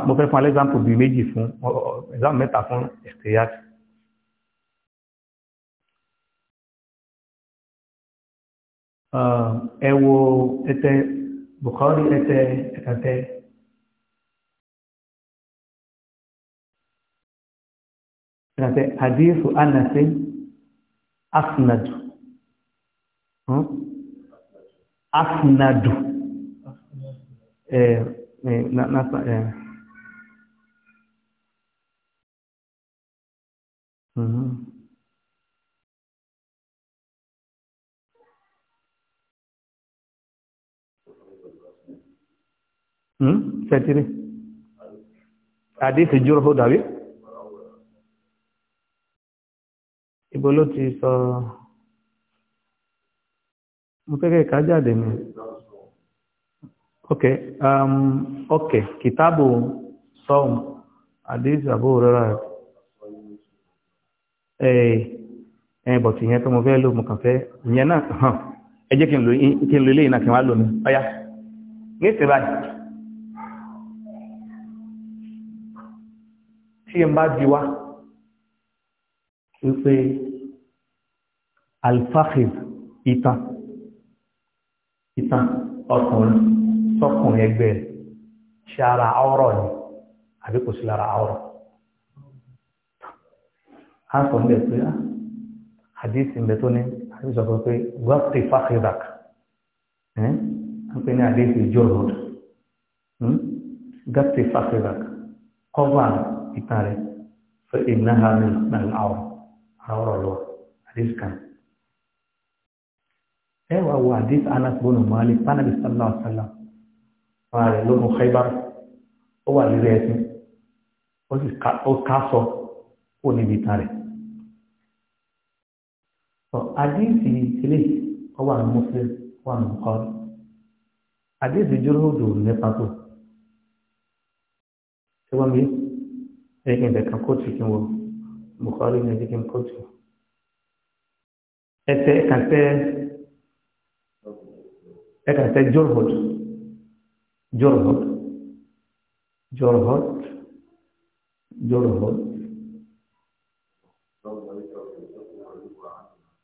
mo fẹ́ fún alẹ́gbàmù bíi méjì fún ẹ̀gbàmù mẹ́ta fún ìfìyàtù ẹ wo ẹtẹ Bukhari ẹtẹ ẹkàtẹ ẹkàtẹ hadithu anasin asnadu Hmm? asnadu eh eh na na eh mhm hmm setiri hadith jurhu dawi ibo ló ti sọ Mungkin fẹ́ kẹ́ ká jáde ni ok um, ok kìtàbù sọ́hùn àdéhùn àbúrò rárá ẹ̀ ẹ̀ bọ̀tì yẹn tó mo fẹ́ lò mo kàn fẹ́ ìyẹn náà hàn ẹ jẹ́ kí n lò ilé ìnàkí wá lò ní ọya ní ìsìn báyìí tí ìtàn ọkùnrin sọkùnrin ẹgbẹ́ rẹ̀ ṣe ara ọ̀rọ̀ ni àbí kò sí lára ọ̀rọ̀ a sọ ń bẹ pé àdìsí ah, ń bẹ tó ní àdìsí sọ pé gbọ́tì fàkìdàk ń pè ní àdìsí jòlòd gbọ́tì fàkìdàk kọ́và ìtàn rẹ̀ fẹ́ ìnáhà ní ọ̀rọ̀ lọ àdìsí kan ẹ wà wọ àdìs anas bọ́nù mọ́lẹ́ pánàbí sàlá ọ̀sàlá wọn rẹ̀ lónú Khaybar ó wà lórí ẹsìn ó sì ká sọ kó níbi ìta rẹ̀. àdìs yìí sílẹ̀ ó wà ní Muslim ó wà ní Bukhari àdìs ìjọba ó dòrò ní pàtó ṣé wọ́n mi kan kóòtù kí n wọ Bukhari ní ẹ̀ kí n kóòtù এখানে তাই জোরহট জোরহট জোরহট জোরহট